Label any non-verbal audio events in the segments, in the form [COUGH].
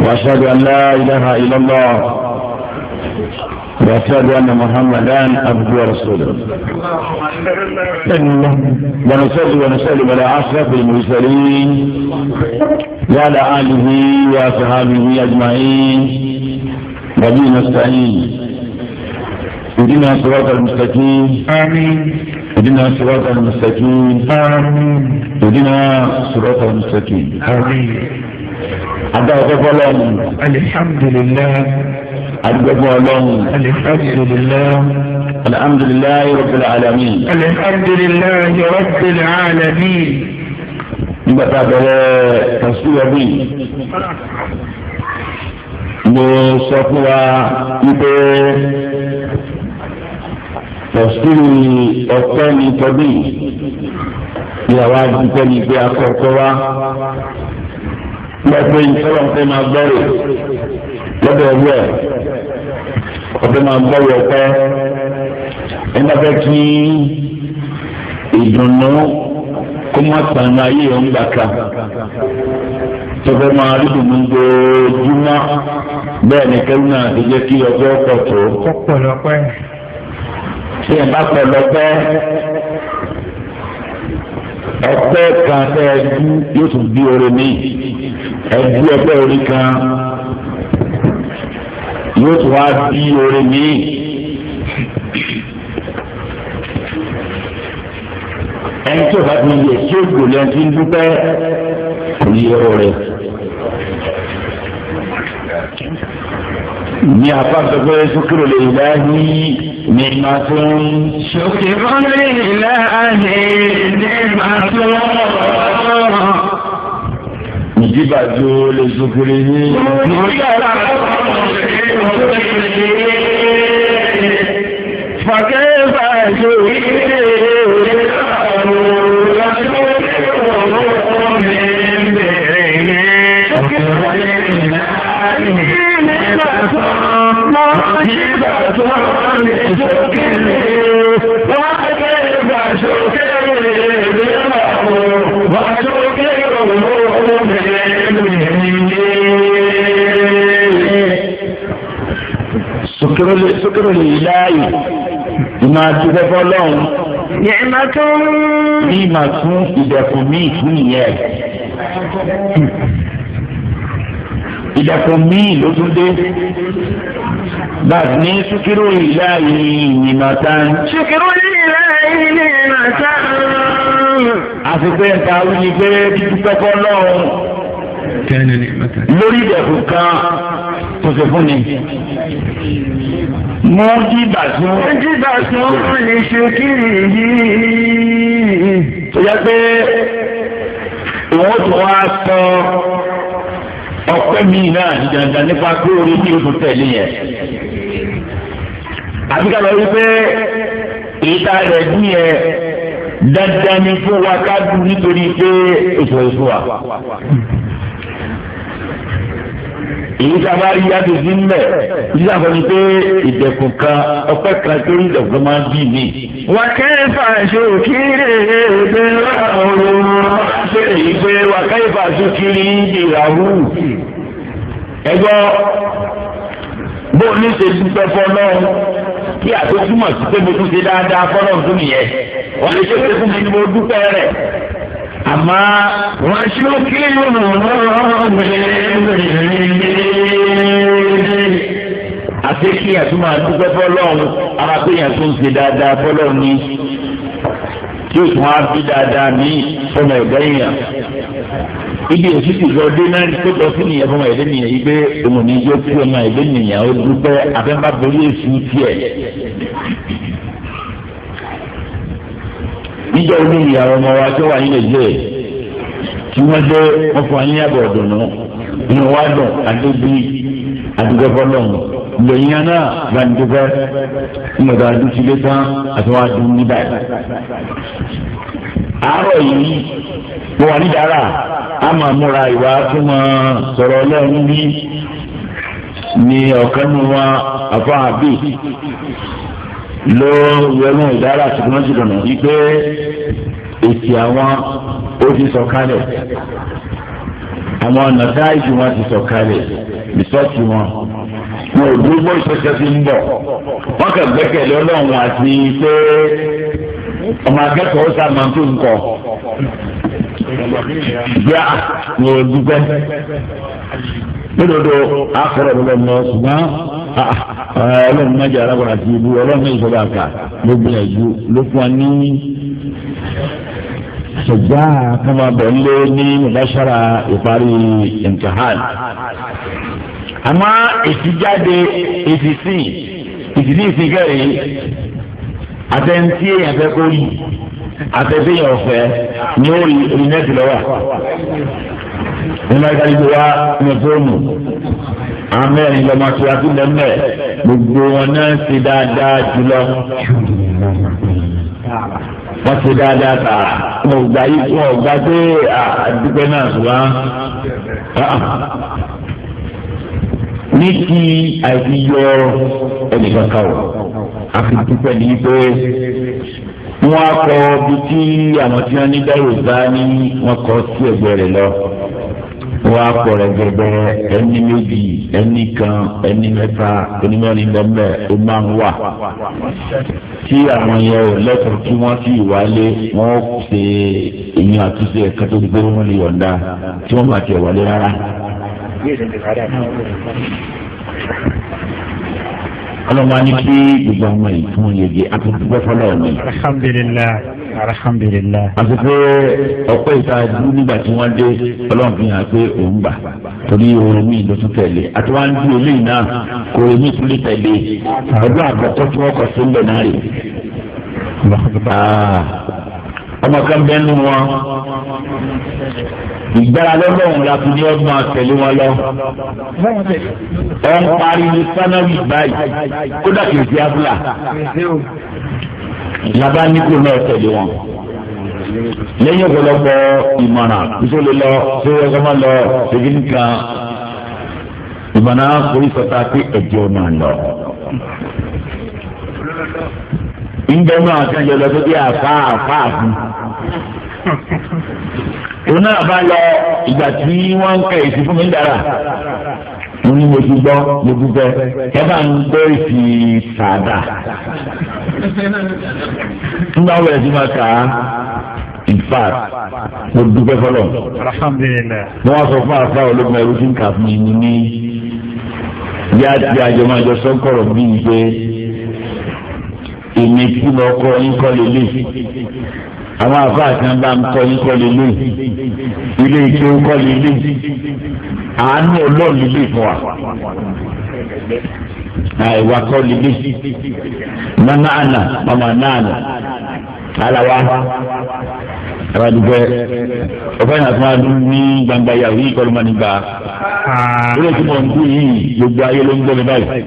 وأشهد أن لا إله إلا الله وأشهد أن محمدا عبده ورسوله ونصلي ونسلم على أشرف المرسلين وعلى آله وأصحابه أجمعين نبينا نستعين اهدنا الصراط المستقيم امين اهدنا الصراط المستقيم امين اهدنا الصراط المستقيم امين agbára ọgbẹ́fọ́ lọ́hùn. alihamdulilayi. agbẹ́fọ́ lọ́hùn. alihamdulilayi. alihamdulilayi rabbil alamin. alihamdulilayi rabbil alamin. nígbà tá a bẹ̀rẹ̀ tasiwa bí mo sọ fún wa wípé tẹ̀síìrì ọ̀pẹ́ ni tọ́bí ìyàwó àdúgbò ni pé akọ̀kọ̀ wa lọ́pẹ́ ìtọ́lọ́pẹ́ máa gbọ́rò lọ́dọ̀ ẹ̀wọ́ ẹ̀ ọ̀pẹ́ máa gbọ́rò ọ̀pẹ́ nígbà fẹ́ kí ìdùnnú kó má tàn ayé òun gbà kan tọ́fẹ́ máa rí dùnnú dojúmọ́ bẹ́ẹ̀ ni kẹ́lú náà ti jẹ́ kí ọjọ́ pọ̀ tó. ṣé ẹ bá pẹ̀ lọ́pẹ́ ẹgbẹ́ kan tẹ́ ẹ dú yóò tún bí orin mi ẹdú ẹgbẹ́ orin kan yóò tún wá bí orin mi. ẹni tó bá ti yẹ tí ó gbòòlù tí ń dúpẹ́ kò ní yẹ ọ̀rẹ́. ní apá gbẹgbẹ sókè lè láyé. نعمة شكر لله نعمة ìdíbà tó lè sókèrè ní. fàkẹ́fà ṣe ìdílé ọ̀rọ̀ lásìkò ọ̀rọ̀ mi bẹ̀rẹ̀ ní. ọ̀kẹ́ wọlé ìlànà ìlànà tó ń bọ̀ ìgbà tó lè sókè lè wá gbé ìgbà sókè lè lè máa wò wá sókè òwò mẹ́rin. Sókèrè lè láàyè, ìmọ̀ àti ìfẹ́fọ́ lọ́hùn. Yẹ̀mà tún. Ní ìmọ̀ tún ìdẹ̀kùn míì fún ìyẹn ìdẹ̀kùn míì ló tún dé. Bàtí ní Súkírù ìlà yìí màtá. Súkírù ìlà yìí màtá. Àfikún ẹ̀ka wí ni pé dídúpẹ́ kọ́ lọ́run. Lórí ìdẹ̀kùn kan tó ṣe fún ni. Mo jígbà tún. Mo jígbà tún fún ni Súkírù yìí. Ó yẹ pé òun ó tún wá sọ ọpẹ́ mi náà ní dandan nípa pé orí ní oṣù tẹ̀lé yẹn. àbíká lọ rí pé ìta rẹ̀ dún yẹn dandan ni fún wa ká dùn nítorí pé ètò ìfowópamọ́ èyí tí a bá rí yàtọ̀ sí mbẹ̀ yìí sábà ní pé ìdẹ̀kùn kan ọpẹ́ kan tó rí ìdẹ̀kùn máa bí mi. wàkẹ́fà ṣòkìrì èdè ọ̀rọ̀ ṣe èyí pé wàkẹ́fà ṣòkìrì ìràwù. ẹ gbọ́ bó ní ṣe dúpẹ́ fọlọ́run kí àtọ́kùmọ̀ sí pé mo tún ṣe dáadáa fọlọ́run tó nìyẹn wọ́n lè ṣe pé fún mi ni mo dúpẹ́ rẹ̀ àmọ́ wọ́n ṣó kí àti kí àtúmọ̀ àdúgbò fọlọ́run arákùnrin tó ń ṣe dáadáa fọlọ́run ni tí o tún á bí dáadáa ní ọmọ ẹ̀gbẹ́ yẹn ibi èsì ti lọ dé náà ní pẹ́tọ́ sí nìyẹn fún ọmọ ẹ̀dẹ́ nìyẹn yìí pé òun ní yóò kú ọmọ ẹ̀dẹ́ nìyẹn ó dúpẹ́ afẹ́ńbá borí èsì tiẹ̀ níjọ́ omi ìyàwó ọmọ wa tó wà ní nàìjíríà tí wọ́n dé wọ́n fún wa ní àbọ̀ ọ̀dùnnú inú wa dùn àdébí àdúgbò fọlọ́ọ̀nù lẹ́yìn náà gbàǹdùgbẹ́ mọ̀tò àdúgbò tán àti wọn adùn níbà yìí. àárọ̀ yìí mo wà nídàárà a máa múra ìwà tó máa sọ̀rọ̀ ọlọ́run bí ni ọ̀kan nu wa àfọ àbí lo yẹnu ìdára ṣùgbọ́n jùlọ wípé èsì àwọn ó ti sọ̀kalẹ̀ àwọn ọ̀nà dáìjì wọn ti sọ̀kalẹ̀ rìsọ́ọ̀tì wọn wọn ò dúró bóyá ìṣẹ́ṣẹ́ ti ń bọ̀ wọ́n kàn gbẹ́kẹ̀lé ọlọ́run àti pé ọmọ akẹ́kọ̀ọ́ sá máa ń tó nǹkọ́ gbá ní o dúpẹ́ lódodo akọrọ mi lọ mọ ṣùgbọ́n ah, ah, eh, ọlọ́run mẹ́jọ alábọ̀rọ̀ àti ibu ọlọ́run mẹ́jọ sọ́dọ̀ àkà ló gbìyànjú ló fún wa ní ṣùgbọ́n àkàmọ́ bẹ̀ ń lé ní mubashara ìparí imtihan. àmọ́ èsì jáde èsì sí èsì ní ìsìnkẹ́rì àtẹ̀ntì èèyàn fẹ́ kó yìí àtẹ̀ntì èèyàn ọ̀fẹ́ ni ó rí orí ní mẹ́ta yìí wá ní fóònù amẹ́rin lọ́mọ tó yà sílẹ̀ mẹ́ gbogbo wọn náà ṣe dáadáa jùlọ wọ́n ṣe dáadáa tààrà wọn ò gbà yí wọn ò gbà pé àdúgbò náà ṣùgbọ́n ní ti àìsíyọ ẹnìkan kan o àfi dúpẹ́ ní pé wọ́n á kọ bí tí àwọn tí wọ́n ní dárò bá ní wọ́n kọ sí ẹgbẹ́ rẹ̀ lọ wa pọ̀ rẹ̀ gẹ̀gẹ̀ ẹni méjì ẹni kan ẹni mẹ́ta ẹni mẹ́rin lẹ́mẹ̀ ó máa ń wà. tí àwọn yẹn ò lẹ́tọ̀ọ́ kí wọ́n sì wálé wọ́n ṣe èyí àtúnṣe ẹ̀ka tó ti gbé wọn lè yọ̀ǹda tí wọ́n máa tiẹ̀ wálé rárá. ọlọ́mọ á ní kí gbogbo àwọn ìfún yege àti gbogbo fọlọ́ọ̀ mi. alhamdulilayi alhamdulilayi. àti pé ọ̀pẹ́ ìta dúró nígbà tí wọ́n dé ọlọ́run fi hàn pé òun gbà torí omi ló tún tẹ̀lé àti wọ́n á ń dúró lẹ́yìn náà kò omi tún lè tẹ̀lé ọdún àbọ̀kọ́ tí wọ́n kọ sí ńlẹ̀ náà rè. Ah, ọmọ kan bẹ́ẹ̀ nù wọn ìgbára lọ́lọ́run la fi ní ọdún àtẹ̀lé wọn lọ. ọ̀ parí ní sánáwì báyìí kódà kìí sí abúlà laba ní kó náà tẹ̀lé wọn lẹ́yìn ọ̀pọ̀lọpọ̀ ìmọ̀ràn nítorí lọ tí wọ́n sọ máa lọ ṣègìní kan ìmọ̀ràn orí sọta pé ẹ̀jẹ̀ máa lọ. ìgbẹ́ náà ti ń jẹ lọ sókè àfa àfa àfin. òun náà bá lọ ìgbà tí wọ́n ń kẹ́ ìsìn mi dára mo ní mo ti gbọ́ mo ti fẹ́ ẹ bá ń gbọ́ ìfì sàdà nígbà wo ẹ ti máa kà á ìfà mo dúpẹ́ fọlọ́ mo wá sọ fún àfa ológun ẹrú tí ń kà fún mi ní yá ti àjọmọ́jọ sọ́kọ̀rọ̀ bíi pé èmi tí mo kọ́ yín kọ́ lélẹ̀ àwọn àfa àti bá ń kọ́ yín kọ́ lélẹ̀ ilé ìké kọ́ lélẹ̀ àánú ọlọ́run lílé fún wa. àìwá kọ́ lílé nánà àná màmá náà alawa abadugbẹ ọfẹ náà fún adu ní gbangba yahoo yìí kọlu ma gba lórí tí mo ń kú yìí gbogbo ayé ló ń gbọ́ mi báyìí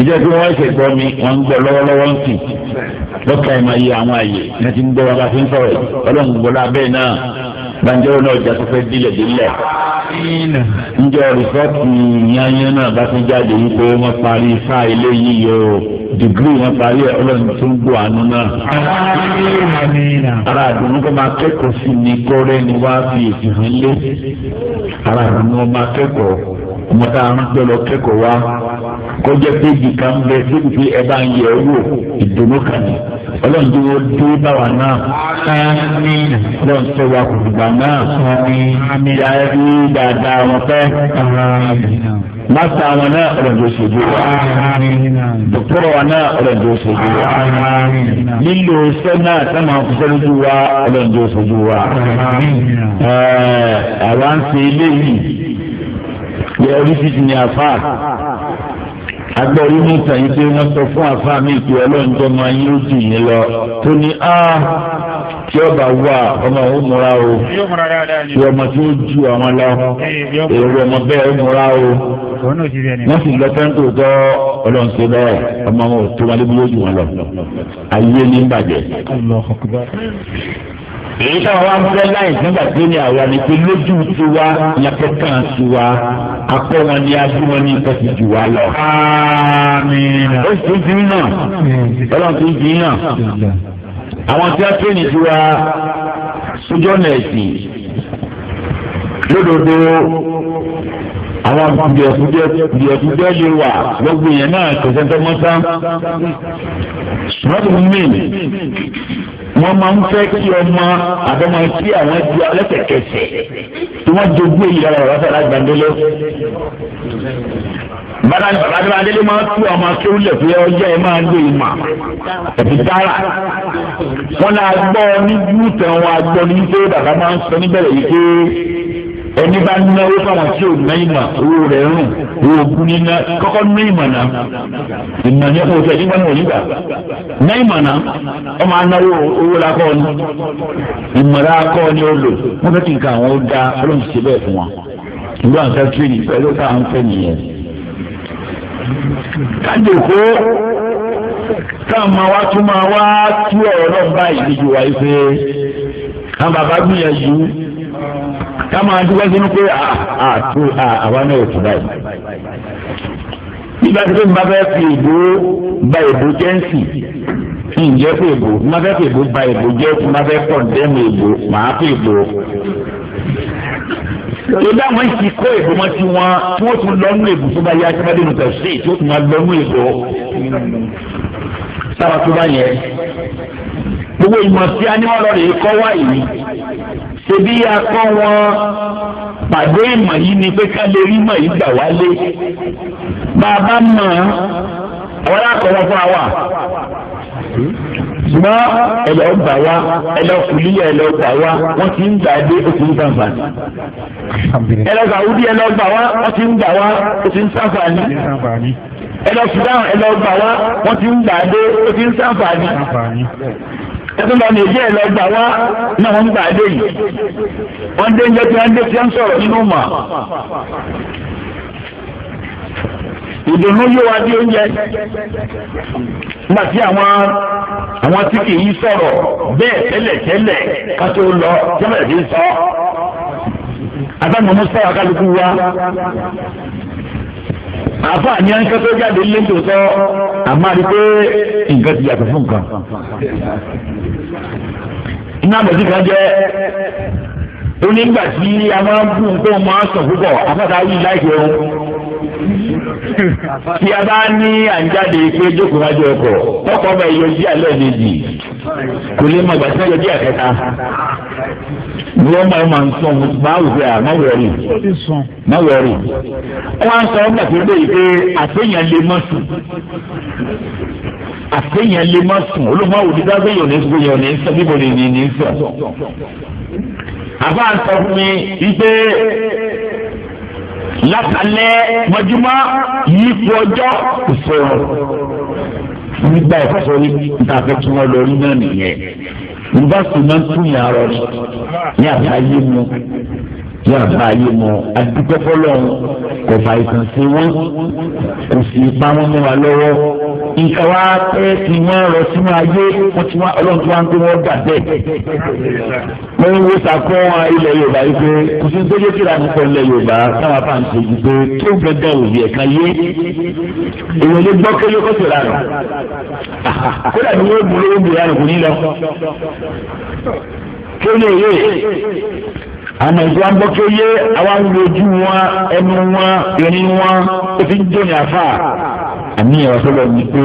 ìjọ pé wọn ṣe gbọ́ mi wọn ń gbọ́ lọ́wọ́lọ́wọ́ ń sìn lọkà ẹ máa yẹ àwọn àyè ẹ ti ń gbọ́ wa bá fi ń sọ̀rọ̀ Ọlọ́run gbọ́ lábẹ́ náà banjọ́rò náà jà tó fẹ́ dílẹ̀ dílẹ̀. njọ́ rìpọ́tù yanyan náà bá tún jáde yìí pé wọ́n parí fá ilé yìí o dìgírì wọn parí ẹ̀ ọlọ́run tó ń gbọ́ ara àdùnnú kọ́ máa kẹ́kọ̀ọ́ sí ni kọ́rẹ́ ni wá fi ìfihàn lé. ara àdùnnú kọ́ máa kẹ́kọ̀ọ́ ọmọ tá a rán lọ kẹ́kọ̀ọ́ wá kọjá péjì kan bẹ síbi tí ẹ bá ń ìdùnnú kan ni ọlọ́run tó wọ́n dé báwa náà ọlọ́run tó wà kò gbà náà ìyá ẹbí dáadáa wọn fẹ́ masa àwọn náà ọlọ́run tó ṣojú wa dọ́kítọ́rọ̀ wa náà ọlọ́run tó ṣojú wa lílo iṣẹ́ náà sábà ń fẹ́ lójú wa ọlọ́run tó ṣojú wa àwọn ń ṣe ilé yìí yẹ oríṣiríṣi ní afá agbọ́rí mú tàyín pé wọ́n sọ fún àfa mi pé ọlọ́run tó máa yín ó jù yín lọ tó ní á tí ọba wà ọmọ òun múra o tí ọmọ tí ó ju àwọn lọ èrò ọmọ bẹ́ẹ̀ ó múra o wọ́n sì lọ sẹ́ńtò tọ́ ọlọ́run bẹ́ẹ̀ ọmọ ò tó wọn lébi yóò jù wọn lọ ayé ní bàjẹ́ èyí táwọn wá ń fẹ́ láì nígbà tó ní àwa ni pé lójú tiwa yàtọ̀ kan tiwa akọ wọn ni ajú wọn ni nǹkan jù wá lọ. ó sì ti ń yàn ọlọ́run ti ń ti yàn àwọn tí wọ́n tẹ̀lé tiwa sójú ọ̀nà ẹ̀sìn lódodo àwọn kùdìẹ̀kùdìẹ̀ kùdìẹ̀kùdìẹ̀ lè wà gbogbo yẹn náà kẹsẹ̀ tó mọ́ tán. sùmọ́tò mi wọ́n máa ń fẹ́ kí ọmọ àbọ̀mọ tí àwọn ju alẹ́sẹ̀kẹsẹ̀ tí wọ́n jogún èyí lára ọ̀rọ̀ sọ̀rọ̀ àgbàndélé. bàbá adélé máa ń tú ọmọ akéwìlẹ̀ fún ọjọ́ ẹ máa ń lé ìmọ̀ ẹ̀fí dára. wọ́n náà gbọ́ ní júùtàn wọn agbọ́ ní pé bàbá máa ń sọ níbẹ̀rẹ̀ yìí pé ẹni bá náwó fáwọn tí ò ná ìmọ̀ owó rẹ̀ rùn owó kú níná kọ́kọ́ ná ìmọ̀ náà ìmọ̀ ní kò tẹ̀ nígbà náà nígbà ná ìmọ̀ náà ọ máa náwó owó la kọ́ ni ìmọ̀ la kọ́ ni ó lò wọ́n fẹ́ kí nǹkan àwọn ó da ọlọ́run ṣe bẹ́ẹ̀ fún wa ìlú àǹtá tírì pẹ̀lú ká à ń fẹ́ nìyẹn. kájọ kó táwọn wa tún máa wá tú ọ̀rọ̀ náà báyìí níjú wa pé àwọn bàbá gbìyànjú ká máa dúpẹ́ sínú pé a ah, ah, ah, àwa náà ò tún báyìí. nígbà tí mo bá fẹ́ fi ìbò ba ìbò jẹ́ǹsì ǹjẹ́ fún ìbò mo fẹ́ fi ìbò ba ìbò jẹ́ fún mo fẹ́ kọ̀ndẹ́mù ìbò màá fi ìbò tòlá wọn ti kó èbó wọn ti wọn tí wọn tún lọ nú tó bá yá tí wọn dénú tẹsí tí wọn tún máa lọ sábà tó bá yẹ gbogbo ìmọ̀ tí a ní wọ́n lọ rèé kọ́ wá yìí ṣebí akọ́ wọn pàdé ìmọ̀ yìí ni pé ká lè rí ìmọ̀ yìí gbà wálé bàbá mọ̀ àwọn akọ̀wọ́ fún wa ṣùgbọ́n ẹ̀lọ́ gbà wá ẹ̀lọ́ kùlíyà ẹ̀lọ́ gbà wá wọ́n ti ń gbà dé ó ti ń sàǹfà ní. ẹ̀lọ́ gàwúdí wọ́n ti ń gbà wá ó ti ń sàǹfà ní ẹlọ sudan ẹlọ gbà wá ti ń gbà dé ó ti ń ẹtún lọ ní ìdí ẹ lọ gbà wá náà wọn gbà dé yìí wọn dé njẹ tí wọn dé tí wọn sọ̀rọ̀ nínú mọ. ìdùnnú yóò wá di oúnjẹ nígbà tí àwọn àfa àní ẹni kẹtọ jáde lẹtọ sọ àmọ́ àti pé nǹkan ti yàtọ̀ fún nǹkan iná àbẹ̀sí kan jẹ́ onígbà tí a máa ń bú nǹkan púpọ̀ yìí tí a bá ní àǹjáde pé jókòó wájú ọkọ̀ tọkọ̀ bá yọjú alẹ́ méjì kò lè mọ ìgbà tí wọ́n yọjú àkẹta ni wọ́n máa máa ń sọ máa wù pé àmọ́ wọ̀rì máa wọ̀rì wọ́n á sọ ọ́nà tó dé yìí pé àtẹ̀yàn lè mọ̀ sùn àtẹ̀yàn lè mọ̀ sùn olùmọ̀ òdìdá gbẹ̀yọ̀ ní gbẹ̀yọ̀ ní sọ bíbọ̀ ní ní sọ àbá sọ fún mi wípé látàlẹ́ mọ́júmọ́ yìí fún ọjọ́ kò sọ̀rọ̀ nígbà ìfọ̀sọ̀ níta fẹ́ tún wọn lórí náà nìyẹn nígbà tó ń tún yàrá rẹ̀ ní àbáyé mu tí a bá yé mọ adúgbò fọlọ́run kò fà ìtàn sí wọn kò sì pa wọn mọ́ wa lọ́wọ́ nǹkan wa pẹ́ tí wọ́n rọ sínú ayé wọ́n ti wọ́n ọlọ́run tí wọ́n ń gbé wọ́n gbà bẹ́ẹ̀. wọ́n ń wo sàkó wọn ilẹ̀ yorùbá yìí pé kò sí tó yé kíra nípa ilẹ̀ yorùbá táwọn apá ń ṣèjì pé tó gbẹdẹ òbí ẹ̀ka yé èèyàn ló gbọ́ kéye kó tẹ̀lé àná. kódà ni wọ́n mú lówó bìrì àná kò ní lọ. kéwòn yé àmọ́ ìjọ ń gbọ́ kí ó yé àwa ojú wọn ẹnu wọn irin wọn ó fi ń jó ní àfà àmì ẹ̀rọ sọ́lọ̀ ní pé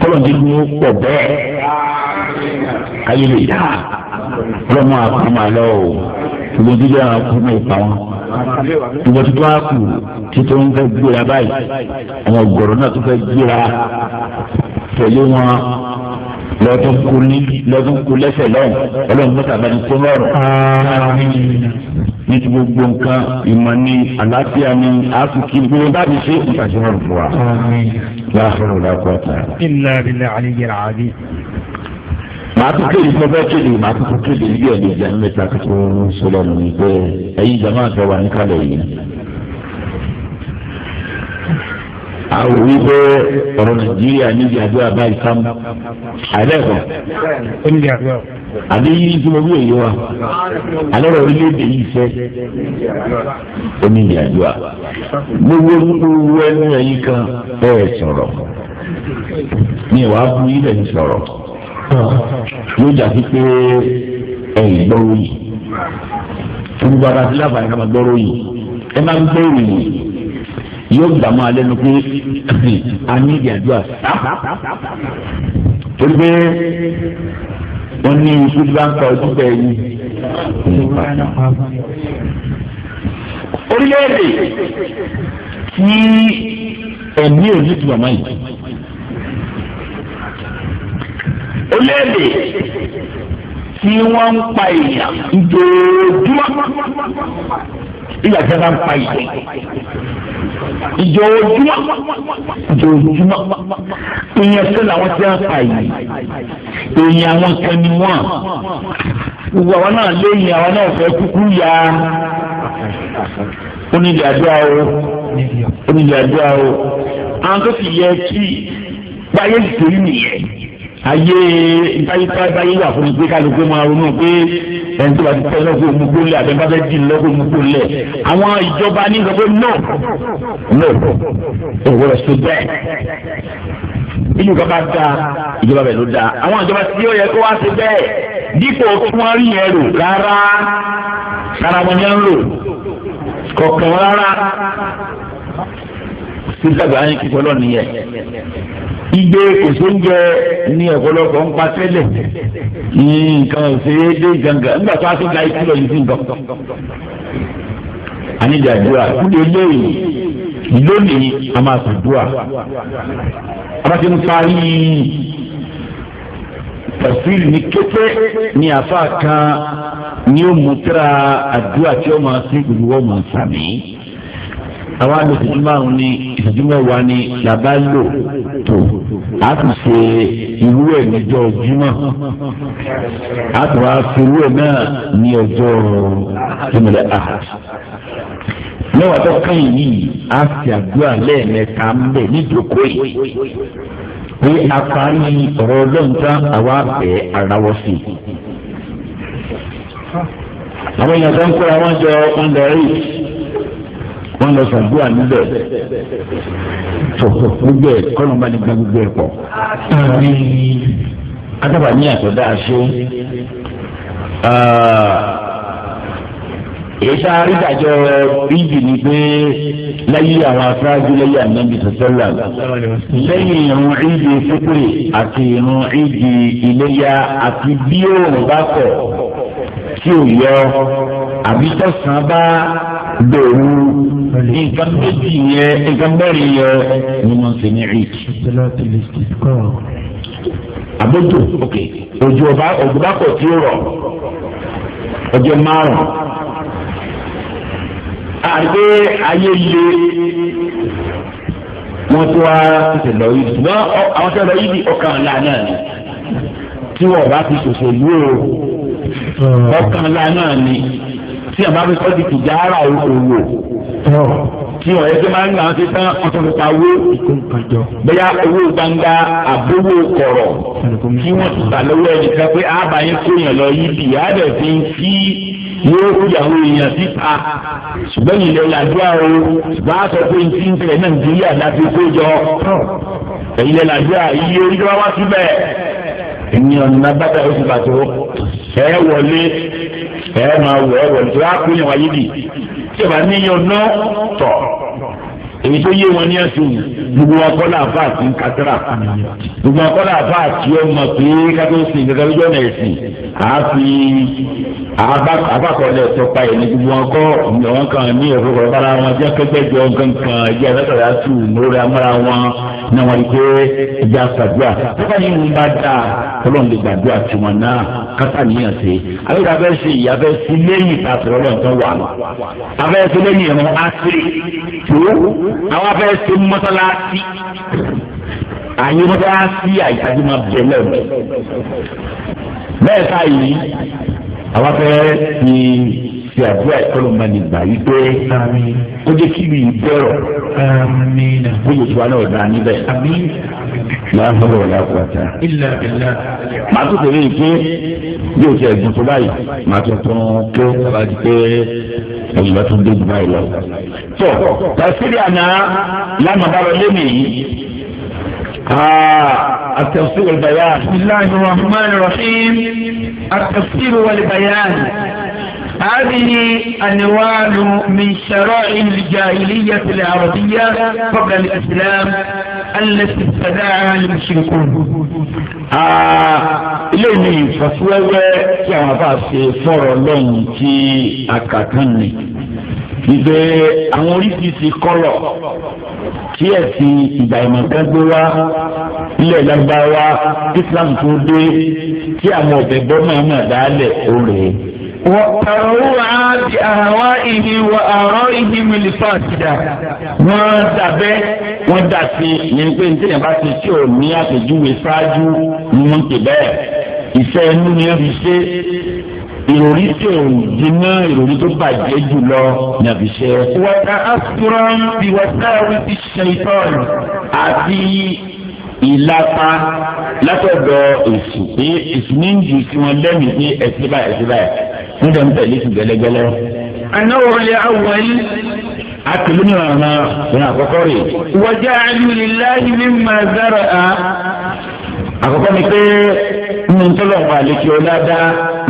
kọ́lọ̀dé ni ó pọ̀ bẹ́ẹ̀ káyé lè dá ọlọ́mọ àkùnmọ̀ àlọ́ o ìgbọ́n tó jẹ́ àwọn àkùnmọ̀ ìpa wọn ìgbọ́n tó tó á kù títí wọn fẹ́ gbéra báyìí àwọn ọ̀gọ̀rọ̀ náà tó fẹ́ gbéra pẹ̀lú wọn lọ́dún kú ní lọ́dún kú lẹ́sẹ̀ lọ́hùn ọlọ́run mọ́tà bá ní tó lọ́rùn. ní ti gbogbo nǹkan ìmọ̀ ni àlàáfíà ni àfikì gbogbo bá mi ṣe ìtàjẹ́ wọn fún wa. láàárọ̀ làkọ́ ta. ilà ilà àlejò àbí. màá tún kéde fún ọbẹ̀ kéde màá tún kéde ilé ẹ̀ lè jẹ́ mẹ́ta kí wọ́n sọ lọ́nà ní pé ẹ̀yin jàmáà àtọwà ní kálẹ̀ yìí. àwọn òwe pé ọ̀rọ̀ nàìjíríà níbi àdúrà báyìí sáà àìlẹ́kọ̀ọ́ àbí yìí tí mo wí èyí wa alẹ́ rẹ̀ orílẹ̀-èdè yìí fẹ́ oníyìí àdúrà gbogbo gbogbo ẹnu ẹ̀yìn kan bẹ́ẹ̀ sọ̀rọ̀ ní ìwà yìí lẹ́yìn sọ̀rọ̀ yóò jà sí pé ẹ̀yìn gbọ́rọ̀ yìí yóò gbà máa lẹ́nu pé a ní ìdí àdúrà torí pé wọ́n ní ikú tí bá ń ka ojú bẹ́ẹ̀ yìí. orílẹ̀-èdè tí ẹ̀mí ò ní ìtumọ̀ yìí orílẹ̀-èdè tí wọ́n ń pa èèyàn dòdúmọ́ ìgbà tí wọ́n bá ń pa èèyàn ìjọ ojúmọ́ ìjọ ojúmọ́ èèyàn kan làwọn ti ń pa yìí èèyàn àwọn kan ni wọ́n gbogbo àwọn náà lẹ́yìn àwọn náà fẹ́ kúkú ya onílẹ̀ àdúrà o onílẹ̀ àdúrà o àwọn tó fi yẹ kí báyé ìtòrí nìyẹn ayé báyé báyé wà fún mi pé kálukú máa ronú pé ẹni tó bá ti tẹ́lẹ̀ lọ́kọ̀ òmùgbò lẹ̀ àbẹ̀ bá fẹ́ di lọ́kọ̀ òmùgbò lẹ̀ àwọn ìjọba ní ìgbàgbọ́ no no òwò rẹ̀ so bẹ́ẹ̀ inú kan bá da ìjọba bẹ̀ ló da àwọn ìjọba tí ó yẹ kó wá sí bẹ́ẹ̀ dípò kí wọ́n rí yẹn rò rárá rárá wọn yẹn ń lò kọ̀ọ̀kan rárá sí ìjàgbá yẹn kí igbe òṣèǹjẹ ní ọ̀pọ̀lọpọ̀ ń pa tẹ́lẹ̀ nǹkan òṣèré gangan nígbà tó a ti ga ikú lọ yìí sí nǹkan. àníjàdúrà kúlẹ̀ eléyìí lónìí a máa sàdúrà abáṣe ń parí tafsir ní kété ní àfa kan ní ó mú tíra àdúrà tí ó máa sí ìlú ọmọ sàmì àwa lo ìṣẹ́jú márùn-ún ní ìṣẹ́jú mẹ́wàá ní làbá lò tó a kò ṣe irú ẹ̀ níjọ́ Jímọ̀ a kò wá fi irú ẹ̀ náà ní ọjọ́ ìmọ̀lẹ́ àhà mẹ́wàá tó kàn yìí a fi àdúrà lẹ́ẹ̀mẹ́ta ń bẹ̀ níjókòó yìí pé a parí ọ̀rọ̀ ọlọ́ǹta àwa bẹ̀ ara sí i. àwọn èèyàn tó ń kóra wọn jọ ń lọ wọ́n lọ sàdúrà níbẹ̀ tó gbogbo ẹ̀ kọ́nà bá ní gba gbogbo ẹ̀ pọ̀. adábà ní àtọ̀dá aṣọ ah, èyí àrídàjọ bíbí ni pé lẹ́yìn àwọn afáájú lẹ́yìn ànábì sọ́sọ́là lẹ́yìn ìrun ìdí fúkúrì àti ìrun ìdí iléyà àti bí òun bá kọ̀ tí ò yọ àbí tọ̀sán bá bẹ́ẹ̀ni nǹkan méjì yẹ nǹkan mẹ́rin yẹ ni wọ́n ṣe ní rík. àbójú òjò ọba òjò bá kò tí ì rọ̀ ọjọ́ márùn-ún. àgbẹ̀ ayé le wọ́n tó wá tètè lọ yìí ṣùgbọ́n àwọn tó lọ yìí di ọkàn ńlá náà ni tí wọ́n bá ti ṣòṣèlú o ah. ọkàn ńlá náà ni tí àbá mi sọ di kìjà ara òwò tí ọ̀ ẹgbẹ́ máa ń gbà wọn ti tán ọ̀tún nípa owó bẹ́yà owó gbangba àbówó kọ̀rọ̀ tí wọ́n ti bà lọ́wọ́ ẹni kan pé àbá yín kó yàn lọ yí bì á dẹ̀ fi ń kí yóò fi àwọn èèyàn síta ṣùgbọ́n ilẹ̀ làdúrà o ṣùgbọ́n a sọ pé n ti ń tẹ̀lé Nàìjíríà láti kó jọ ilẹ̀ làdúrà iye oníjọba wá síbẹ̀ ènìyàn nàbàdà oṣù bàtò ẹ wọlé ẹ máa wọ ẹ wọ nítorí àkúnyẹ̀wò ayé bì tí o bá níyàn náà tọ̀ èyí tó yé wọn ní ẹsùn gbogbo akọ́lá àfáàtì ń kátàrà gbogbo akọ́lá àfáàtì ó mọ̀ pé kátó sì gẹ́gẹ́ bí jọ́nà ẹ̀sìn àáfi àbákọ̀ọ́lẹ̀ tọpa ẹ̀ ní gbogbo akọ́ ìyọ̀wọ́n kan ní ẹ̀fọ́ kọ̀ bára wọn jẹ́ kẹ́gbẹ́ jọ kankan ẹ̀jẹ̀ àtàkàrà tù lórí amára wọn náà wọ́n rí pé ẹ̀jẹ̀ àṣàdúrà tọ́ka yìí ń bá dáa ọlọ́run lè gbàdúrà tiwọn náà kátà níyàn sí abẹ́rẹ́ abẹ́sí ìyàbẹ́sí lẹ́yìn àwọn afẹ́ ṣe mọ́sálásí àyè mọ́sálásí àyíkájú máa bẹ̀ lẹ́nu bẹ́ẹ̀ sáyé àwọn afẹ́ ti ṣe àdúrà ìkọlùmọ́ni gbà yí pé ó jẹ́ kí mi bẹ̀rọ̀ ó yẹ kí wa náà dá níbẹ̀ láàbọ̀ wọlé àkùrọ̀tà. màá tó tẹ̀lé yìí pé bí o ti ẹ̀gbọ́n tó báyìí màá tún tún ké abájú pé ẹ̀yìn bá tún dé jù báyìí lọ. tó tafsiri àná lámàdáró lẹ́nu yìí. التفسير والبيان بسم الله الرحمن الرحيم التفسير والبيان هذه أنواع من شرائع الجاهلية العربية قبل الإسلام alẹ́sì sẹ́dá alimṣirikù. ilé mi ìfọ̀síwẹ́wẹ́ tí àwọn afa ṣe fọ̀rọ̀ lọ́hùn tí àkàtàn ni. ìgbé àwọn oríṣiríṣi kọ́lọ̀ tí ẹ̀sìn ìgbà ìmọ̀tán gbé wá ilé ìlágbá wa Islam tó dé tí àwọn ọ̀bẹ̀ gbọ́ máa máa dálẹ̀ ó rèé wọ́pẹ̀rọ̀wọ́ àti àwa ìhì wọ àrọ́ ìhì mílífà tìjà wọ́n dàbẹ́ wọ́n dà sí ní pé ní tẹ̀yìn bá ti tí ò ní àpèjúwe ṣáájú ni wọ́n ti bẹ́ẹ̀ ìfẹ́ jiná ìròrí tó bàjẹ́ jù lọ ni a bí wọ́tà wí ti ṣe àti ìlàpá látọ̀dọ̀ èsù pé èsù ní ju tiwọn lẹ́mìí pé ẹ̀sìn báyìí ẹ̀sìn báyìí ń dẹ̀ ń tẹ̀lé sí gẹ́lẹ́gẹ́lẹ́. anáwó ilé awọ yìí. a tẹ̀lé ní ọ̀nà ìrìn àkọ́kọ́ rè. wọ́jà alùlíláyì ní mazara a. àkọ́kọ́ ni pé nínú tọ́lọ̀mù àlejò ọ̀làdá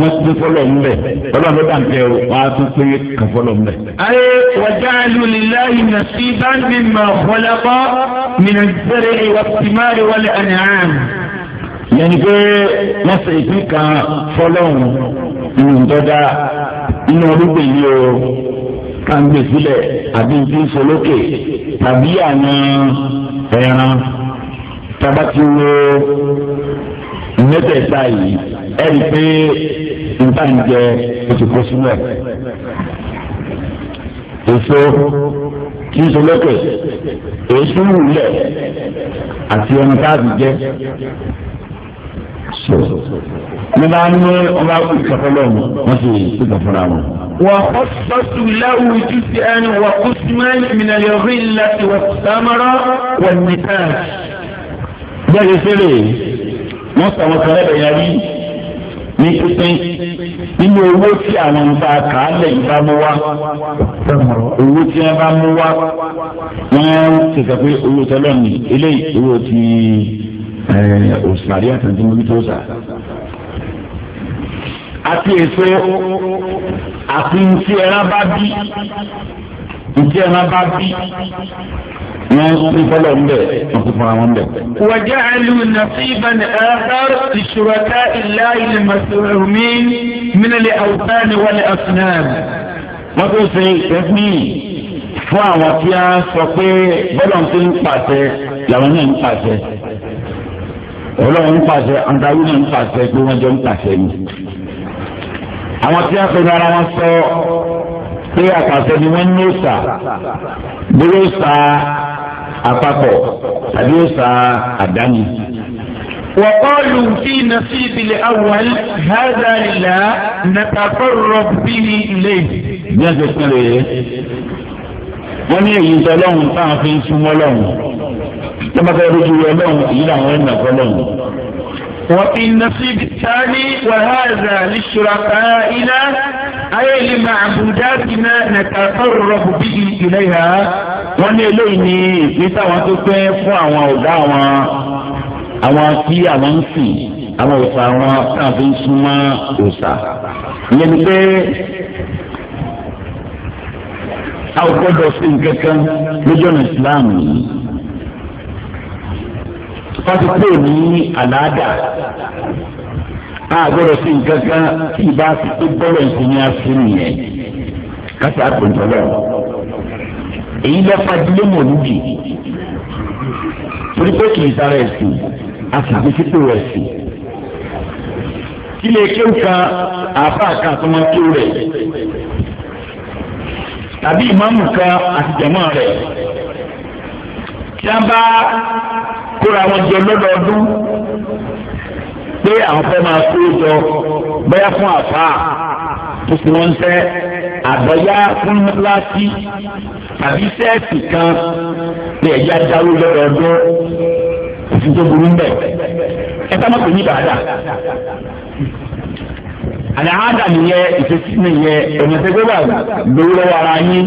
wọ́n ti dé fọlọ̀ ń bẹ̀ ọlọ́run ló dàǹtẹ̀ o wọ́n á tún pé kàn fọlọ̀ ń bẹ̀. ayé wọ́jà alùlíláyì nà sí báńkì mà kọ́lákọ́ mìíràn bẹ̀rẹ̀ ìwà tìmáàrí wọlé àná yẹn ni pé wọ́n ṣe ìpín kan fọlọ́run nínú ntọ́já nínú olùgbé yìí o kàǹgbè sílẹ̀ àbí ti ń solókè tàbí àwọn ẹran tába ti wo mẹ́tẹ̀ẹ̀ta yìí ẹ̀rí pé nǹkan ń jẹ oṣù kó sílẹ̀ èso tí ń solókè èso wùlẹ̀ àti ẹran káàdì jẹ so ní bá ní ọba ìkàfọ́lọ́ wọn sì ìkà fúnra wọn. wà á fọ́sọ́sù láwù ojú sí ẹni wà kú sí mẹ́rin mìíràn rí láti wà sámárà wà nìkà. bẹ́ẹ̀ sẹ́lẹ̀ wọ́n sọ̀rọ̀ sọ̀rọ̀ ẹ̀yà rí ní pípín nínú owó tí àwọn ọba kàálẹ̀ ìbá mú wá owó tí wọ́n bá mú wá wọ́n ti sọ pé owó tọ́lọ́ọ̀nì eléyìí owó ti òsùnàdí àtàntí mọ́bí tó sà àti èso àti ntí ẹran bá bí ntí ẹran bá bí wọn ń fọlọ ń bẹ wọn ti fọra wọn bẹ. wàjà àlù nàfíìbà ní àkàr ìṣùrọ̀tà ìlà ilẹ̀ màsùlùmí mílíọ̀nù àwùjọ ni wọ́n lè ọ̀sán. wọ́n tó ṣe ìtẹ́fín fún àwọn tí a sọ pé bọ́lá ń ti ń pàṣẹ làwọn náà ń pàṣẹ ọlọ́run ń pàṣẹ àǹtàwí náà ń pàṣẹ pé wọ́n jọ ń pàṣẹ ni àwọn tí a fẹ́ ara wọn sọ pé àpàṣẹ ni wọ́n ní òòsà bóyá òòsà àpapọ̀ tàbí òòsà àdáni. وقالوا في نصيب الأول هذا لله نتقرب به إليه. bí a ṣe pín lè wọ́n ní èyí sọ lọ́hùn táwọn fi ń súnmọ́ lọ́hùn tí wọ́n bá fẹ́ rojú rẹ lọ́hùn èyí làwọn ẹ̀ nà fọ́ lọ́hùn. وفي النصيب الثاني وهذا لشركائنا أي لمعبوداتنا نتقرب به إليها wọ́n na eléyìí ni ìgbésẹ̀ àwọn tó fẹ́ fún elu ọ̀gá àwọn àwọn tí àwọn ń sìn àwọn òòṣà àwọn awọn a ò wọ́n ti kúrò ní àlàáda a gbọ́dọ̀ sí nǹkan kan tí ìbá tó bọ́lọ̀ ìsinmi àfin nìyẹn kásá àpòjọ́lọ́ èyí lọ́fàdúlé mọ̀lúbì torí pé kì í sára ẹ̀sìn àfàgbésípò ẹ̀sìn kílé kéwù kan àáfàá kan tó máa kéwù rẹ̀ tàbí ìmáàmù kan àti jàmáà rẹ̀ tí a bá kóra wọn jọ lọ́dọọdún pé àwọn fẹ́ máa kó jọ bóyá fún àfa tó sì wọ́n ń sẹ́ àbọ̀yá fún láti tàbí sẹ́ẹ̀tì kan lè yá dáwó lọ́dọọdún òfin tó burú ń bẹ̀. ẹ sá má pè ní ìbàdà àdáhàdà nìyẹn ìfẹ́sí nìyẹn ẹ̀mẹ̀sẹ̀gbẹ́wà lówó lọ́wọ́ ara yín.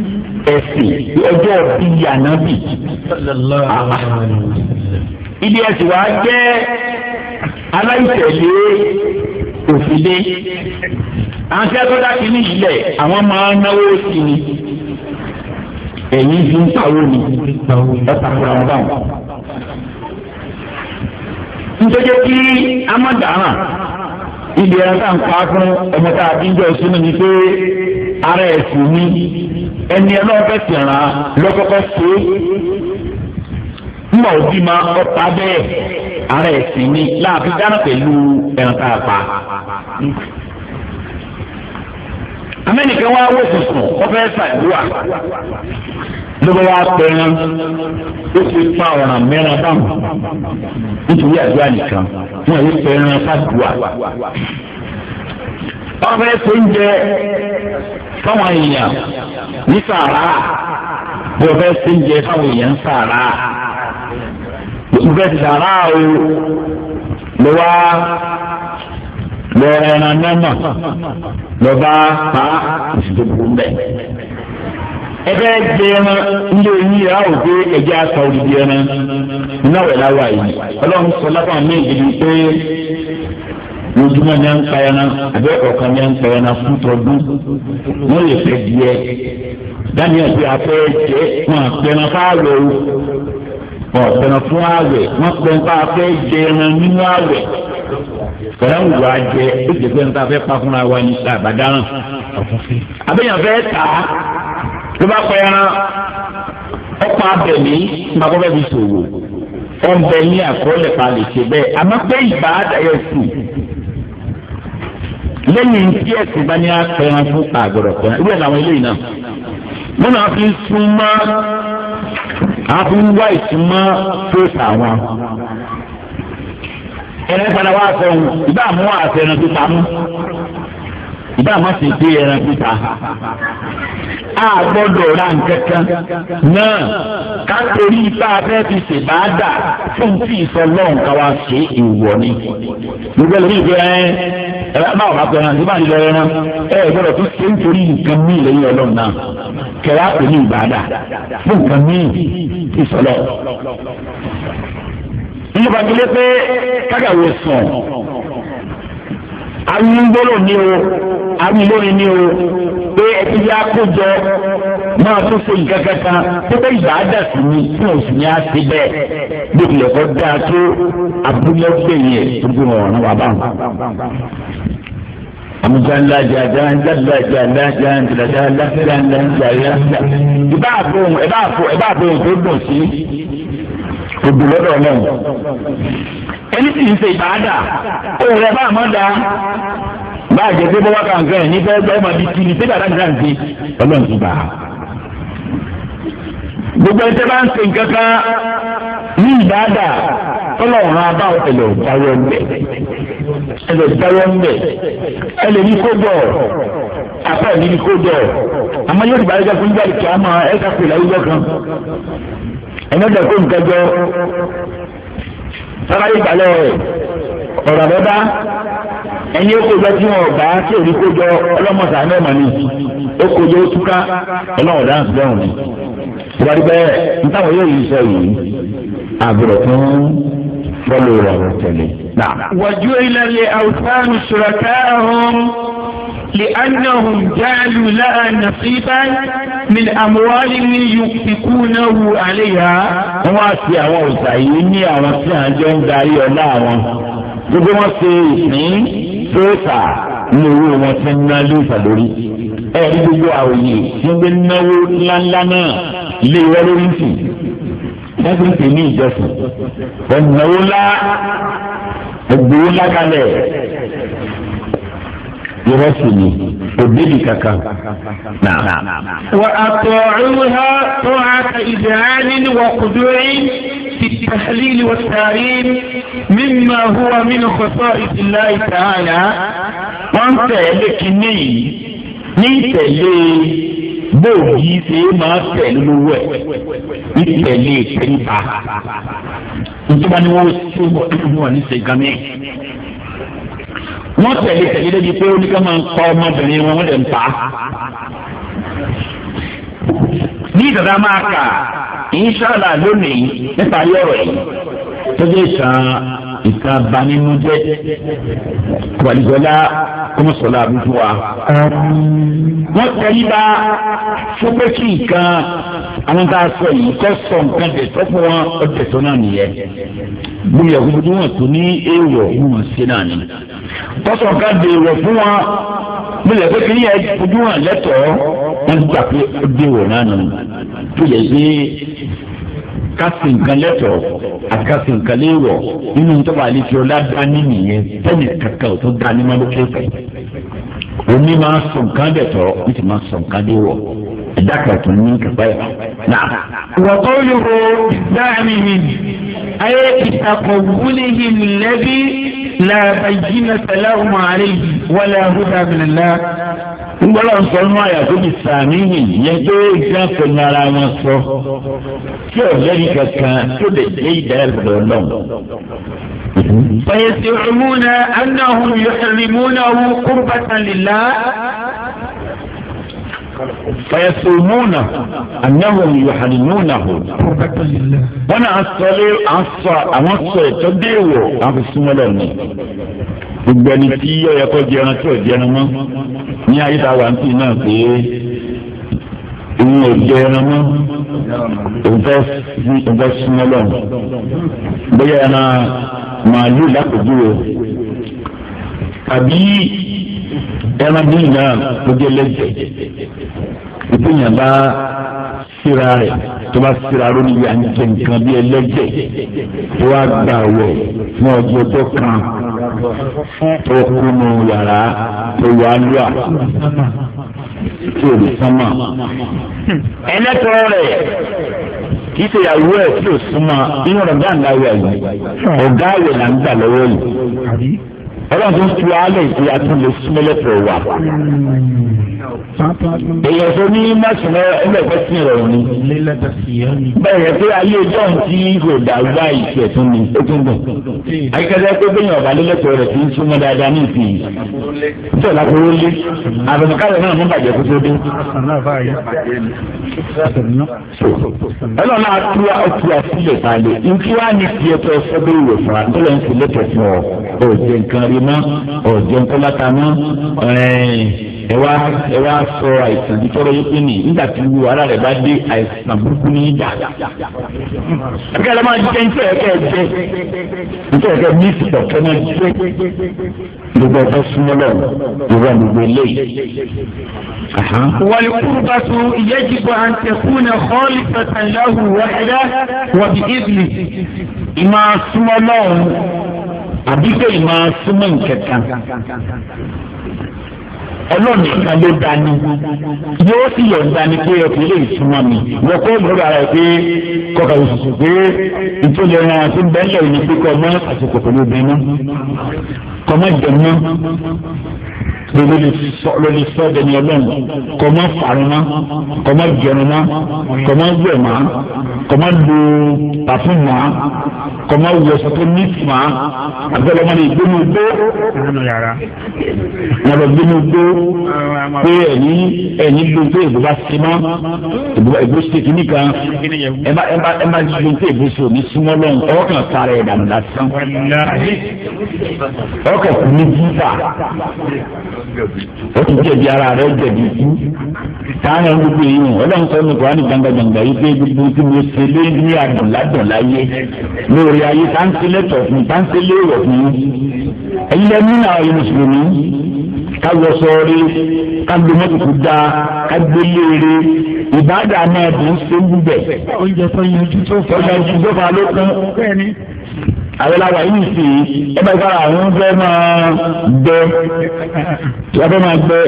ẹ̀sìn ọjọ́ bíi ànábì. ibi ẹ̀sìn wa jẹ́ aláìtẹ̀lé òfìlé. àwọn tí a tó dákì ní ilẹ̀ àwọn máa ń náwó sí ni. ẹ̀yìn fi ń pawó ni ọ̀tà fúra wọn báwọn. nítorí kí a má dáràn ibi ẹran tá à ń pa fún ọmọ tá a bí ń jọ sínú ni pé ara ẹ̀sìn ni ẹni ẹ lọ́wọ́ fẹ́ tẹ̀ra lọ́kọ́kọ́ ṣe é mbọ̀ òbí ma ọ̀tá bẹ́ẹ̀ ara ẹ̀sìn ni láàfin dáná pẹ̀lú ẹran tá a pa. amẹ́nìkan wá wò sùsùn ọ̀fẹ́ ṣàdúrà lọ́wọ́ wá pẹ̀rẹ́ ó ti pa ọ̀ràn mẹ́rin dáhùn nítorí àdúrà nìkan wọ́n yóò pẹ̀rẹ́ ṣàdúrà wọ́n fẹ́ ṣe ń jẹ fáwọn èèyàn ní sàrà bí wọ́n fẹ́ ṣe ń jẹ fáwọn èèyàn sàrà wọ́n fẹ́ sàrà o ló wá lọ ẹran náà lọ bá pa ìdòkú mbẹ ẹbẹ gbé ẹran ilé yìí a ò gbé ẹjẹ àtàwọn ìdí ẹran náà wẹ̀ láwàá yìí ọlọ́run sọ lápá mi ìdí pé lójúmọ́ ní à ń kpayana àbẹ́ ọ̀kan ní à ń kpayana fún tọdún wọ́n lè fẹ́ diẹ daniel bí afẹ́ jẹ́ wọn àpẹẹrẹ fáwọ̀ o ọ̀pẹẹrẹ fún àwẹ̀ wọn pẹ̀lú afẹ́ jẹ́ ẹran nínú àwẹ̀ kọ̀ọ̀rọ̀ ń wà jẹ ó jẹ pé nǹkan afẹ́ pa fúnra wa ní àbádáràn àbẹ̀yàn fẹ́ tà á ló bá kpayana ọkọ̀ abẹ̀mí màkọ́fẹ́ fi ṣòwò ọ̀nbẹ̀ ní àkọọ́lẹ̀ pa lè ṣe bẹ́ẹ̀ àmọ́ pé ìbáradà yẹ sùn lẹ́yìn tí ẹ̀sìn bá ní apẹran fún àgọ̀rọ̀ pẹ̀lú ìwé làwọn eléyìí náà. wọ́n náà fi súnmọ́ àfin wá ìsúnmọ́ fèsì àwọn. ẹ̀rẹ́ padà wá àfẹ́hùn ìbá àmú àfẹ́hùn tó pamọ́ ìbá má sì gbé ẹran síta. a gbọ́dọ̀ ra nǹkankan náà ká torí ipá abẹ́ fi ṣèbáàdà fún tí ìsọlọ́ nǹkan wa ṣe ìwọ ni. gbogbo ẹlòmíì ìgbé ẹ ẹ má wà pẹ́ ẹran síbáàdì lọ ẹran ẹ gbọ́dọ̀ tún ṣe nítorí nǹkan mí lẹ́yìn ọlọ́run náà kẹwàá pè ní ìbáàdà fún nǹkan mí ìsọlọ́. nígbà tó pé kágàwé sùn awúgbólò ní o awúlórin ní o pé ẹtí yá kójọ máa tún ṣe nǹkan kankan tó bẹ́ ìgbà á dà sí mi tí mo sì ní á sí bẹ́ẹ̀ bí kìlọ̀ kọ́ dáa tó abúlé gbẹ̀yìn ẹ̀ tó gbé wọn wà báwọn. Amujan la ja ja ja la ja la ja la ja la ja la ja la. Ìbá àfọ̀hún ìbá àfọ̀hún tó dùn sí òbí lọ́dọ̀ náà. ẹni sì ń ṣe ìbáàdà òun rẹ̀ bá àmọ́ da bá a jẹ pé bọ́wá kankan ẹ̀ ní fẹ́ gbọ́ ọmọ bíi kí ni pé bàbá mi náà ń ṣe ọlọ́run ti bà á. gbogbo ẹni tẹ́ bá ń ṣe nǹkan kan ní ìbáàdà tọ́lọ̀run abá ọ̀tẹ̀lẹ̀ ọ̀dáwọ́ ń bẹ̀ ẹ̀lẹ̀ ọ̀dáwọ́ ń bẹ̀ ẹ̀lẹ̀ ní kó apá ẹ̀mí ní kó àmọ́ yóò dìbò ayélujára ẹ̀mẹ́jọ kó nǹkan jọ sábàáyé ìgbàlẹ̀ rẹ̀ ọ̀rọ̀ àbẹ́bá ẹni ó kojọ tí wọn bá tí èrí kojọ ọlọ́mọta náà mà ní ó kojọ ó túká ọlọ́wọ̀n dáhùn dáhùn ní. ìwádìí bẹ́ẹ̀ nítawọn yóò yí sọ yìí àbúrò fún bọ́ọ̀lù rẹ̀ tẹ̀lé. wàjú ilẹ̀ lè àwùjọ àrùn ṣùrọ̀ká ọ̀hún. لأنهم جعلوا لها نصيبا من أموال ينفقونه عليها wọ́n á ti àwọn òòsà yìí ní àwọn tí à ń jọ ń darí ọlá àwọn gbogbo wọn ṣe ìpín tóòsà ní owó wọn ti ń ná lóòsà lórí ẹ̀rí gbogbo àwòyè tí ń gbé náwó ńláńlá náà lé wọ́n lórí sí lẹ́sìn ń pè ní ìjọsìn ọ̀nà ńlá ẹgbẹ́ ńlá kalẹ̀ ìrọ́sùnì òbíbi kankan. wà á tọ̀ ẹ̀rù ha tó a ka ìdáhání ni wà kùdúrí ti tàhlílì wà tààrí mímà huwa mímà kọ̀sọ́ ìdílá ìtàhánà. wọ́n tẹ̀lé kínní yìí ní tẹ̀lé bóògì ṣe é máa tẹ̀lé lówó ẹ̀ ní tẹ̀lé ìtẹ̀lé bá. nítorí wọn ni wọ́n ṣe wọ́n ní sègámẹ́ wọ́n tẹ̀lé tẹ̀lé débi pé oníkà máa ń kọ́ ọmọbìnrin wọn wọ́n lè ń pa. ní ìdàdá máa kà ìṣàlà lónìí nípa ayé ọ̀rọ̀ yìí tó dé kan nǹkan banínújẹ́ wàlíjọ́lá kọ́mọ̀sọ́lá àbújú wa. wọ́n tẹ̀lé bá fún pé kí nǹkan àwọn tá a sọ yìí kọ́ sọ nǹkan dẹ̀tọ́ fún wọn ọ̀dẹ̀tọ́ náà nìyẹn. gbogbo ìyàwó tó ní èèwọ̀ wọn ṣe náà ni tọ́sọ̀ ká dèrò fún wa mílẹ̀ pé kí ni ẹ fojú hàn lẹ́tọ̀ọ́ wọ́n ti gbà pé ó dèrò náà nù tó yẹ sí kasi nkan lẹ́tọ̀ àti kasi nkan léèwọ̀ nínú ntọ́ba àlejò ládàáni nìyẹn tẹ́nì kankan ò tó dání má lókè pẹ̀. omi máa sọ nkan dẹ̀tọ̀ ó sì máa sọ nkan léèwọ̀ ìdáka tó ní kàfáyà náà. wọ́pọ̀ yòrò dáàmì mi ayé ìtàkọ̀ wúlé yìí lẹ́bí làbàjì nàṣàlàwù màálẹ̀ wàlẹ̀ àhúdà bìnnà. ngbọ́dọ̀ sọ nínú àyàtọ̀ mi sàmì yìí yẹn tó ìjà pẹ̀lú ara wọn sọ tí ọ̀lẹ́ni kankan tó lè dé ìdáyàbọ̀ lọ́wọ́. فيزعمون أنهم يحرمونه قربة لله fẹ̀sùnmúnà a yohanimúnà hù. wọ́n náà sọlé àwọn sọ ètò déèwọ̀ àfisúnmọ́lẹ̀ ni. gbogbo ẹni tí ọ̀yẹ́ kọ́ jẹran ní ayé tá a wà náà pé ìwọ̀n ò jẹran mọ́ òfẹ́ súnmọ́lẹ̀ bóyá ẹran màálù tàbí. ẹran bíi náà ló jẹ́ lẹ́jẹ̀ ìpínyàn bá síra rẹ̀ tó bá síra ró níbi à ń jẹ nǹkan bíi ẹlẹ́jẹ̀ tó wá gbà wẹ̀ fún ọjọ́ tó kan tó kúnnú yàrá tó wà lúà tí o lè sánmà ẹlẹ́tọ̀ọ́ rẹ̀ kì í ṣe ìyàwó ẹ̀ tí o súnmọ́ inú rẹ̀ dáńdá wẹ̀ yìí ọ̀gá àwẹ̀ là ń gbà lọ́wọ́ yìí ọlọ́run tó ń tu alẹ́ ìdí atúlẹ̀ símẹ́lẹ̀ fẹ̀ wà. èèyàn tó ní màsìmẹ́ ẹlẹ́gbẹ́ sí ìrọ̀rùn ni. bẹ́ẹ̀ pé ayé ọjọ́ tí kò dàgbà ìṣẹ̀ tún ni ó tún bọ̀. akẹ́kẹ́ pé bẹ́yìn ọ̀bà lẹ́lẹ́kọ̀ọ́ rẹ̀ ti ń súnmọ́ dáadáa ní ìsìn yìí. nítorí àpò ó lé àbẹ̀mọ̀kárẹ̀ náà mú bàjẹ́ kó tó dé. ọlọ́run àti ọtí àtúlẹ̀ balẹ̀ ìtura ni tiẹ̀ tó ẹsẹ̀ bẹ́ẹ̀ wò fún wa tó lẹ́ mọ́ ọ̀jẹun tó láta mọ́ ẹ wá ẹ wá sọ àìsàn tí tọ́rọ yókù nì nígbà tí wù ara rẹ̀ bá dé àìsàn burúkú ní ìjà. ẹ̀kẹ́ ló máa jẹ́ nítorí ẹ̀kẹ́ jẹ́ nítorí ẹ̀kẹ́ mísì ọ̀kẹ́ máa jẹ́ gbogbo ọ̀fẹ́ súnmọ́lọ̀ gbogbo àgbègbè eléyìí. wàlúkúrúbá tó ìyẹ́jìbọ̀ àǹtẹ̀kùnà họ́ọ̀lì pẹ̀tẹ̀láhùn wọ́ẹ̀dá wọ̀bì ìbìlì ìmọ̀ súnmọ́lọ̀ àbí kéèyàn máa súnmọ́ nǹkankan ọlọ́ọ̀nì kan ló dání yóò sì yọ̀ǹda ni pé ọkùnrin lè súnmọ́ mi wọ́n kọ́ gbọ́dọ̀ ara ẹ̀ pé kọ́kà òṣùṣù pé ìtòlẹ̀ ẹran àti bẹ́ńlẹ̀ òní pé kọ́ ọmọ àsìkò pẹ̀lú obìnrin náà kọ́ ọmọ náà le lè sọ ló lè sọ dẹni ọlọ́run kò má farun má kò má jẹun má kò má wẹ̀ má kò má lo pàfún má kò má wọ sọ́tọ̀ níìtì má àgbẹ̀lẹ̀ má lè gbénu gbó. wọ́n lọ gbénu gbó pé ẹ̀yìn ẹ̀yìn ló ń pé ìbúba sí má ìbúba ìbú sí kìíní kan ẹ má ẹ má pé ìbú òní súnmọ́ lọ́run ọwọ́ kan sára ẹ̀ dànù lásán ọkọ̀ kù ó ti jẹ̀bi ara rẹ̀ jẹ̀bi sí táwọn gbogbo yìí nù ọlọ́run sọ ní kùránì gbangba-gbangba yìí pé gbogbo tí mo ṣe lé ní àdùnládùn láyé lórí ayé táǹsílẹ̀tọ̀ fún táǹsílẹ̀rọ̀ fún ẹ̀yin lẹ́nu náà ọ̀yọ́ mùsùlùmí káwọ́sọ̀ọ́rí kágbémọ́tòkú dáa kágbéléèrè ìbáàdà náà dùn ṣe ń gbẹ. oúnjẹ tó yanjú tó fà lókun àwọn làwà yìí sì ẹ bá gbára àwọn fẹ́ máa gbẹ wọ́n fẹ́ máa gbẹ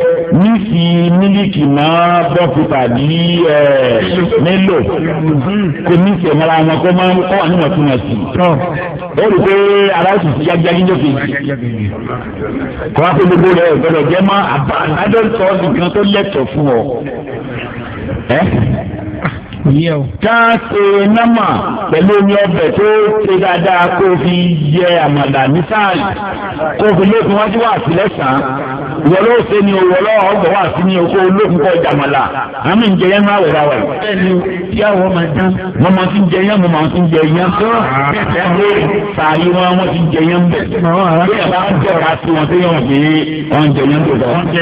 níìsì mílíkì máa bọ́ pípa ní ẹ̀ nílò kò ní ìsẹ̀ mọ́ra wọn kó máa ń kọ́ wà níwọ̀n tí wọ́n sì. ó rí i pé aláìsí ti jáde jáde níjọ́ kejì kọ́ wá pé gbogbo rẹ̀ gbọ́dọ̀ jẹ́ mọ́ àbá adọ́sọ̀ọ́sì kan tó lẹ́tọ̀ fún ọ ìyẹn o. ká ṣe námà pẹ̀lú omi ọbẹ̀ tó ṣe dáadáa kó fi yẹ àmàlà ní sáàlì kó fi lókun wájú wà sí lẹ́sàn-án ìwọ ló ṣe ni òwò lọ́wọ́ ọgbọ̀n wà sí ní oko olókun kọ́ jàmàlà àmì ń jẹ yẹn máa wẹ̀rẹ̀ wẹ̀. bẹ́ẹ̀ni yà wọ́n máa dán. wọ́n máa ti ń jẹ yẹn mo máa ti ń jẹ yẹn. sààyè wọn wọ́n ti ń jẹ yẹn bẹ̀. bí bá ń jẹ́ ọ̀rá sí wọn tó yẹ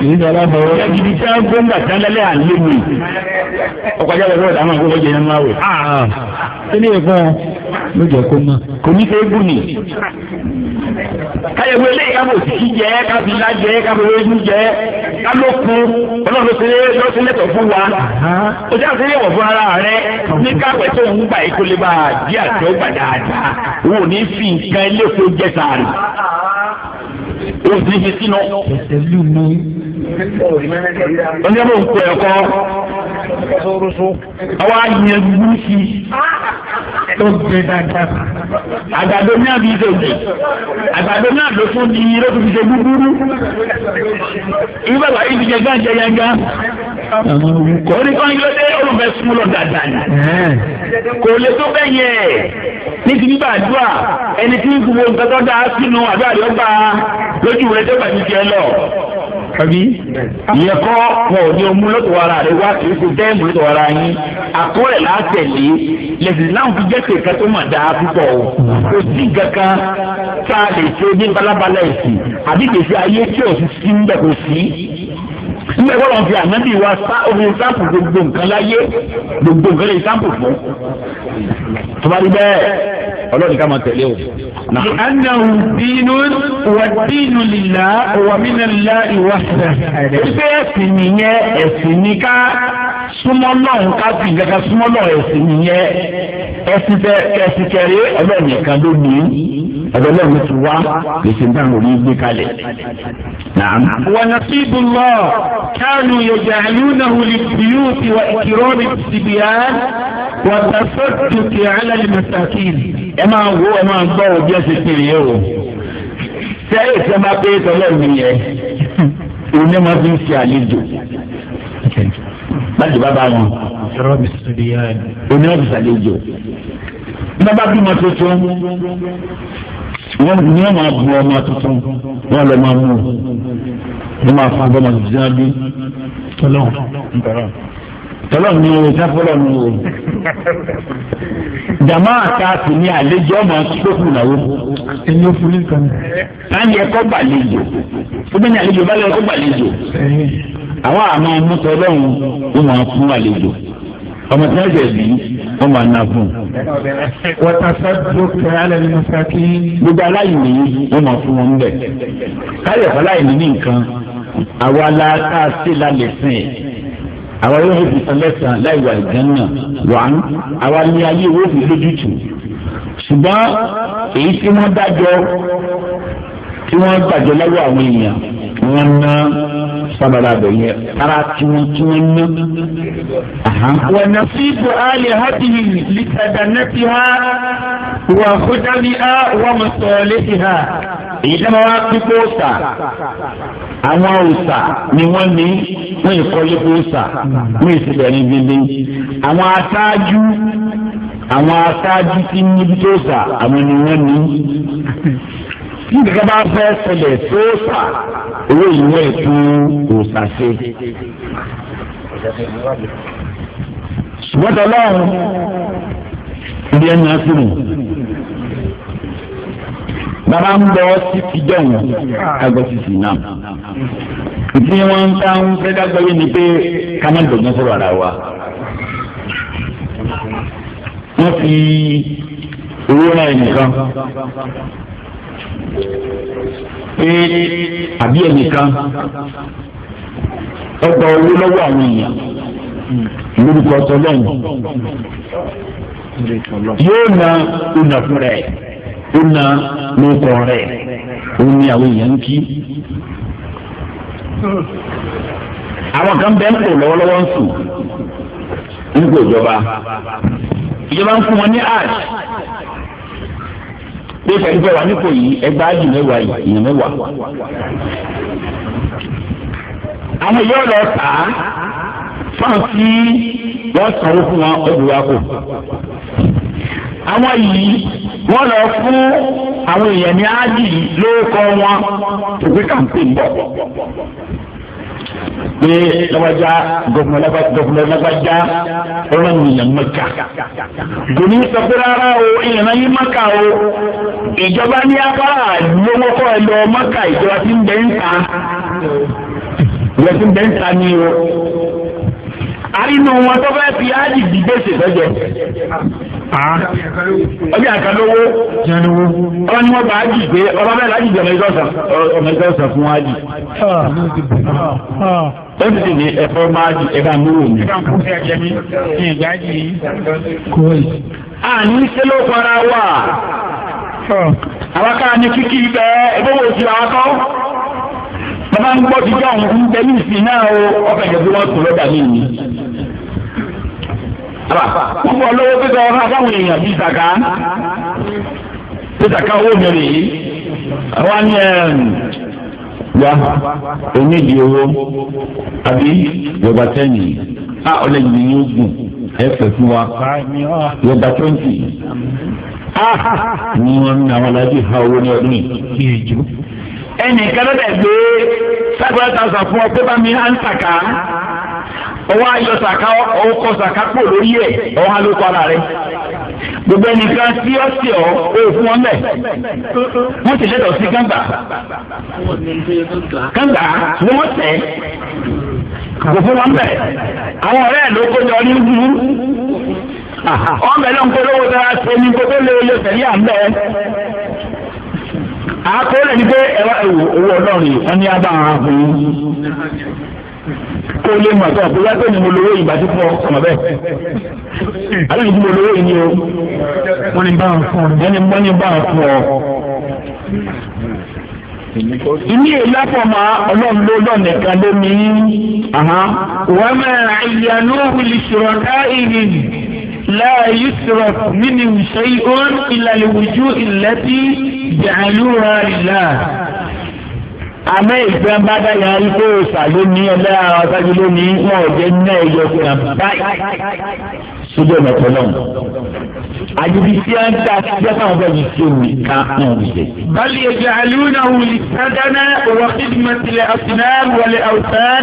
kìí tí a ń gbóngbà tí a ń lálẹ́ mi. ọkọ̀ ajá lọ́dọ̀ àwọn àgbọ̀wọ́ jẹ́ ẹ̀ma ah, wẹ̀. Ah. kí ni ẹ̀fọ́ ló jẹ́ kó mọ̀. kò ní fẹ́ gùn ni. káyọ̀ wọlé kábò sí jẹ́ kábìlá jẹ́ kábò wẹ́jú jẹ́ kálókun ọlọ́run ló lé ló lẹ́tọ̀ fún wa. o jẹ́ àti ìyẹ̀wò fún ara rẹ ní káwẹ̀ tó ń gbà ètò lè bá a di àjọ gbàdáadáa. wò ní fi nǹkan ilé o ti fi sínú. ẹsẹ̀ lù mí. ọ̀nà ìmọ̀ ẹ̀kọ́ soroso àwa yẹnu sí tó gbẹ dáadáa àgbàdo ní àbí ìdèjì àgbàdo ní àdó fún di lóko fi ṣe gbúgbúrú ìlú bàbá yìí ti jẹ gán jẹ yanga oníkan yóò dé olùfẹ́ sún lọ dáadáa ni kò lè tó bẹ́ẹ̀ yẹ ní ti nígbà àdúrà ẹni tí gbogbo nǹkan tó dáa sínú àdúrà yóò gbà lójú rẹ tó bàjẹ́ jẹ lọ ìyẹn kọ́ wọn ò ní omú lọ́tọ̀ ara rẹ wá kì í ṣe dẹ́ẹ̀mù lọ́tọ̀ ara yín àkọọ́lẹ̀ látẹ̀lé lẹ́sìn láwọn fi jẹ́ kẹ̀kẹ́ tó mà dáa púpọ̀ o kò sí kankan tá a lè ṣe ní balabala ẹ̀sìn àbí kèsì ayé tí ò sí sí níbẹ̀ kò sí nígbà wọ́n lọ fi ànábì wa sá omi sáàpù gbogbo nǹkan láyé gbogbo nǹkan lè sáàpù fún tó bá rí bẹ́ẹ̀ ọlọ́run ká máa tẹ̀lé o. annahu dinun wa dinu lillah wa minallahi wahda. wípé ẹ̀sìn nìyẹn ẹ̀sìn ní ká súnmọ́ lọ́run ká fi gàgà súnmọ́ lọ́run ẹ̀sìn nìyẹn ẹ̀sìn tẹ ẹ̀sìn kẹrẹ ọlọ́run nìkan ló ní ọlọ́run ti wá lèṣin dáhùn orí gbé kalẹ̀. wa nasibullah kanu yaj'alunahu lil-buyuti wa ikram as-sibyan wa tasadduqi ala al-masakin ẹ máa wo ẹ máa gbọ́ òbí ẹ ti pèrè yẹ o tẹ ẹ tẹ máa pé tọ́lọ́ mi yẹ òun ní wọn fi ń ṣe àlejò láti bá bá wọn òun ní wọn fi ṣàlejò ní wọn bá bímọ tuntun wọn ní wọn máa bu ọmọ tuntun wọn lọ máa mú un wọn máa fa bọ́mọ tuntun náà bí tọ́lọ́ tọ́lọ́mù ní ìwé sáfọ́lọ́ ní ìwé. jàmá àtàkì ní àlejò ọmọ sókù náwó. ẹni ó fún nìkan. táyì ẹkọ gbàlejò fúnbẹ́ ní àlejò bá lọ ẹkọ gbàlejò. àwọn àmọ́ mọ́tò ọlọ́run ó máa fún àlejò ọmọ tí wọ́n jẹ̀ bí wọ́n máa ná fún un. dókè alẹ́ ní saki. gbogbo aláìní wọ́n máa fún wọn bẹ̀. káyọ̀ fọláìní ní nǹkan àwa la ká sí lálẹ́ sìn àwa yóò fi san lẹ́sàn láì wà ìjánná wàá àwa ní ayé wo fi lójútù ṣùgbọ́n èyí tí wọ́n dájọ́ tí wọ́n gbàjọ́ lọ́wọ́ àwọn èèyàn wọ́n ná sábàlá bẹ̀ yẹn ara tí wọ́n tí wọ́n ná. wọ́n na fi bu ali hadihi litada nati ha wa kudami ha wa musọ̀lẹ́ti ha. èyí dábàá wá pípé òòsà àwọn òòsà ni wọ́n ní wọ́n ìkọ́lé òòsà wọ́n ìsìlẹ̀ ní gbélé àwọn aṣáájú àwọn aṣáájú tí níbi tó sà àwọn ni wọ́n ní tí nǹkan bá fẹ́ ṣẹlẹ̀ tó sà owó ìwé ètò òòsà ṣe. ṣùgbọ́n tọ́lọ́run ilé ẹni á sùn. bàbá ń bọ̀ sí fìjọ́ wọn agbẹ́sìsì náà. ìdí wọn ń ta ń fẹ́ dágbọ́ yé ni pé ká má dọ̀gbọ́n sọ̀rọ̀ ara wa. wọ́n fi owó náà nìkan pé àbí ẹnìkan ọgbà owó lọ́wọ́ àwọn èèyàn lórúkọ tọ́lọ́ọ̀nù yóò na ọ̀nà fún rẹ̀ na, lórúkọ rẹ̀ òun ni àwọn èèyàn ń kí. àwọn kan bẹ́ẹ̀ ń kó lọ́wọ́lọ́wọ́ ń sùn ń kó ìjọba ìjọba ń fún wọn ní àjì. bí ìfẹ́ ìfẹ́ wà nípò yìí ẹgbàá yìí mẹ́wàá yìí èèyàn mẹ́wàá. àwọn yóò lọ wọ́n sanwó fún wọn wa àwọn yìí wọ́n lọ fún àwọn èèyàn ní áàdì wọn bọ̀ pé ọlọ́run mẹ́ka. gòmí sọ pé rárá o náà yí mẹ́ka o. ìjọba ní afárá lówó kọ́ ẹ lọ ìjọba tí ń bẹ ń ta ìjọba tí ń bẹ ń ta ni o. àrínú wọn tó fẹ́ fi ájì di gbèsè lọ́jọ́. àkàlówó ọba ni bá gbé ọba bẹ́ẹ̀ ọmọ ọmọ fún ájì. ó sì ní ẹ̀fọ́ máa ẹ̀fọ́ àwọn káà ní kíkí ibẹ̀ ìbówó ìṣirò àwọn kan bàbá ń gbọ́ jíjọ́ òun ń bẹ ní ìsìn náà o ọkàn ìjọba wọn kò lọ́dà mí ni. wọ́n bọ̀ lọ́wọ́ pé kọ́ àbáwọn èèyàn bíi zaka bíi zaka owó mi rèé àwọn ni wa onídìí owó àbí yorùbá tẹ́yìn a ọ̀lẹ́yìn ni yóò gùn ẹ pè fún wa yóò gba twenty ni wọn ní àwọn aláàjì ha owó ní ọdún yìí. ẹnì kan lọ́dẹ̀ gbé five thousand fún ọ pé bá mi á ń sàkà ọwọ́ ayọ̀ sàkà ọkọ̀ sàkà pò lórí ẹ̀ ọ̀hán ló kọ́ ara rẹ̀ gbogbo ẹnìkan tí ó sì ọ ó fún ọ mẹ wọn ti lẹtọ sí kànga kànga ni wọn tẹ kò fún wọn bẹ́ẹ̀ àwọn ọ̀rẹ́ ló kójọ ní gbúrú wọn bẹ̀rẹ̀ ń polówó tẹ́lá ṣe ní gbogbo lè lè fẹ̀lí à ń bẹ̀ àkọọ́lẹ̀ ni pé ẹ̀wá ẹ̀wò owó ọlọ́run yìí wọ́n ní abá àwọn àbúrò kó lè mọ̀ tó àpò yàtọ̀ ni mo lówó ìgbà tí fún ọmọ bẹ́ẹ̀ alẹ́ nìyí mo lówó yìí ni o wọ́n ní bá wọn fún ọ ilé ìlápọ̀ máa ọlọ́run ló lọ nìkan ló ní. wọ́n máa àyànú ìṣòro káìrì láàyè sọ̀rọ̀ nínú ìṣe ìhón ìlàlẹ̀ ojú ìlẹ́tì jàǹlúra ìlà. àmọ́ ìgbà bá dáyà ikú òòsà ẹlẹ́yà ọ̀sájú ló wọn ò jẹ́ ní ẹ̀yọ́ kan báyìí sójú ọ̀nà ọ̀pọ̀lọ́ àdìbìsí à ń ta sí ẹ̀fọ́ àwọn ọ̀gbìn tí omi ká náà wù jẹ. bali ẹ̀jẹ̀ àlùna wuli sadana wà kídìmọ̀tìlẹ̀ àfìnà wọlé àwùsàn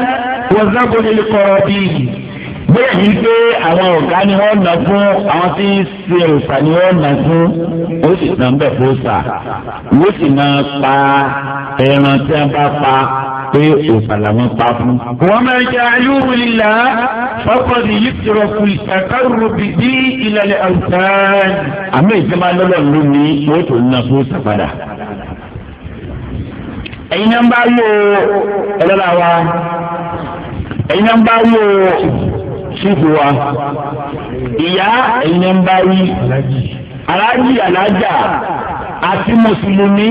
wà zábọ̀ nílùkọ̀rọ̀ bíi bóyá yìí pé àwọn ọ̀gá ni wọ́n nà fún àwọn tí ń ṣe òòṣà ni wọ́n nà fún ó sì nà ń bẹ̀ fún òòṣà ó sì nà pa ẹran tí wọ́n bá pa pé òòṣà làwọn pa fún. wọ́n máa jẹ́ alúwìlá fọ́kànlì yìí tọrọ fún ìṣàkárò bìbí ìlàlẹ̀ àwùjọ́n. àmì ìjọba lọ́lọ́ ló ní mọ́tò ń nà fún òòṣà padà. ẹ̀yin náà ń bá wò ẹ̀rọ làwa ẹ̀yin náà ń bá wò ṣífù wa ìyá ẹ̀yẹn bá rí aláàjì aláàjà àti mùsùlùmí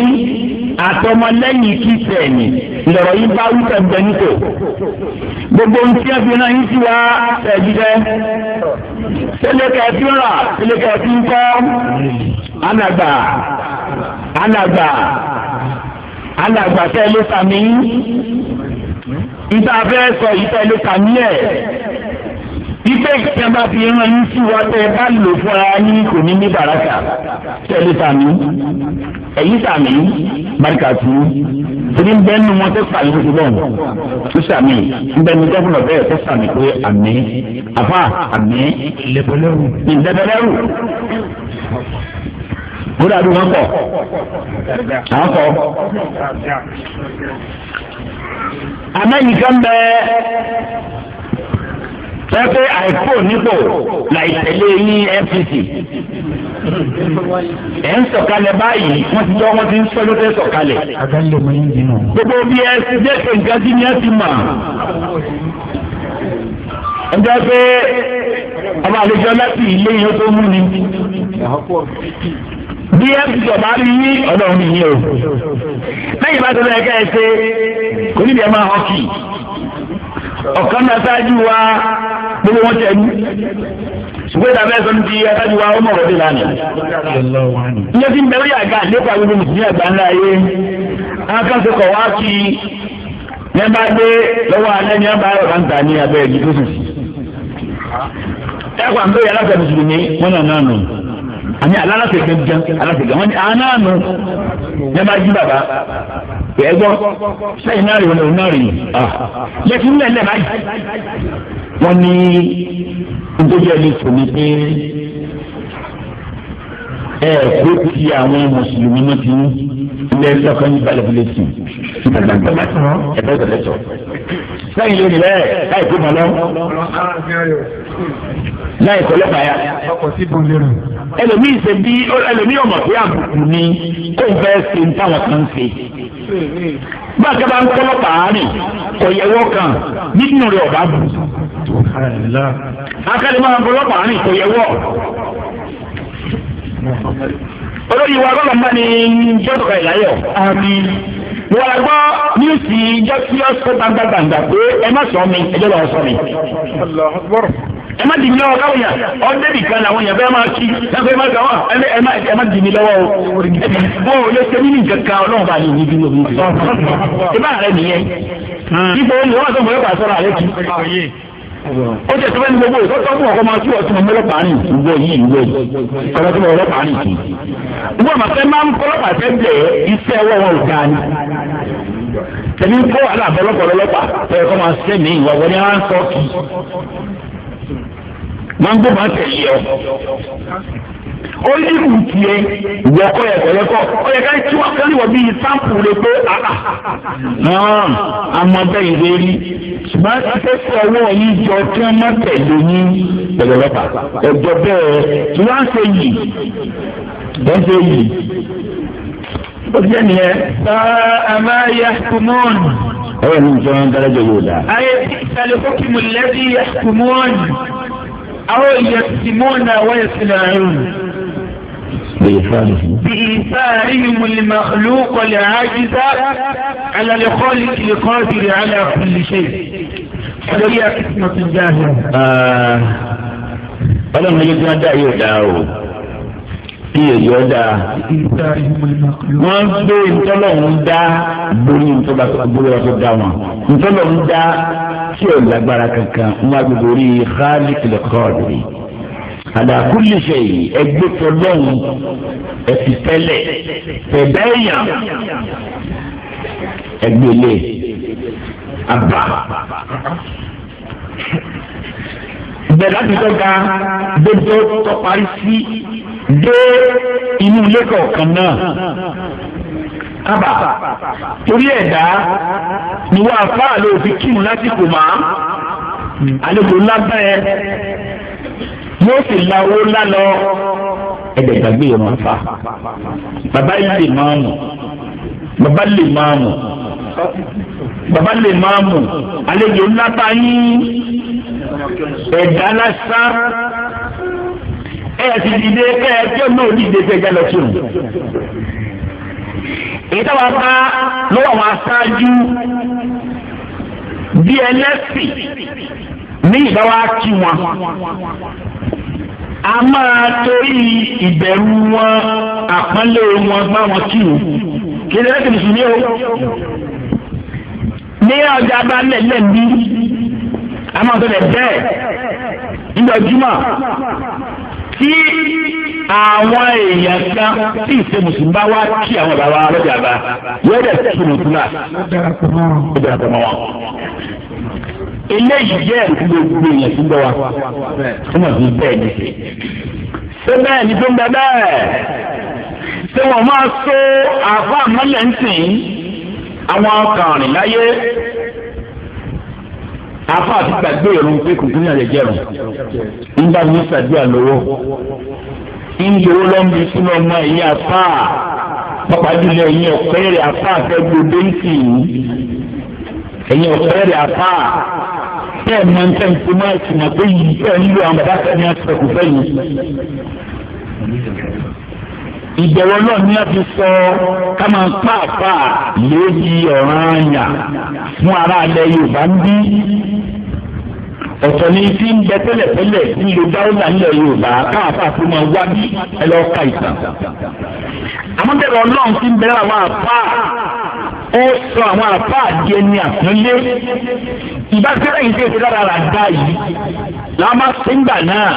àtọmọlẹ́yìn kí sẹ̀ẹ̀nì lọ̀rọ̀ yìí bá wí pẹ̀lú nítò gbogbo ohun tí wọ́n fi náà yín sí wa ṣẹ̀jíṣẹ́ sẹ́lẹ̀kẹ́ tí ń rà sẹ́lẹ̀kẹ́ tí ń kọ́ alàgbà alàgbà ló sàmì ìta fẹ́ sọ ìta ló sàmì ẹ̀ ife ìjọba fi ràn yín sí wa tẹ ẹ bá lò fún ara yín kò ní ní bàràkà tẹlẹ sàmì ẹyí sàmì bàrìkà tù torí bẹ́ẹ̀ni wọn tẹ sàmì tó ti bọ̀ tó sàmì bẹ́ẹ̀ni gọ́fúnà bẹ́ẹ̀ tẹ sàmì pé àmì àfà àmì ìlẹ̀bẹ̀lẹ́rù ìlẹ̀bẹ̀lẹ́rù kódà bí wọn kọ àwọn kọ amẹ́yìí kan bẹ́ẹ̀ ẹ pé àìpò nípò láì tẹ̀lé yín FCC ẹ̀ ń sọ̀kalẹ̀ báyìí wọ́n ti jọ wọ́n ti ń sọ ló tẹ́ sọ̀kalẹ̀. gbogbo bí ẹ ti dẹ́sẹ̀ nǹkan tí ni ẹ ti mọ̀ ẹ jẹ́ pé ọba àlejò láti ilé yẹn tó mú ni bí ẹ ti sọ bá rí ọlọ́run yìí o lẹ́yìn bá tó lọ ẹ̀ka ẹ̀ ṣe kò níbi ẹ̀ máa hàn kì í ọ̀kan náà ṣáájú wa gbogbo wọn tẹ̀lé ṣùgbọ́n ìdàbẹ́ sọ ní ti aṣáájú wa ọmọ ọ̀rọ̀ dé lánàá. ìyẹn ti ń bẹ lórí àga nípa gbogbo mùsùlùmí àgbà ńlá yé akáṣe kọ̀ wá kí ní bá gbé lọ́wọ́ alẹ́ ní bá ọ̀rọ̀ ń tà ní abẹ́ ìdí tó sùn. ẹ̀kọ́ àǹtó yàrá fẹ̀ mùsùlùmí mọ́nà náà nù àní alálàsè gangan alálàsè gangan wọn ni anáànú yẹn bá jí bàbá ẹ gbọ́ sẹ́yìn náà rí wọn lòun náà rí yẹtí ń lẹ́lẹ̀ báyìí wọ́n ní nítorí ẹni tó ní pé ẹ kó ti àwọn mùsùlùmí náà ti ń ilé ẹjọ́ kan ní balẹ̀ fúlẹ̀ tì níta gbàgbà ẹ bẹ́ẹ̀ tẹ̀lé tọ̀ sẹ́yìn láì sọ lẹ́fà ya. ẹlòmíì ṣe bí ẹlòmíì ọmọ pé àbùkù ni kó n fẹ́ ṣe ń táwọn kan ṣe. bá a kẹ́ bá ń kọ́lọ́ pàárì kò yẹ wọ́ kan nínú rẹ̀ ọ̀bá bù. akẹ́lẹ́ máa ń kọ́lọ́ pàárì kò yẹ wọ́. olóyè wa kọ́lọ̀ mbà ni jọ́dọ̀ ka ìlàyọ̀. wọ́n a gbọ́ níwùsì jọ́sí ọ̀sọ́ gbangba gbangba pé ẹ má sọ mi ẹ jọ́ lọ́ọ́ sọ mi ẹ má dìmí lọ́wọ́ káwọn yàn ọdẹ nìkan làwọn yàn bẹ́ẹ̀ máa kí lẹ́gbẹ̀ẹ́ má gbà wá ẹ má dìmí lọ́wọ́ o. bó o lè ṣe nínú ìjẹka ọlọ́run bá yìí níbi lóbi ìgbà. ìbá rẹ nìyẹn. Hmm. ipò olè wọn sọ fún yóò bá sọ̀rọ̀ àlẹ kí. ó jẹ sọfẹ́ ní gbogbo yìí tọ́tọ́ fún ọkọ máa tú ọtún ọmọ ọlọ́pàá ní ìgbọ yìí ìgbọ yìí ọlọ́pàá ní ọlọ́pàá ní ìgbọ yìí. ìgbọ màfẹ́ máa ń kọ́lọ́pàá fẹ́ bẹ̀ iṣẹ́ ọwọ́ wọn ò dáa ni tẹ̀mí kó aláàbọ̀lọ́pọ̀ lọ́lọ́pàá tẹ̀ ẹ̀kọ́ máa ṣẹ́ mi ìwà wọlé á ń sọ kì í mango bá tẹ̀lé ọ. ó ní kù tiẹ̀ ìwọ ọkọ yẹ kọ̀ yẹ kọ̀ ọ yẹ ká tí wọ́n kẹ́lẹ́ wọ bí sáǹpù rẹ pé àlà. Ah, ah. àmọ́ bẹ́ẹ̀ ìwé rí ṣùgbọ́n afẹ́fẹ́ ọwọ́ yìí jọ kí wọ́n má tẹ̀lé yín pẹ̀lú ọlọ́pàá ẹ̀jọ̀ bẹ́ẹ̀ tí wọ́n á ṣe yìí bẹ́ẹ̀ ṣe yìí. ó ti yẹ nìyẹn. àmọ́ ayé kùmọ́ọ̀nù. ọ̀rọ̀ mi ń sọ ọ́n dára jẹ́ yóò dáa. ayé أو يكتمون ويصنعون بإيثارهم المخلوق العاجزة على الخالق القادر على كل شيء فهي قسمة الجاهلة ọlọ́run yóò gbọ́dọ̀ yóò dáa o. kí èyí ọ dáa wọn gbé ntọ́lọ́hún dá lórí ntọ́lọ́hún tó dá wọn ntọ́lọ́hún dá tí ò lágbára kankan wọn á gbogbo rí khalik lẹ́kọ́ọ̀dì àdàkùnléṣe yìí ẹgbẹ́ tọ́lọ́hún ẹ̀fìtẹ́lẹ̀ tẹ̀bẹ́yà ẹgbẹ́lẹ̀ àbá bẹ̀rẹ̀ láti tọ́ka dédé tó parí sí dé inú ilé kọ̀ọ̀kan náà kábà torí ẹ̀dá ni wọ́n afáà lè fi kírun lásìkò mọ́ àlejò ńlá bẹ́ẹ̀ yóò sì la owó ńlá lọ ẹ̀dẹ̀ ìgbàgbé yẹn máa fa bàbá ilé máa mú bàbá lè máa mú bàbá lè máa mú àlejò ńlá bá yín ẹ̀dá lásán ẹ sì dìde kẹ ẹ jẹ́ mọ́ onídìde fẹ́ jálọ sí òun. èyí táwa bá lọ́wọ́ àwọn aṣáájú bí ẹlẹ́sìn ní ìdáwà kí wọn a máa torí ìbẹ̀rù wọn àpọ́nlé wọn bá wọn kí o kí ẹ mùsùlùmí o ní ọjà bá lẹ̀ lẹ́ẹ̀mí a máa tẹ̀lé bẹ́ẹ̀ nígbà júmọ̀ tí àwọn èèyàn kan tí ìṣe mùsùlùmí bá wá kí àwọn bàbá wa lọ́jà bá yóò dẹ̀ tẹ̀sí mùsùlùmí náà ó darapọ̀ mọ́ wọn. eléyìí jẹ́ gbogbo èèyàn tí ń bọ̀ wá fún ọ̀sìn bẹ́ẹ̀ ni ṣé bẹ́ẹ̀ ni tó ń bẹ bẹ́ẹ̀ ṣé wọ́n máa so àbá àmọ́lẹ̀ ń sìn àwọn ọkàn rìn láyé afa àti gbàgbé ìrún pé kò tún ní àjẹjẹ rùn nígbà tí wọn ṣàdúrà lọ́wọ́ ńlọwọ lọmọbi sínú ọmọ ẹ̀yìn afa pàpàdùlẹ ẹ̀yìn ọpẹrẹ afa àfẹgbò déńtì ẹ̀yìn ọpẹrẹ afa tẹ ẹ máa ń tẹ nǹkan máa sì máa pé yìí tẹ ẹ ń lo àwọn bàbá sẹni àti ẹkùnfẹ yìí ìbẹ̀wò ọlọ́run ni a ti sọ ká máa pàápàá lórí ọ̀ràn àyà fún ara alẹ́ yorùbá ń bí ọ̀tọ̀ ni ti ń bẹ tẹ́lẹ̀tẹ́lẹ̀ nílò dáwọ́dà nílẹ̀ yorùbá káàpá tó máa wá bí ẹ lọ ka ìtàn. àmọ́ bẹ̀rẹ̀ ọlọ́run ti ń bẹ̀rẹ̀ àwọn àpá ó sọ àwọn àpá àdìẹ ní àpọ́nlé ìbáṣẹ́rẹ́ yìí ṣe é rà dá yìí làwọn máa ń gbà náà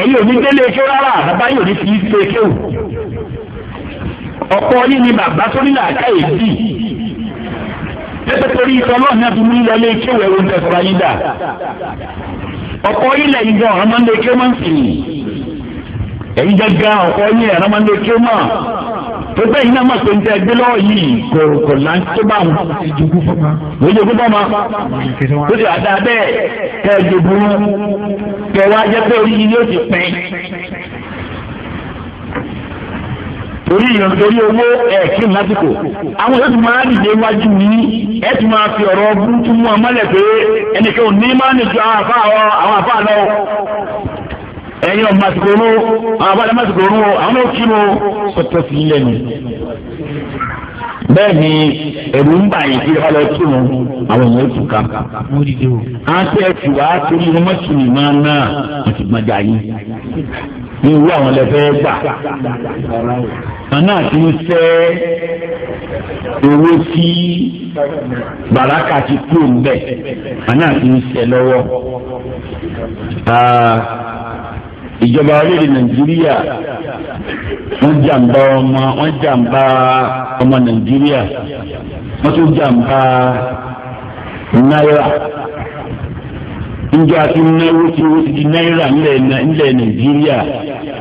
ẹ̀yin ò ní délé ike rárá bàbá yóò ní fi ṣe ike o ọ̀pọ̀ yín ni bàbá tó nílò àká èdè pẹ́pẹ́tẹ́rí ìtọ́lọ́ ní àti mú ilẹ̀ ike wẹ̀ wọ́n tẹ̀sán ayé dà ọ̀pọ̀ yín lẹ́yìn gan ọ̀rọ̀ máa ń lé ike máa ń sìn ẹ̀yin gángan ọ̀pọ̀ yín ẹ̀rọ máa ń lé ike máa tó bẹ́ẹ̀ iná máa tó ń tẹ́ gbé lọ́wọ́ yìí kò kò là ń tó bá wọn. ó jogún bọ́ ma ó sì àdá bẹ́ẹ̀ kẹ́ ẹ jogún kẹ́ wá jẹ́ pé orí yìí yóò ti pín. torí ìrìn torí owó ẹ̀ kí n lásìkò àwọn yóò tún máa dìde wájú yìí ẹ tún máa fi ọ̀rọ̀ burúkú mú ọmọlẹ̀ pé ẹnìkan ò ní máa nìjọ àwọn àfa àwọn àfa lọ ẹ̀yin ọmọ àsìkòrò àwọn abáda màsìkòrò àwọn náà kí mo sọtọ sí ilé mi. bẹ́ẹ̀ ni ẹ̀rù ń bà yìí kí ọlọ kí mo àwọn èèyàn tù ká. àti ẹ̀fù wa torí wọn tù mí máa ná àti gbàdá yìí ní irú àwọn lẹ́fẹ́ gbà. àná àti sẹ́ owó tí bàrákà ti kúrò ń bẹ̀ àná àti sẹ́ lọ́wọ́. Ah, ìjọba orílẹ̀-èdè nàìjíríà wọ́n jàǹbá ọmọ wọ́n jàǹbá ọmọ nàìjíríà wọ́n tún jàǹbá náírà njẹ́ àti náírà tí wọ́n ti di náírà nílẹ̀ nàìjíríà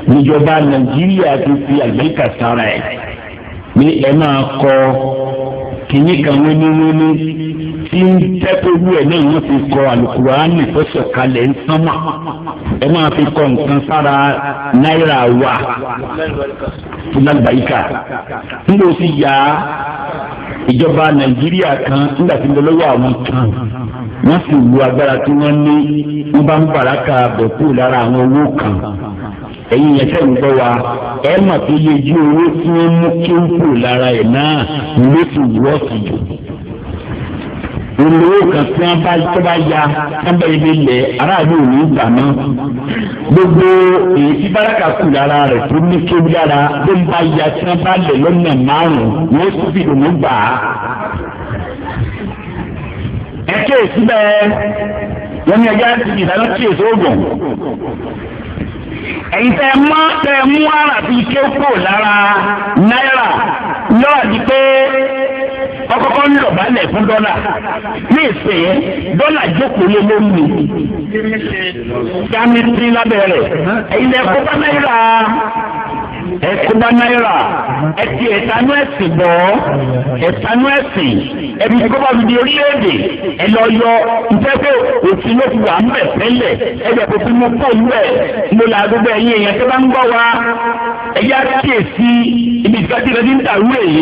níjọba nàìjíríà ti fi àgbẹ̀ríkà sára ẹ̀ ní ẹ̀ máa kọ kìnnìkan wíníwíní. tí ń jẹ́ wú ẹ̀ náà wọ́n kọ àlùkùránì tó sọ̀kalẹ̀ ń sánmà ẹ máa fi kọ nǹkan sára náírà wa fúnàlùbáyíkà nígbà ló sì yá ìjọba nàìjíríà kan nígbà tí mo àwọn kan wọ́n sì lu agbára tí wọ́n ní wọ́n bá ń kan ẹ̀yin gbọ́ wa ẹ mà tó yẹ ju owó tí wọ́n mú kí ó olówó kan tí wọ́n bá tó bá ya sábà ibi lẹ̀ aráàlú ò ní gbà mọ́. gbogbo èyí tí báràkà kù lára rẹ̀ tó ní kéwú lára tó ń bá ya tí wọ́n bá lẹ̀ lọ́nà márùn-ún wọ́n sì fi dùnú gbà á. ẹ kéèsì bẹ́ẹ̀ wọ́n ní ẹja ti ìdáná kéèsì oògùn ẹ̀yin tẹ́ mú tẹ́ mú ara bíi kéwú kò lára náírà lọ́wọ́ àti pé ọkọ̀kọ́ ń dọ̀bálẹ̀ fún dọ́là ní ìsìn yẹn dọ́là jókòó lé lórí mi. Dami ti lábẹ́ rẹ̀ ilẹ̀ kópa náírà ẹkúbá náírà ẹtì ẹtanú ẹsìn bọ ẹtanú ẹsìn ẹbí kópa bìbí orílẹ̀-èdè ẹlọ́yọ ntẹ́fẹ́ òfin ló fi wà ń bẹ̀ tẹ́lẹ̀ ẹgbẹ́ kò fi mú fóònù bẹ̀ mo là gbogbo ẹ̀yìn èèyàn tó bá ń gbọ́ wa ẹ̀yà kíyèsí ibi ìgbàdìrẹ́dì ń dàrú èyí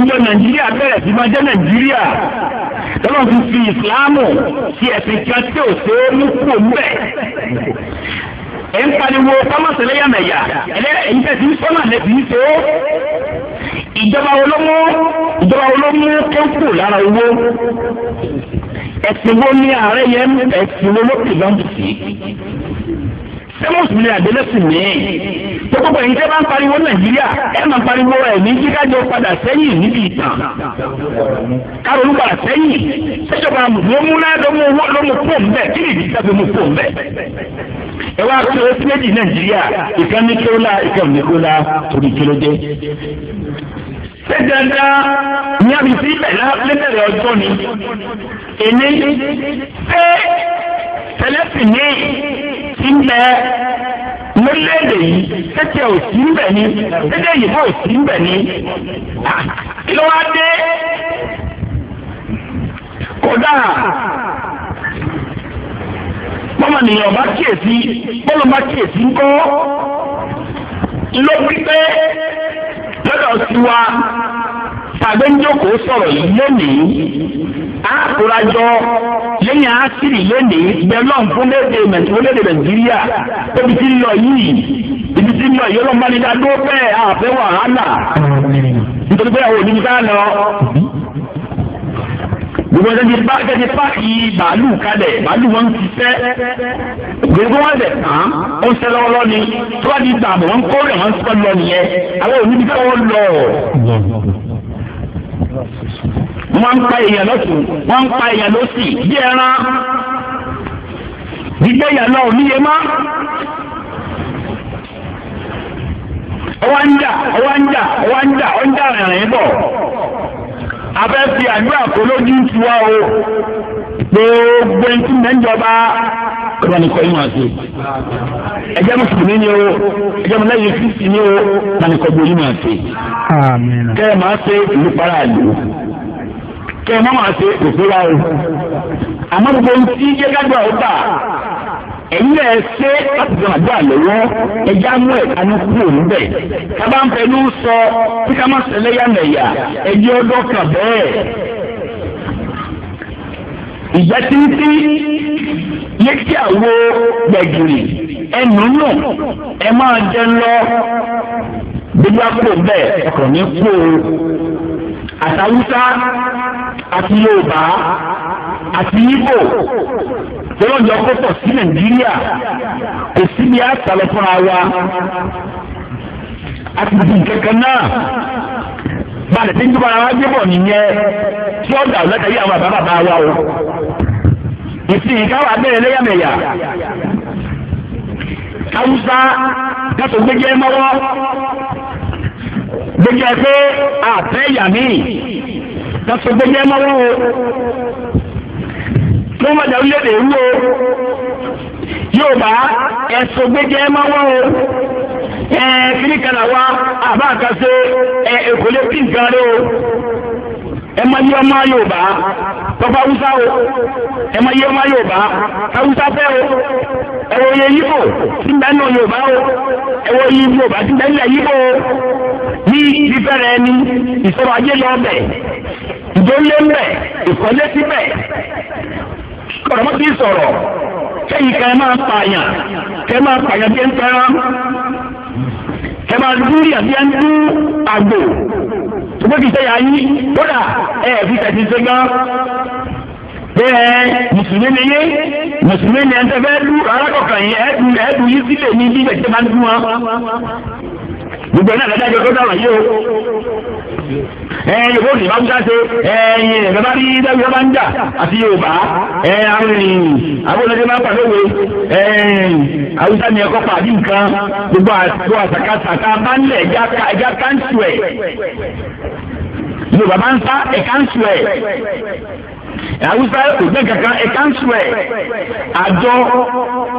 ìjọ nàìjíríà bẹ̀rẹ̀ sí máa jẹ́ nàìjíríà tọ́lọ́ fi fi ìsìláàmù sí ẹ̀sìn kan tí ò ṣe é mú kúrò níbẹ̀. ẹ̀ ń pariwo kọ́mọ̀sẹ̀lẹ́yàmẹ̀yà ẹ̀yìn tẹ̀sí sọ́nà lẹ́bi ń tó. ìjọba wo ló mú ìjọba wo ló mú kẹ́ńkù lára owó ẹ̀sìn wo ni ààrẹ yẹn ẹ̀sìn wo ló pè lọ́dún sí. sẹ́mọ̀sì mi àdélẹ́sìn mi tó gbogbo ẹ̀yin tẹ́ bá ń pariwo nàìjíríà ẹ̀ máa pariwo ẹ̀ ní kíkájọ padà sẹ́yìn níbi ìtàn kárólú padà sẹ́yìn sẹ́jọba mọ̀múná lọ́mú lọ́mú pò ń bẹ̀ kí nìdí sábẹ́ mú pò ń bẹ̀. ẹ wá pé o ti méjì nàìjíríà ìkan ní kéwòlá ìkan ní kéwòlá torí kéwòlódé ṣé dandan ní àbí ìbẹ̀lá lẹ́bẹ̀rẹ̀ ọjọ́ ni èmi ṣé tẹlẹsì lórílẹ̀èdè yìí tẹ́tẹ́ ò sí ń bẹ̀ ni tẹ́tẹ́ yìí bá ò sí ń bẹ̀ ni kí ló wá dé kódà bọ́mọnìyàn bá kíyèsí bọ́lọ̀ bá kíyèsí ńkọ́ ló pípé lọ́dọ̀ sí wa tàbí ń jókòó sọ̀rọ̀ yìí lónìí àkùrajọ lẹ́yìn àṣírí lónìí bẹ́lọ́n fún léde nàìjíríà tóbi tí ń lọ yìí ibi tí ń lọ yìí ọlọ́mọdé dá dúró bẹ́ẹ̀ àfẹ́ wàhálà nítorí pé àwọn òdìbí ká lọ gbogbo ẹni bá ẹni páàkì bàálù kalẹ̀ bàálù wọn ti fẹ́ gbogbo wọn lẹ̀ hàn ó ń sẹ́lẹ̀ ọlọ́ ni tó bá di gbàgbọ́ wọn kó rẹ̀ wọn sọ lọ nìyẹn àwọn òní bí káwọn lọ. wọ́n ń pa èèyàn lọ́tún wọ́n ń pa èèyàn lọ́sì bí ẹran gbígbé èèyàn lọ ò mọ́. ọwọ́ ń jà ọwọ́ ń jà ọwọ́ ń jà ọ̀ ń jà rìnrìn bọ̀ abẹ́ fi o gbogbo ẹntì mẹ́jọba ni o ẹjẹ́ mùsùlùmí kristi ni o kọ́nìkọ́ gbòòyì máa kẹ́ máa ṣe ìlú para kí ẹ má máa ṣe kò sí láàyè àmọ́ gbogbo ohun tí yẹ ká gbà ó bà ẹ̀yin náà ṣe láti fi àdúrà lọ́wọ́ ẹja mú ẹ̀ka ní kúrò níbẹ̀ kábà ń fẹnu sọ kí ká má ṣẹlẹ̀ yànnàyà ẹjẹ́ ọdọ́ kan bẹ́ẹ̀ ìjẹ́ títí yé kí àwo gbẹ̀gìrì ẹnu náà ẹ máa jẹ lọ gbígbá kúrò bẹ́ẹ̀ ọkàn ní kúrò àtàwùsá àti yorùbá àti Ìgbò lọ́jọ́ kó pọ̀ sí nàìjíríà kò sí ní àtàlọ́ fúnra wa àti ìdùn kankan náà balẹ̀ tí ń dúpọ̀ ara gbé bọ̀ nìyẹn tí ó dà lọ́tàrí àwọn bàbá bàbá wa o ìsìn ìkáwà bẹ̀rẹ̀ lẹ́yàmẹ̀yà haúsá kátó gbé jẹ́ mọ́wọ́ gbẹjẹ pé àtẹ yàmí lọsọ gbẹjẹ mọwọ o wọn bá dàrú lédè wú o yóò bá ẹsọ gbẹjẹ mọwọ o ẹ kiri kana wa àbá àkàṣe ẹ èkólé pín gan rẹ o ẹ má yí ọmọ yóò bá tọfọ awúsá o ẹ má yí ọmọ yóò bá awúsá fẹ o ẹ wọ iye yíbò tí bẹ nù yóò bá o ẹ wọ iye yóò bá bẹ nílẹ̀ yíbò o ní fífẹ́rẹ́ ẹni ìṣòro ajé lọ bẹ̀ ìdólé ń bẹ̀ ìkọ́lé sí bẹ̀ kọ̀rọ̀mọ́ ti sọ̀rọ̀ kẹ́yìn kẹ́ máa pààyàn kẹ́ máa pààyàn bí ẹ ń pẹ́rán kẹ́ máa dúrí àbí ẹ ń dú àgbò tó kì í sẹ́yà yín kódà ẹ fi tẹ̀sí sí gan bẹ́ẹ̀ mùsùlùmí ni yé mùsùlùmí ni ẹ ń tẹ́ fẹ́ dú arákọ̀ọ̀kan yìí ẹ dùn yín sílẹ̀ ní bí ìgbà tí ẹ ń dún wọn gbogbo náà lọ́dájọ́ tó dọ̀rọ̀ yìí o. ẹ̀yin yòókù ní bámúta ṣe ẹ̀yin bàbá rí dábìí bàbá ń jà àti yorùbá ẹ̀yin arìnrìn abúlọ́dé máa ń pàdówó ẹ̀yin awúsá ni ẹ̀kọ́ pàdé nǹkan gbogbo àtúntò àtàkàtàkà bá ń lẹ̀ ẹja káńtù ẹ̀ yorùbá bá ń sá ẹ̀ káńtù ẹ̀ àwùjọ kò gbẹ kankan ẹka ń sùn ẹ àjọ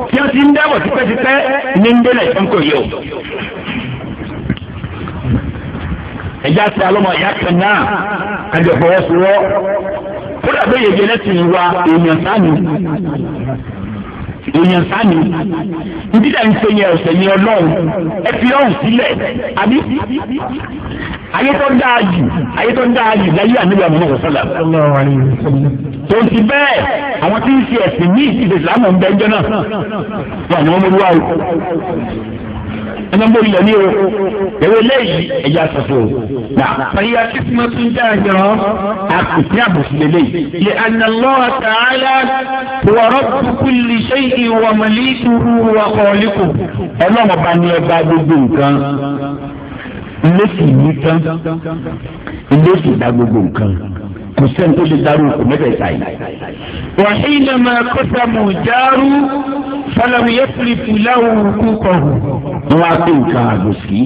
tí wọn ti ń dábọ̀ tipẹ́tipẹ́ ní ń délẹ̀ tó ń kò yẹ o ẹ̀já sí alọ́mọ ìyá kan náà kájọ fọwọ́sowọ́ kódà bẹ́ẹ̀ yege lẹ́sìn wa èèyàn sáni èèyàn sáni ìdílé ń sẹ́yìn ọ̀sẹ̀ yẹn ọlọ́run ẹ fi ọ̀hún sílẹ̀ àbí ayé tó dáa jù ayé tó dáa jù láyé àníbẹ̀ àmọ́ kò sọ́là. tó ń ti bẹ́ẹ̀ àwọn tí ń ṣe ẹ̀sìn ní ìsìlẹ̀ ìsìlámù ń bẹ́ẹ̀ jọ náà wà ní wọ́n mú wá o ẹmọ mbọ ilẹ̀ ní o ewé lẹ́yìn ẹ̀yà sọ̀tò nà. Fàyà kìsìmọ̀ tún jẹ́ àjọrọ̀ àkùtì àbùsùn lélẹ̀. Lè ànàlọ́wà tààlà wọ̀rọ̀ kúkúlì ṣé ìwọ̀mọ̀lì tuuru wà kọ̀ọ̀lìkù. Ọlọ́run bá ní ọba gbogbo nǹkan. Ilé sì ní dá gbogbo nǹkan kò sẹ́ni tó lè dárú kò mẹ́tẹ̀ẹ̀ta yìí. wàhíìnà máa kọ́sà mọ̀ járú fọlọ́mù yẹ́pùlì fúláwù kúkọ̀ọ̀hù. wọ́n á pè nǹkan àgòsí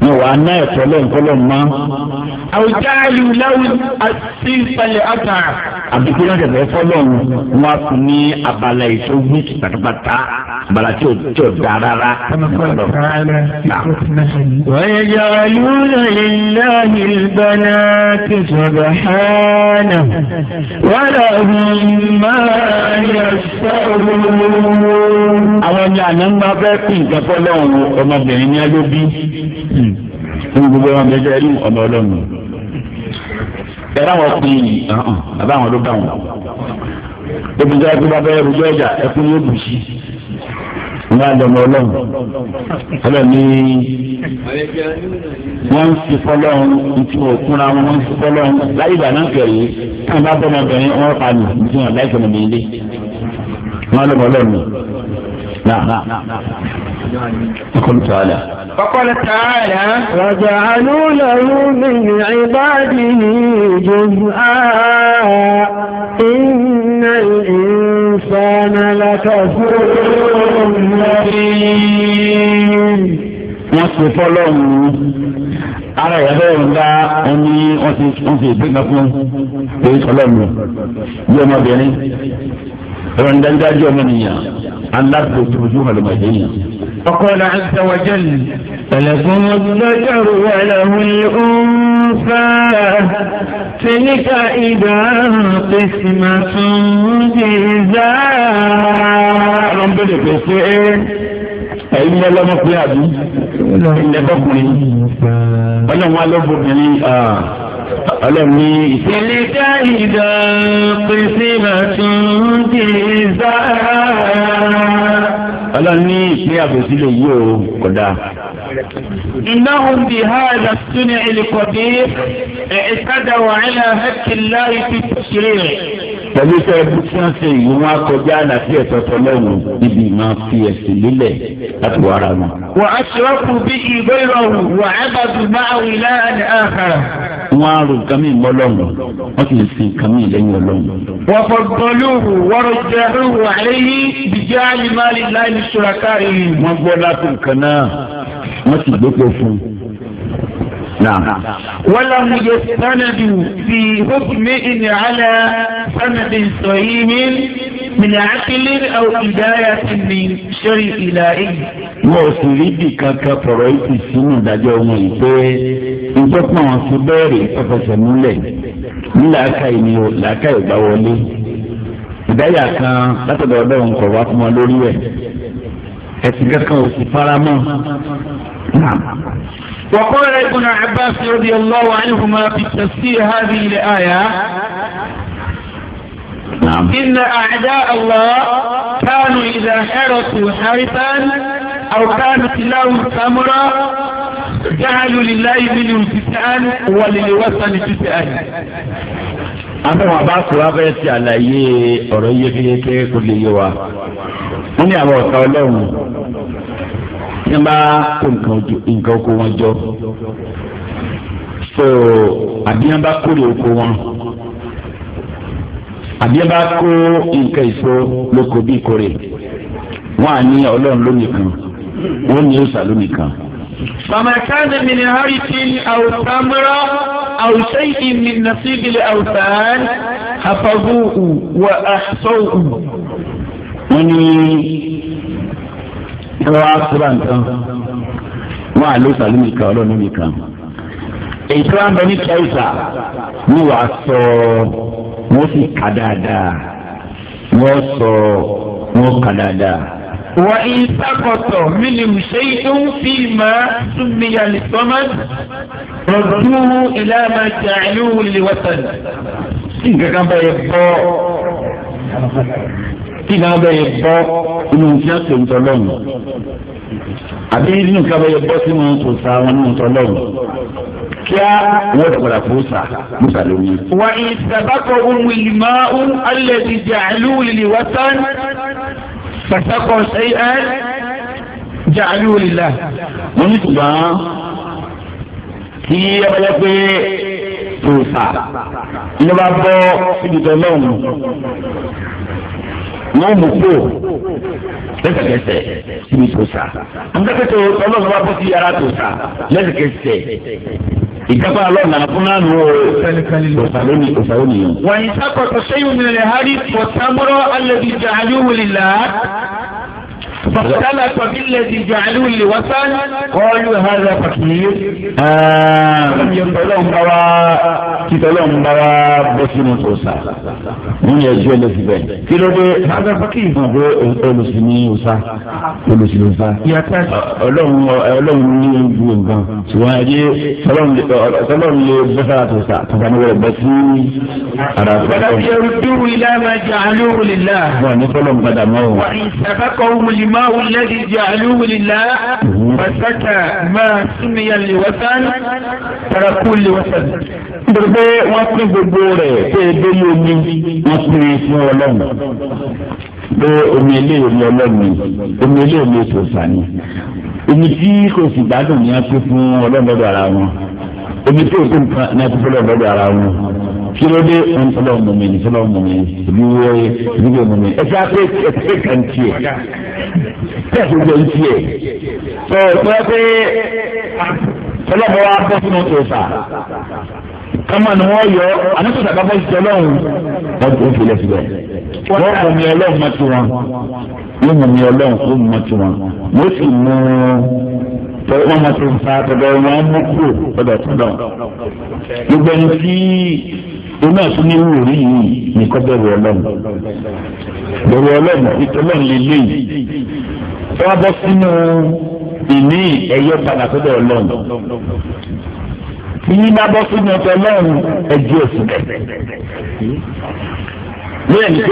wọn wà á ná ẹ̀tọ́ lẹ́ǹkọ́lọ́ mọ́. àwùjá ìlúláwù àti ìpalẹ̀ ọ̀tà. àbíkú náà tẹ̀lé fọlọ́run wọn kù ní abala ètò wíìkì pátápátá abala tí ò tí ò da rárá. ويجعلون لله البنات سبحانه ولهم ما يشتهون àwọn ẹni àná ń bá fẹ́ pín nǹkan fọ́ lọ́run ọmọbìnrin ní alóbí ní gbogbo ọmọ ẹgbẹ́ ẹ̀rí ọmọ ọlọ́run ẹ̀rọ àwọn ọkùnrin yìí bàbá àwọn ló bá wọn obìnrin tó bá bẹ́ẹ̀ rúgbọ́ ẹ̀jà ẹkún yóò bù sí ní àjọmọ ọlọ́run ọlọ́run ní wọ́n ń fi fọlọ́run ntí wọ́n kúnra wọn wọ́n ń fi fọlọ́run láyé ìgbà náà kẹrì táwọn bá bọ́ ọmọbìnrin wọn pa nù nítorí wọn láì fọmọbìnrin lé نعم يقول تعالى فقال تعالى وجعلوا له من عباده جزءا إن الإنسان لكفور مبين wọ́n ti fọ́lọ́ọ̀mù ara ìyàbẹ̀ ọ̀dà ẹni wọ́n ti wọ́n ti ìgbéga fún èyí fọ́lọ́ọ̀mù bí ọmọbìnrin ẹ̀wọ̀n dájúdájú ọmọnìyàn aláàbò tó ojú ọ̀lọ́mọdé yẹn. ọkọlá azza wa jalla ẹlẹkùn ọdúnlọjọrò ẹlẹhùn ọ̀nfà tìlíkà ìdá pèsìmà tún dìzá. ọlọ́run bẹ̀rẹ̀ pé ṣé ẹ̀yin ẹlọ́mọkùnrin àbí ẹ̀yin ẹlọ́kùnrin ọlọ́run alọ́bùnrin ọlọ́run ní. ìlíkà ìdá pèsè màtún di ìzá. ọlọ́run ní ìpín àbòsí lè yí o kódà. إنهم بهذا الصنع القبيح اعتدوا على حق الله في التشريع pẹ̀lú sọ ẹbí tí wọ́n ṣe yìí wọ́n kọjá àlàfí ẹ̀tọ́ tọ́lọ́run níbi máa fi ẹ̀sìn lílẹ̀ láti wá ara wọn. wà á ṣe wá kú bí ìgbéròhùn wọ́n á ro nǹkan mi mọ́ lọ́nà wọ́n sì ń sin nǹkan mi lẹ́yìn ọlọ́run. wọ́n fọ gbọ́lúhù wọ́rọ̀ jẹ́ rúhù àléyé bìjẹ́ àyè máa lè láì ní sọ̀rọ̀ káàrin. wọ́n gbọ́ látò nǹkan náà wọ́n sì gbé pé fún un. ولم يستند في حكمه على سند صحيح من عقل أو هداية من شرع إلهي. wọ́n ò sì rí bí kankan fọ̀rọ̀ ìtì sínú ìdájọ́ wọn yìí pé ìjọpọ̀ wọn ti bẹ́ẹ̀rẹ̀ ìfẹsẹ̀ múlẹ̀ nílàáka ìní o làákà ìgbà wọlé ìdáyà kan látọ̀dọ̀ ọ̀dọ́ òun kọ̀ wá fún wọn lórí ẹ̀ ẹ̀sìn kankan ò sì faramọ́. وقال ابن عباس رضي الله عنهما في تفسير هذه الآية نعم. إن أعداء الله كانوا إذا حرسوا حرسا أو كانت لهم ثمرة جعلوا لله منهم جزءا وللوثن جزءا àwọn àbáṣe wa fẹ́ ti àlàyé ọ̀rọ̀ yékéyéké kò lè yé wa wọ́n ní àwọn ọ̀tá ọlọ́run tí bá kó nǹkan oko wọn jọ so àbí bá kórè oko wọn àbí bá kó nǹkan èso lóko bí kórè wọ́n á ní ọlọ́run lónìí kan wọ́n ní òòṣà lónìí kan. فما كان من هرث أو ثمرة أو شيء من نصيب الأوثان حفظوه وأحصوه. wọ́n ní tí wọ́n á síra nǹkan wọ́n á lé sàlùmí kan ọlọ́ọ̀nù mi kan èyí tí wọ́n á bẹ ní kẹ́ẹ̀sà ní wàá sọ wọ́n sì kà dáadáa wọ́n sọ wọ́n kà dáadáa. wà á yí sákòtò mílíọ̀nù ṣé tó ń fi máa súnmi yàrá sọ́mọ́tì rọ̀dúnú ìlànà jàǹdùú lè wọ́tàn. nǹkan kan bẹ́ẹ̀ bọ́ tí ìlànà bẹ́ẹ̀ bọ́ inú tí a pè ń tọ́ lọ́nà àbí inú ká bẹ́ẹ̀ bọ́ sínú kò sa wọn nínú tọ́ lọ́nà kíá wọ́n dàgbàdà fún sa musa ló wí. wà ìsàbàkọ̀ ohun ìlímọ̀ alẹ́ ti jẹ́ àlú ìlì wọ́sán fàṣàkọ̀ ṣẹ́yẹ́ jẹ́ àlú ní ṣùgbọ́n kí ẹ pé tòòsà ló bọ́ síbi tó wọn mú kó lẹ́sẹ̀kẹsẹ̀ síbi tó sà àmọ́tẹ́kẹ́tẹ́ ọlọ́run bá bọ́ sí yàrá tó sà lẹ́sẹ̀kẹsẹ̀ ìjọba ọlọ́run àfúnáàánú òsàlónì òsàlónì yìí. wàyí sákòtò sẹ́yìn mi lè hárí pọ̀tàmúrọ̀ alẹ́ bíi jàǹdùwìlì làá. فاختلف بالذي جعلوه لوثن قالوا هذا فقير لم يطلعهم بوا كتلهم بوا بسنو توسا من يجوا لسبين كيلو دي هذا فقير ما هو olùsìnì ọ̀sà olùsìnì ọ̀sà. ọlọ́run ọlọ́run ní ju nǹkan ṣùgbọ́n ẹ̀jẹ̀ ọlọ́run lè bẹ́sà tó sà tó sà níwọ̀n bẹ́ sí ara tó sà. bàbá mi yẹ kí wíwá máa jẹ àlóhùn lè la. wọn ní fọlọ́n padà mọ́ o. wà á ìsàkákọ̀ wuli m الأسماء الذي جعلوه لله فسكى ما سمي لوثن تركوا لوثن gbogbo wọn pín gbogbo rẹ̀ pé ebéle omi wọn pín in fún Ọlọ́run pé omi eléyìí Ọlọ́run omi eléyìí kò sàní omi tí kò sì gbádùn ni wọn pín fún Ọlọ́run lọ́dọ̀ ara wọn omi tí òkú nǹkan ni wọn pín fún Ọlọ́run lọ́dọ̀ ara wọn kí ló dé ọlọ́run mọ̀ mi ní ọlọ́run mọ̀ mi ní ìlú wọ́ọ́yé ìlú wọ́ọ́yé mọ̀ mi ẹ fẹ́ pé ẹ fẹ́ kà ń tiẹ̀ tẹ̀ tó gbẹ ń tiẹ̀ ẹ fẹ́ pé ọlọ́run wa bọ́ sínú tó fà kama ni wọn yọ anako tàbá fọ ìṣẹ lọhùn wọn tó fi lẹsí bẹ́ẹ̀ wọn mú mi Ọlọ́run má ti wọn wọn mú mi Ọlọ́run kó mú má ti wọn wọn sì mú tọ́wọ́ má ti fa tọ́wọ́ wọn mú kúrò lọ́dọ̀ tó gbogbo ẹni tí iná tún ní wúrí yìí nìkan bẹ̀rù ọlọ́run bẹ̀rù ọlọ́run ìtọ́lọ́run lélẹ̀ yìí wọ́n bọ́ sínú ìní ẹ̀yọ́ padà tó bẹ̀rù ọlọ́run yìí bá bọ́ sínú ọ̀tọ̀ ọlọ́run ẹ̀jẹ̀ òsì bẹ̀rẹ̀ bẹ́ẹ̀ ni pé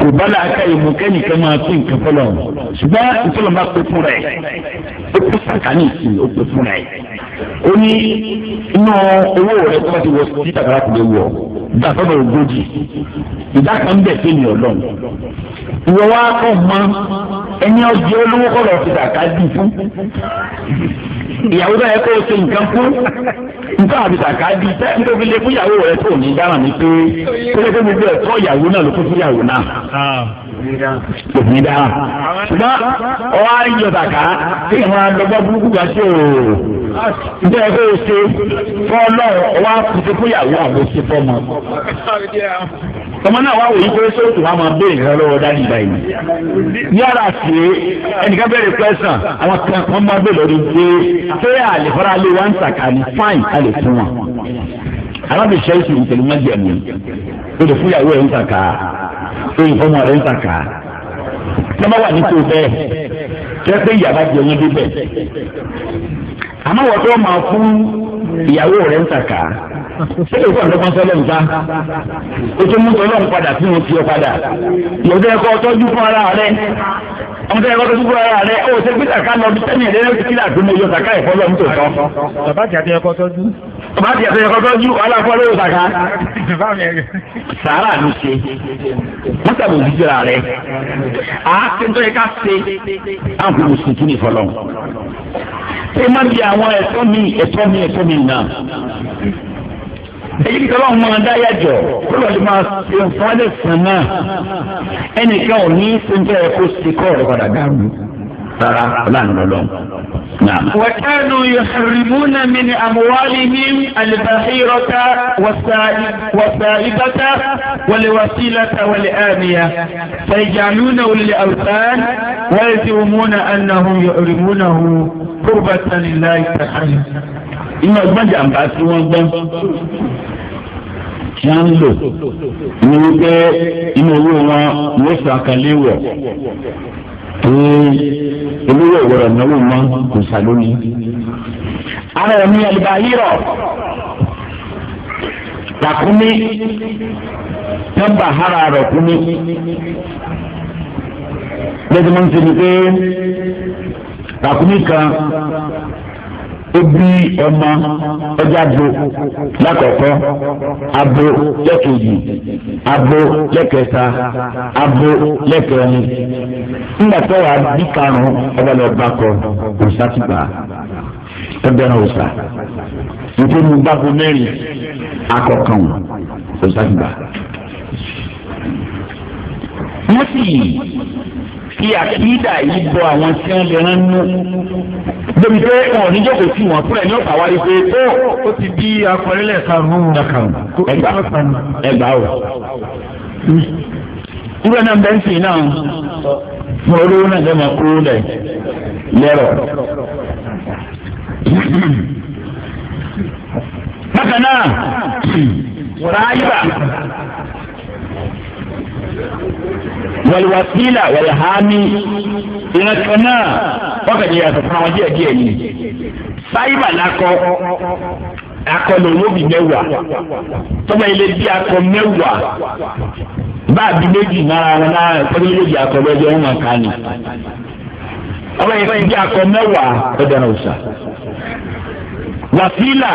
kò bá làákà ìmú kẹ́nìkan máa pín nǹkan fọlọ́ ṣùgbọ́n ìfọlọ́ máa pé fún rẹ̀ ó kú sàkání ìsìn ó pé fún rẹ̀ ó ní inú owó rẹ̀ tó bá ti wọ sí tàkàrà kò lè wọ̀ ìdá fẹ́ bẹ̀rẹ̀ ogójì ìdá kan ń bẹ̀ pé ní ọlọ́run ìwọ wa kọ́ mọ ẹni ọjọ́ olówó kọ́ lọ́ọ́ fi tàkà dì fún ìyàwó náà yẹ kó o ṣe nǹkan fún nǹkan àbíta káàdì tẹ́ ń tóbi lé fún ìyàwó rẹ tó ní dára ni pé kókó tó gbogbo ẹ̀kọ́ ìyàwó náà ló kó fún ìyàwó náà kò ní dára ṣùgbọ́n ọ̀hún ayé kí ìwọ̀n àgbẹ̀gbọ́ burúkú gà sí òòrùn bẹ́ẹ̀ bó ṣe fọ́ọ̀lọ́ wa kùtù fúyàwó àwọn ṣe fọ́ọ̀mọ. ọmọ náà wá wòye pé sóòtù wa máa béèrè nǹkan lọ́wọ́ dání báyìí. yàrá sí ẹnìkan bẹ̀rẹ̀ pẹ́sàn àwọn kan wọ́n máa bẹ̀rẹ̀ lórí pé pé àlè fara lé wa ń sàkánì fáìn àlè fún wọn. arábìnrin ṣẹ́yìn ìṣèlú mẹ́jẹ̀mú lórí fúyàwó ẹ̀ ń sàkà lórí fọ́ọ̀mọ rẹ̀ ń sàkà. lọ́mọ wà ní tó bẹ́ẹ̀ tẹ́pẹ́ ìyàbá jẹ yín débẹ̀ àmọ́ wọ́n tó máa fún ìyàwó rẹ̀ ń sàkà ṣé lè fún ọlọ́pàá sọ́lọ́ nǹkan o tún mú sọ́lọ́ padà tí mo fi ọ padà lọ́dẹ ẹ̀kọ́ tọ́jú fún ara rẹ ọmọdé ẹ̀kọ́ tọ́jú fún ara rẹ ó ṣe pété ká lọ bí sẹ́ni ẹ̀dẹ́rẹ́ ti kílà tó mọ iye ọ̀sàká ẹ̀kọ́ lọ nítorí bàbá àti àti ẹ̀kọ́ tọ́jú. bàbá àti àti ẹ̀kọ́ tọ́jú aláfọ́ lórí ọ̀sàká. sàárà ló ṣe wọ́n tàbí òjijì ra rẹ̀ á ti ṣe àǹfààní oṣù kí èyí kí ọlọ́run máa dá yàjọ kó lọ́ọ́ máa ṣe fọ́lẹ̀ sàn náà ẹnìkan ò ní sèǹtẹ̀ ẹ̀kọ́ ṣe kọ́ ọ̀rọ̀ padà rárá ọlọ́run lọ́lọ́run. وكانوا يحرمون من أموالهم البحيرة والسائبة والوسيلة والآنية فيجعلونه للأوثان ويزعمون أنهم يحرمونه قربة لله تعالى inú ọgbọ́n jàǹbá tí wọ́n gbọ́ tí wọ́n ń lò ní wípé inú owó wọn ló sàkàlẹ̀ wọ̀ olówó ìwọ̀rọ̀ náwó mọ́ kò sàlóni. ara ẹ̀ ní ẹ̀lìbà yírọ̀ takumi tẹ́bà hara rẹ̀ kumi lẹ́tọ̀mọ́ntì ni pé takumi kan obi ọmọ ọjà bo lákọ̀ọ́kọ́ abo lẹ́kẹ̀jì abo lẹ́kẹ̀ta abo lẹ́kẹ̀rin nígbà tó wàá bí karùn-ún ọbalẹ̀ ọba kọ òòṣà ti gbà ẹgbẹ̀rún òòṣà nítorí mo bá fún mẹ́rin akọ̀kan òòṣà ti gbà. wọ́n sì fi àkídà yìí bọ àwọn tí wọ́n lè rán nú. Débi pé wọn ò ní jókòó sí wọn fúnra ẹ̀ ní ọ̀pá wáyé pé ó ó ti bí akọ̀rẹ́lẹ̀ karùn-ún. Ẹgbà ẹgbà o. Ìgbà náà bẹ́ẹ̀ ń sìn náà mo olówó náà jẹ́ máa kúrò lẹ̀ lẹ́rọ̀. Bákan náà, ráyà. wàlúwàsílà wàlúhàmì ìrìnàjò náà wọ́n kàn yẹ àtọ̀ fún akọ ló wó bi mẹ́wàá tọ́gbà ilé bí akọ mẹ́wàá báà bí méjì nára wọn náà tọ́gbà ilé akọ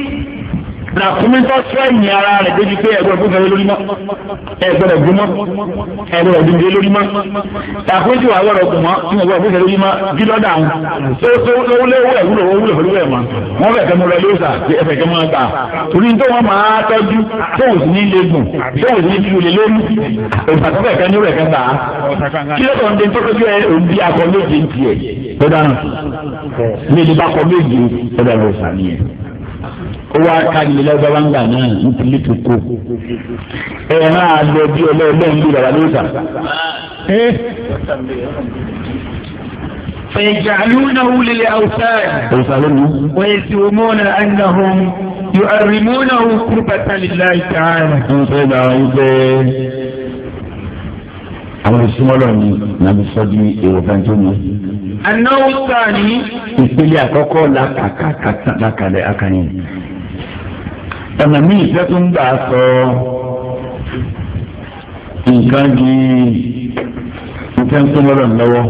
na ràkúnmí tó sọ ìyìn ara rẹ̀ débi pé ẹ̀gbọ́n ẹ̀gbọ́n fẹ́rẹ́ lórí mọ́ ẹ̀gbọ́n ẹ̀gbọ́n mọ́ ẹ̀gbọ́n ẹ̀gbọ́n fẹ́rẹ́ lórí mọ́ tàkójú àwọn ọ̀gùn mọ́ ẹ̀gbọ́n ẹ̀gbọ́n fẹ́rẹ́ lórí mọ́ bí lọ́dà àwọn lówó ẹ̀wúlò owúlò pẹ̀lú ẹ̀ mọ́ wọ́n fẹ̀ kẹ́ mọ́ rẹ lóòsà ẹ̀fẹ̀ kẹ́ mọ́ gbà torí tó wọ́n máa tọ́jú tóun sì ní legun tóun sì ní lílu lé lórí òṣàkọ́fẹ̀ kẹ́ ní rẹ̀ kẹ́ gbà á kí lọ́sọ̀ ń de tó tójú ẹ òun bí akọ méje ń tiẹ̀ tó dáná ní ìdíbakọ méje tó dáná òṣà nìyẹn ó wá káàkiri lọ́gbàá wáńgà náà nítorí tó kó ẹ máa lọ bí ọlọ́ọ̀lọ́ọ̀ ń bí bàbá lóòótọ́. فيجعلونه للأوثان ويزعمون أنهم يؤرمونه قربة لله تعالى àwọn ìsúnmọ́lọ́ ni nàbí sọ́jú ìwòfẹ́ntó ni anáwó sáàní. ìpele àkọ́kọ́ la kàkàlẹ̀ akànnì. ọ̀nà míì fẹ́ tó ń gbà sọ nǹkan di nǹkan tó lọ́rọ̀ lọ́wọ́.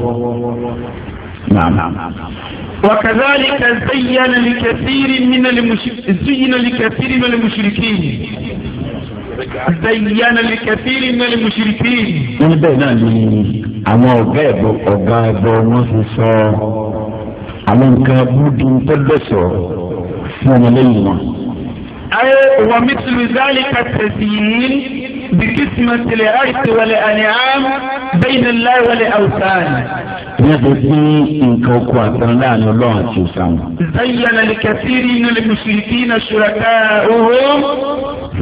وكذلك زين لكثير زين لكثير من المشركين zayyana li kathiri min al-mushrikin. wọ́n bẹ́ẹ̀ náà ni àwọn ọ̀gá ẹ̀bọ ọ̀gá ẹ̀bọ wọn ti sọ àwọn nǹkan búdú tó lẹ́sọ̀ fún ọmọlẹ́yìn wọn. ayé wọ́n mi tìlú zálì kàtẹ́sì yìí. بقسمة العرس والأنعام بين الله والأوثان زين لكثير من المشركين شركاؤهم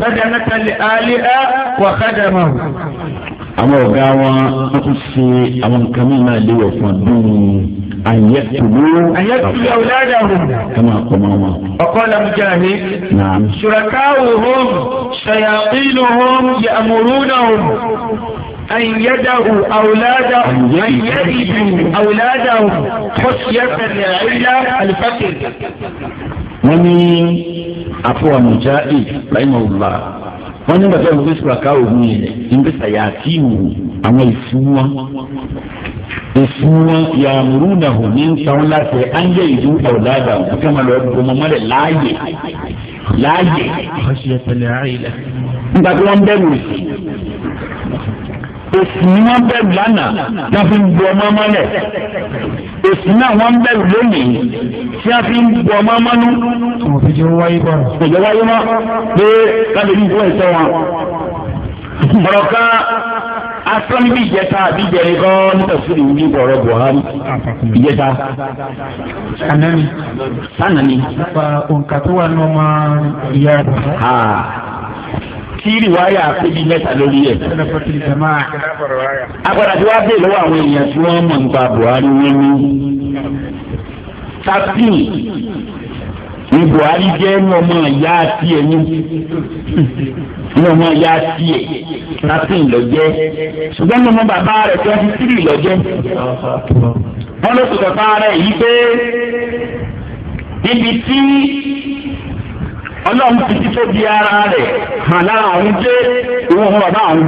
خدمة الآلهة وخدمه àwọn ọ̀gá wọn wọ́n tún ṣe àwọn nǹkan mímọ́ ìléwọ̀ fún ọdún àyẹ tùlú àyẹ tùlú ọ̀làdà hùn. ẹ máa kọ́ máa wọn. ọkọ lamuja ni. naam. surakawo hom sayakinu hom yamuruna hom. أن يدعوا أولادهم أن يجدوا أولادهم خشية العلة الفقر wọ́n ní àfọwọ́ mujahid rahimahullah wọ́n ní bàtà ìwé sùràká òun yẹn ìgbésà yà á ti wù àwọn ìfún wọn èsì wọn yàmùrú nàhù ní ntàn láti ánjẹ ìlú ọ̀làdà kama lọ gbọmọ mọlẹ láàyè láàyè. nígbà tí wọ́n bẹ̀rù sí èsì ni wọ́n bẹ̀rù lánàá náà fi ń bu ọmọ mọ́lẹ̀ èsì náà wọ́n bẹ̀rù lónìí tí wọ́n fi ń bu ọmọ mọ́nú. òfìjì ń wáyé bọ̀. òjò wáyé mọ́ pé kábíyèsí ìfowópamọ́ ìtọ́ wọn asọ́n bí ìjẹta àbí ìjẹrin kan ní tẹ̀sílì ń bí ọ̀rọ̀ buhari ìjẹta. sanani. sanani. nípa òǹkà tó wà ní ọmọ ìyá rẹ̀. tíìrì wáyà pébi mẹ́ta lórí ẹ̀. agbada tí wàá bèèrè àwọn èèyàn tí wọ́n mọ̀ nípa buhari wọ́n ní. thirteen ní Buhari jẹ́ ní ọmọ ìyá àti ẹ̀yìn ní ọmọ ìyá àti ẹ̀ thirteen lọ́jẹ́ ṣùgbọ́n ní ọmọ bàbá rẹ̀ twenty three lọ́jẹ́ wọ́n ló sọ̀rọ̀ bá rẹ̀ yìí pé níbi tí ọlọ́run ti ti tó di ara rẹ̀ hàn lára àwọn jẹ́ ìwọ̀n bàbá àwọn.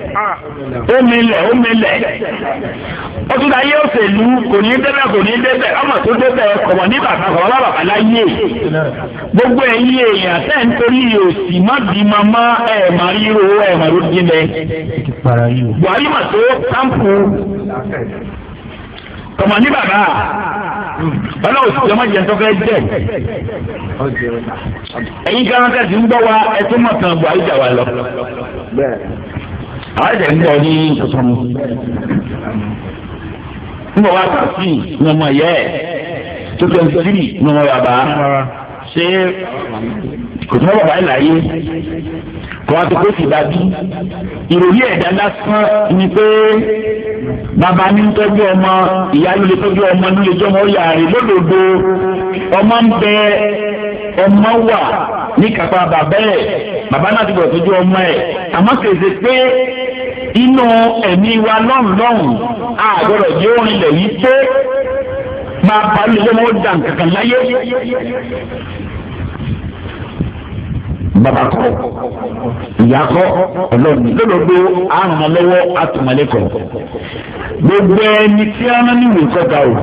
omilẹ̀ ah, omilẹ̀ ọtúndà yé òṣèlú kò ní débẹ̀ kò ní débẹ̀ ọmọ tó débẹ̀ kọ̀mọ̀ ní bàbá kọ̀mọ̀ bá bàbá láyé gbogbo ẹ̀yìn èèyàn sẹ́ń torí òsì má di mamá ẹ̀ má ríro ẹ̀ má ló dín buhari tó ní bàbá jẹ ń gbọ́ wa buhari jà àwọn ẹ̀jẹ̀ ń bọ̀ ní tuntun mu ń bọ̀ wá kàtí ní ọmọ yẹ tó tẹ̀ ń tì ní ọmọ bàbá ṣé kò tó bàbá ẹ̀ láyé wọn ti kó sì dájú ìròyìn ẹ̀dá lásán ni pé bàbá ní tọ́jú ọmọ ìyá ló lè tọ́jú ọmọ ní lè jọmọ ọyà rẹ̀ lódodo ọmọ ń bẹ ọmọ wà ní kápá bàbá ẹ̀ bàbá náà ti bọ̀ tọ́jú ọmọ ẹ̀ àmọ́ kèsè pé inú ẹ̀mí wa lọ́hùn lọ́hùn àgọ́dọ̀ yóò rinlẹ̀ yìí pé máa bá lóyún ó dàn kankan láyé bàbá kọ́ ìyá kọ́ ọlọ́ọ̀ni lọ́dọọdọ àrùnmọ́lọ́wọ́ àtùmọ̀lẹ́kọ̀ gbogbo ẹni tí a rán níwèé kọ́ta o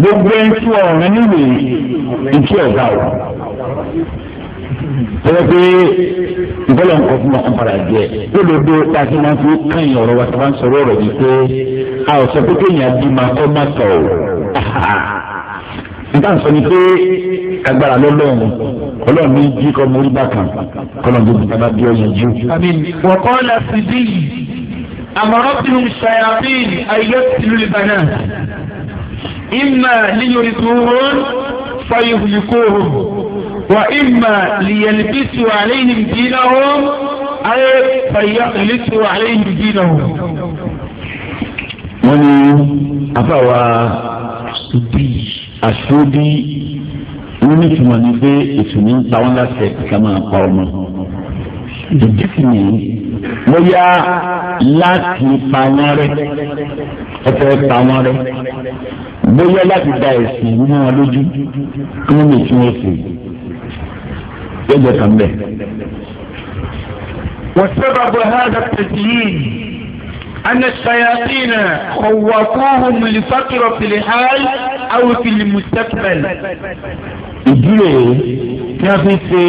gbogbo ẹni tí ọ̀ràn níwèé ìtí ọ̀gá o tọ́wọ́ pé ìbọ́lọ̀ nǹkan fún ọkàn padà jẹ lódodo láti máa fi káyìn ọ̀rọ̀ wa tí wọ́n ń sọ̀rọ̀ ọ̀rọ̀ yìí pé a ò sọ pé kéèyàn bí máa kọ́ máa tọ̀ o. [LAUGHS] nígbà sọ ni pé agbára lọ́lọ́run ọlọ́run ní jí kọ́ mórí bákan kọ́lọ́n gbogbo bàbá bí ọyàn jí. wọ́kọ́ la fi bí yìí àmọ̀ràn tí mo ṣàyàfi ayé tìlú libana ìmà níyòrì tó rún fọyín fúnikóòrò wà ìmà lìyẹ̀lìbí tó àlẹ́yìn dínà hóm ayé fàyàkìlì tó àlẹ́yìn dínà hóm. wọ́n ní afáwa bí yìí àṣọbí wọn ní ìtumọ̀ ní pé ìtumí ń ta wọn láṣẹ ká máa pa ọmọ ìdí sì ni bóyá láti pa wọn rẹ ọfẹ pa wọn rẹ bóyá láti da ẹsìn nínú wọn lójú kí wọn tún ẹsìn yóò jẹ kàn bẹ. wọ́n sábà bọ̀ hàn dàpẹ̀ sí yìí. أن الشياطين خوفوهم لفترة في الحال أو في المستقبل ìdílé tí wọ́n fi ṣe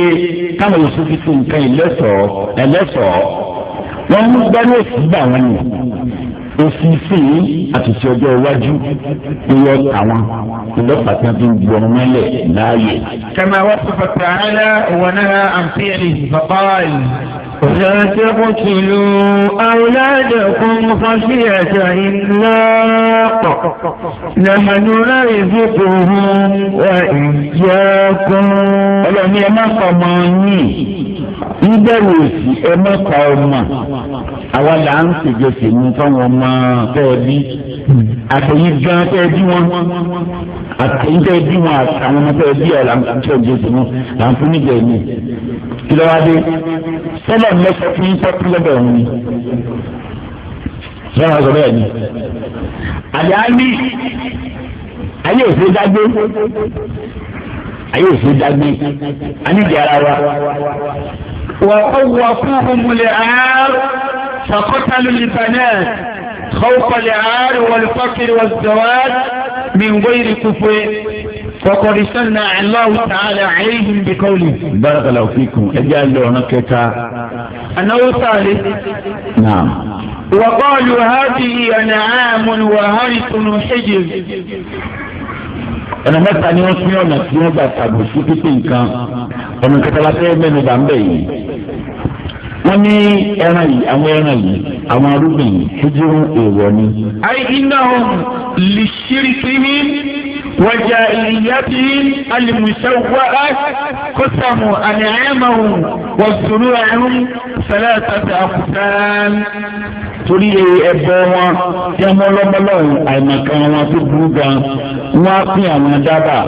káwọn yòókù fi ṣe nǹkan ìlẹ́sọ̀ọ́ ẹlẹ́sọ̀ọ́ wọ́n mú gbẹ́rù èsì gbà wọ́n nù òṣìṣẹ́ àtúnṣe ọjọ́ iwájú ìwọ tàwọn ìlọ́pàá tí wọ́n fi ń bu ọmọ mẹ́lẹ̀ láàyè. kama wasafa ta'ala wa naha an fi'lihi faqal. la taqtulu awladakum khashyata imlaq. nahnu narzuquhum wa iyyakum. ọlọ́ni ẹ má fọmọ yín níbẹ̀rù òsì ẹ mẹ́ta ọmọ àwa là ń pèjọ tèmi fáwọn ọmọ bẹ́ẹ̀ bí àtẹ̀yìn gan tẹ́ bí wọn àtẹ̀yìn tẹ́ bí wọn àtàwọn ọmọ tẹ́ bí ẹ̀ là ń pèjọ tèmi là ń fún níbẹ̀ ni kí lọ́wọ́ adé sẹ́lẹ̀ mẹ́ta fún yín tọ́kú lọ́bẹ̀ òun ni sọ́wọ́n sọ bẹ́ẹ̀ ni àyà á ní ayé òfin dágbé ayé òfin dágbé anídìí ara wa. wà á wà fún humule àárò sàkótálù libanẹ kọ́wọ́kọ̀lì àárò wọlùfọ́kìrì wọ̀zọ̀wád mi ń wéyìí kúfé. وقد استنى الله تعالى عليهم بقوله بارك الله فيكم اجعل لنا كتا انه ثالث نعم وقالوا هذه انعام وهرث حجز ọ̀nà mẹ́ta ni wọ́n pín ọ̀nà tí wọ́n gbà tàbí sí pípé nǹkan ọ̀nà kẹtàlá tẹ́ mẹ́nu bá ń bẹ̀ yìí. wọ́n ní ẹran yìí àwọn ẹran yìí àwọn arúgbìn yìí ṣíjú èèwọ̀ ni. àyè iná lè ṣe é وجاهليته المشوهة قسموا أنعامهم وزروعهم ثلاثة أقسام torí ẹbọ wọn jẹ mọlọmọlọrun àìmọ̀kan wọn tó burú gan wọn pín àwọn dábàá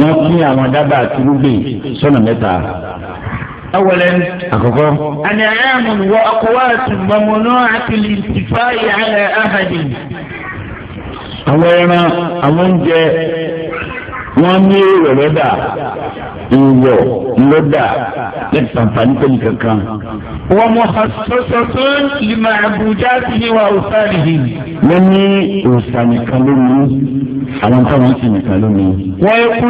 wọn pín àwọn dábàá tí rúbè sọ́nà mẹ́ta. أولا أنعام وأقوات ومناعة الانتفاع على أحد àwọn ẹran àwọn oúnjẹ wọn ní èrò lọ́dà ìwọ lọ́dà lẹ́tí àǹfààní pẹ̀lú kankan. wọ́n mú sọ́sọ́ tó lè máa bùjá sí ní wa òòsàn yìí. wọ́n ní òòsàn nìkan ló àwọn táwọn sì nìkan ló mú. wọ́n ikú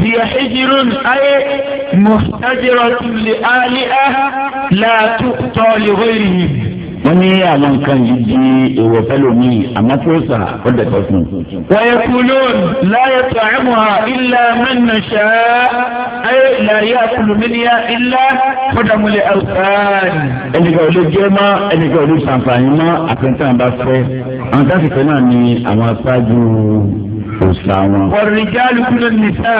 di ẹ̀hìnjìrún ayé mọ̀tàjẹ́rọ̀ tó lè alẹ́ á láàtúntọ́ lè wẹ́rì yìí wọ́n ní àwọn nǹkan yìí di èèwọ̀ fẹ́lò ní àmọ́tòsà ọ̀dẹ̀ tó fún un. wọ́yẹ kúló láyé tó àmọ́ ilá mẹ́nu ṣá ayé láyé àkùlùmíníà ilá fọ́dàmúlẹ̀ àwùjọ́rì. ẹnìkan ò lè jẹ́ mọ́ ẹnìkan ò lè ṣàǹfààní mọ́ àfẹ́ntàn bá fẹ́ àwọn táṣìkẹ́ náà ni àwọn aṣáájú òṣà wọn. wọ́n rí jáàlù kúló nìṣá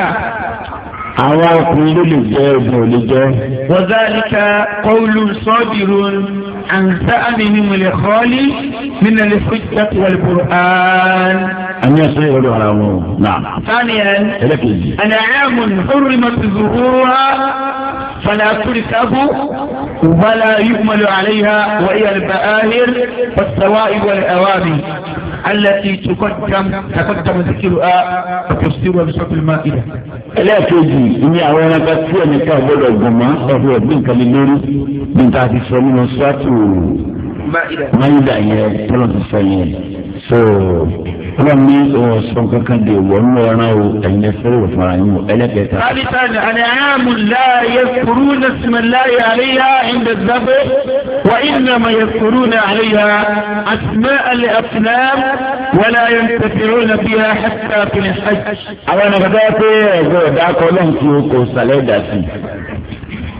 àwọn ọkùnrin ló lè jẹ ogun ò lè jẹ. wọ́dálíkà kọ́ọ̀lù sọ́ọ̀dìrò àǹtá àmìhìn mọ̀lẹ̀ kọ́ọ̀lì nínú ilé fújìláti wà lóko án. àmì ẹ̀sọ́ yẹn lọ́dọ̀ ara wọn náà. sáníyàn ẹlẹ́kẹ̀jì. àná ẹ̀mú nìkórè mọ̀tò zuhuru ha fàlà kúrì sábú wàlà yìí mọ̀lẹ̀ àlẹ́ ha wà ìyàlẹ̀ bàáhìr wà sàwà ìwọ̀lẹ̀ àwàbì. التي تقدم تقدم ذكرها وتفسيرها بصوت المائدة. ẹlẹ́ẹ̀kejì ní àwọn ẹranko tí ẹnìkan gbọ́dọ̀ gùn mọ́ ọ̀rọ̀ ẹ̀gbìn kan lé lórí ní ta ti sọ nínú sọ́ọ̀tù máyídà yẹn tọ́lọ̀ ti sọ yẹn so ọlọ́run ní ọ̀sán kankan de wọ́n ń rọra o ẹ̀yin ẹ̀fẹ́ rẹ̀ fara yín o ẹlẹ́kẹta. sábìtà àlẹ́ àmú láàyè kúrú ní sùmẹ́láyè àríyá ẹ̀ǹdẹ̀ dábẹ́ wà ìnà mà yẹ kúrú ní àríyá àtìmẹ́ àlẹ́ àfìlẹ́m wọlé ayé tẹ̀síwò nàbí yà hẹ́tà fìlẹ̀ hajj. àwọn pé ẹ̀gbọ́n ọ̀dà kọ́ lọ́n tí o kò sàlẹ̀ dà sí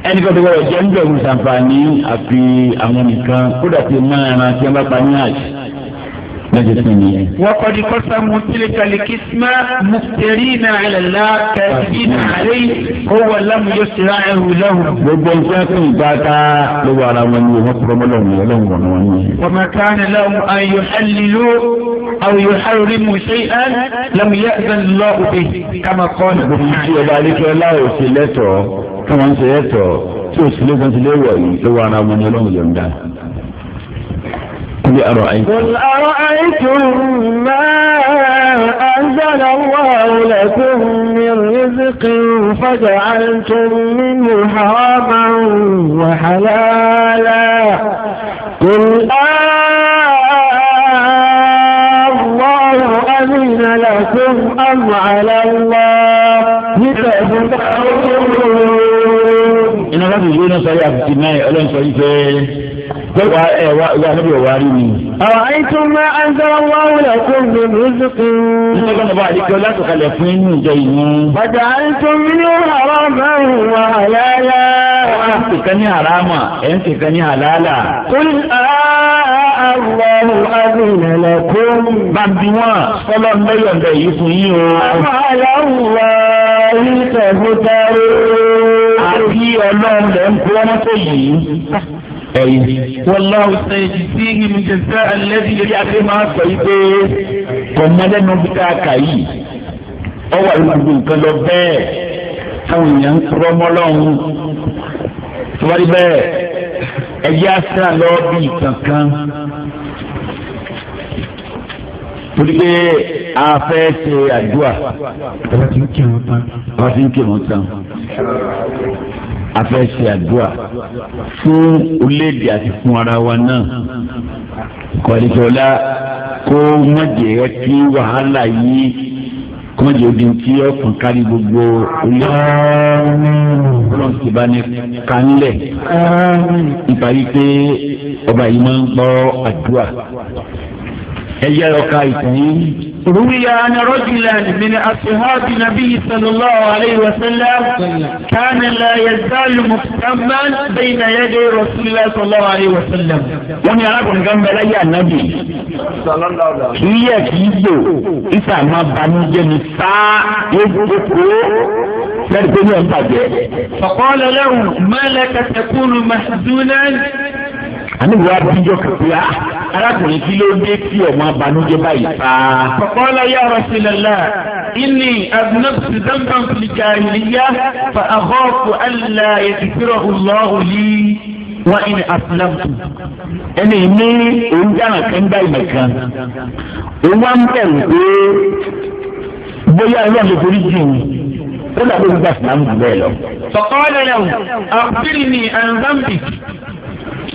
ẹnì kan tó wọ́n jẹ́ ń bẹ̀rù sàǹfààní àfi tí máa ran tí wọ́n bá pa lọ́jọ́ sí ni. وقد قسموا تلك القسمة مفترين على الله كاذبين عليه هو لم يشرعه لهم. gbogbo nǹkan tó ń bá ta ló wà ara wọn ni wọn kúrọ mọ lọrùn yẹn lọrùn wọn wọn yẹn. وما كان لهم أن يحللوا أو يحرموا شيئا لم يأذن الله به كما قال. gbogbo tí ọba alẹ́kẹ́ láwọ̀ sí lẹ́tọ̀ọ́ kí wọ́n ń ṣe lẹ́tọ̀ọ́ tí òṣèlú kan ti lé wọ̀ yìí ló wà ara wọn ni ọlọ́run yọ̀ǹda. قل أرأيتم ما أنزل الله لكم من رزق فجعلتم منه حراما وحلالا قل الله أمين لكم أم على الله تفتحون إن رب يونس 59 ألم سيفه wa ẹ wa wa ne bẹ wa rí mi. àwọn àìsàn máa ń sọ wá wúlò kó n gbé lóṣù kan. nígbà tó ń bá àdìgbò láti kalẹ̀ fún inú ìjọ yìí. bàtà àìsàn ní ọ̀rọ̀ mẹ́rin wà hàlálà. ẹ̀ ń tìkan ní àràmà ẹ̀ ń tìkan ní àlàálà ẹ̀yìn. wọ́láwù sẹ́yìn sí ìmùjẹsẹ́ alẹ́bí lórí adé máa sọ yìí pé kọ̀mọ́lẹ́nu bí ká kà yìí ọ wà lóògùn nǹkan lọ bẹ́ẹ̀ táwọn èèyàn ń kúrọ́ mọ́lọ́hún tó wá rí bẹ́ẹ̀ ẹ̀yẹ́ àṣà kankan torí pé a fẹ́ ṣe àdúrà. ọba ti ń kírun tán. ọba ti ń kírun tán a fẹ́ ṣe àdúrà fún orílẹ̀-èdè àti fún ara wa náà kọ̀lẹ́sọ̀lá kó má jẹ́ kí wàhálà yìí kó má jẹ́ odi tí ó kàn kárí gbogbo orílẹ̀-èdè ọlọ́run ti bá ní kánlẹ̀ níparí pé ọba yìí máa ń gbọ́ àdúrà ẹ yára ọ̀ka ìtàn yìí. روي عن رجلا من أصحاب النبي صلى الله عليه وسلم كان لا يزال مكتما بين يدي رسول الله صلى الله عليه وسلم wọ́n yàrá kò ní ká ń bẹ láyé ànábì kì í yẹ kì í yò ìfẹ́ فقال له ما لك تكون محزونا àníbi wá bíjọ́ kàpé á ah, arákùnrin kí ló dé tí ọmọ abanújẹ́ báyìí pa. Faqala ya Rasulallah inni adnabtu dhanban fil jahiliyyah fa akhafu an la yaghfirahu Allahu li wa in aslamtu. ẹni ní òun dáhùn kẹ́ńdà ìmọ̀ kan òun wá ń bẹ̀rù pé bóyá ẹ̀rọ mi forí jìn ó dàbí ìgbà fúnà ń lọ. Faqala lahu akhbirni an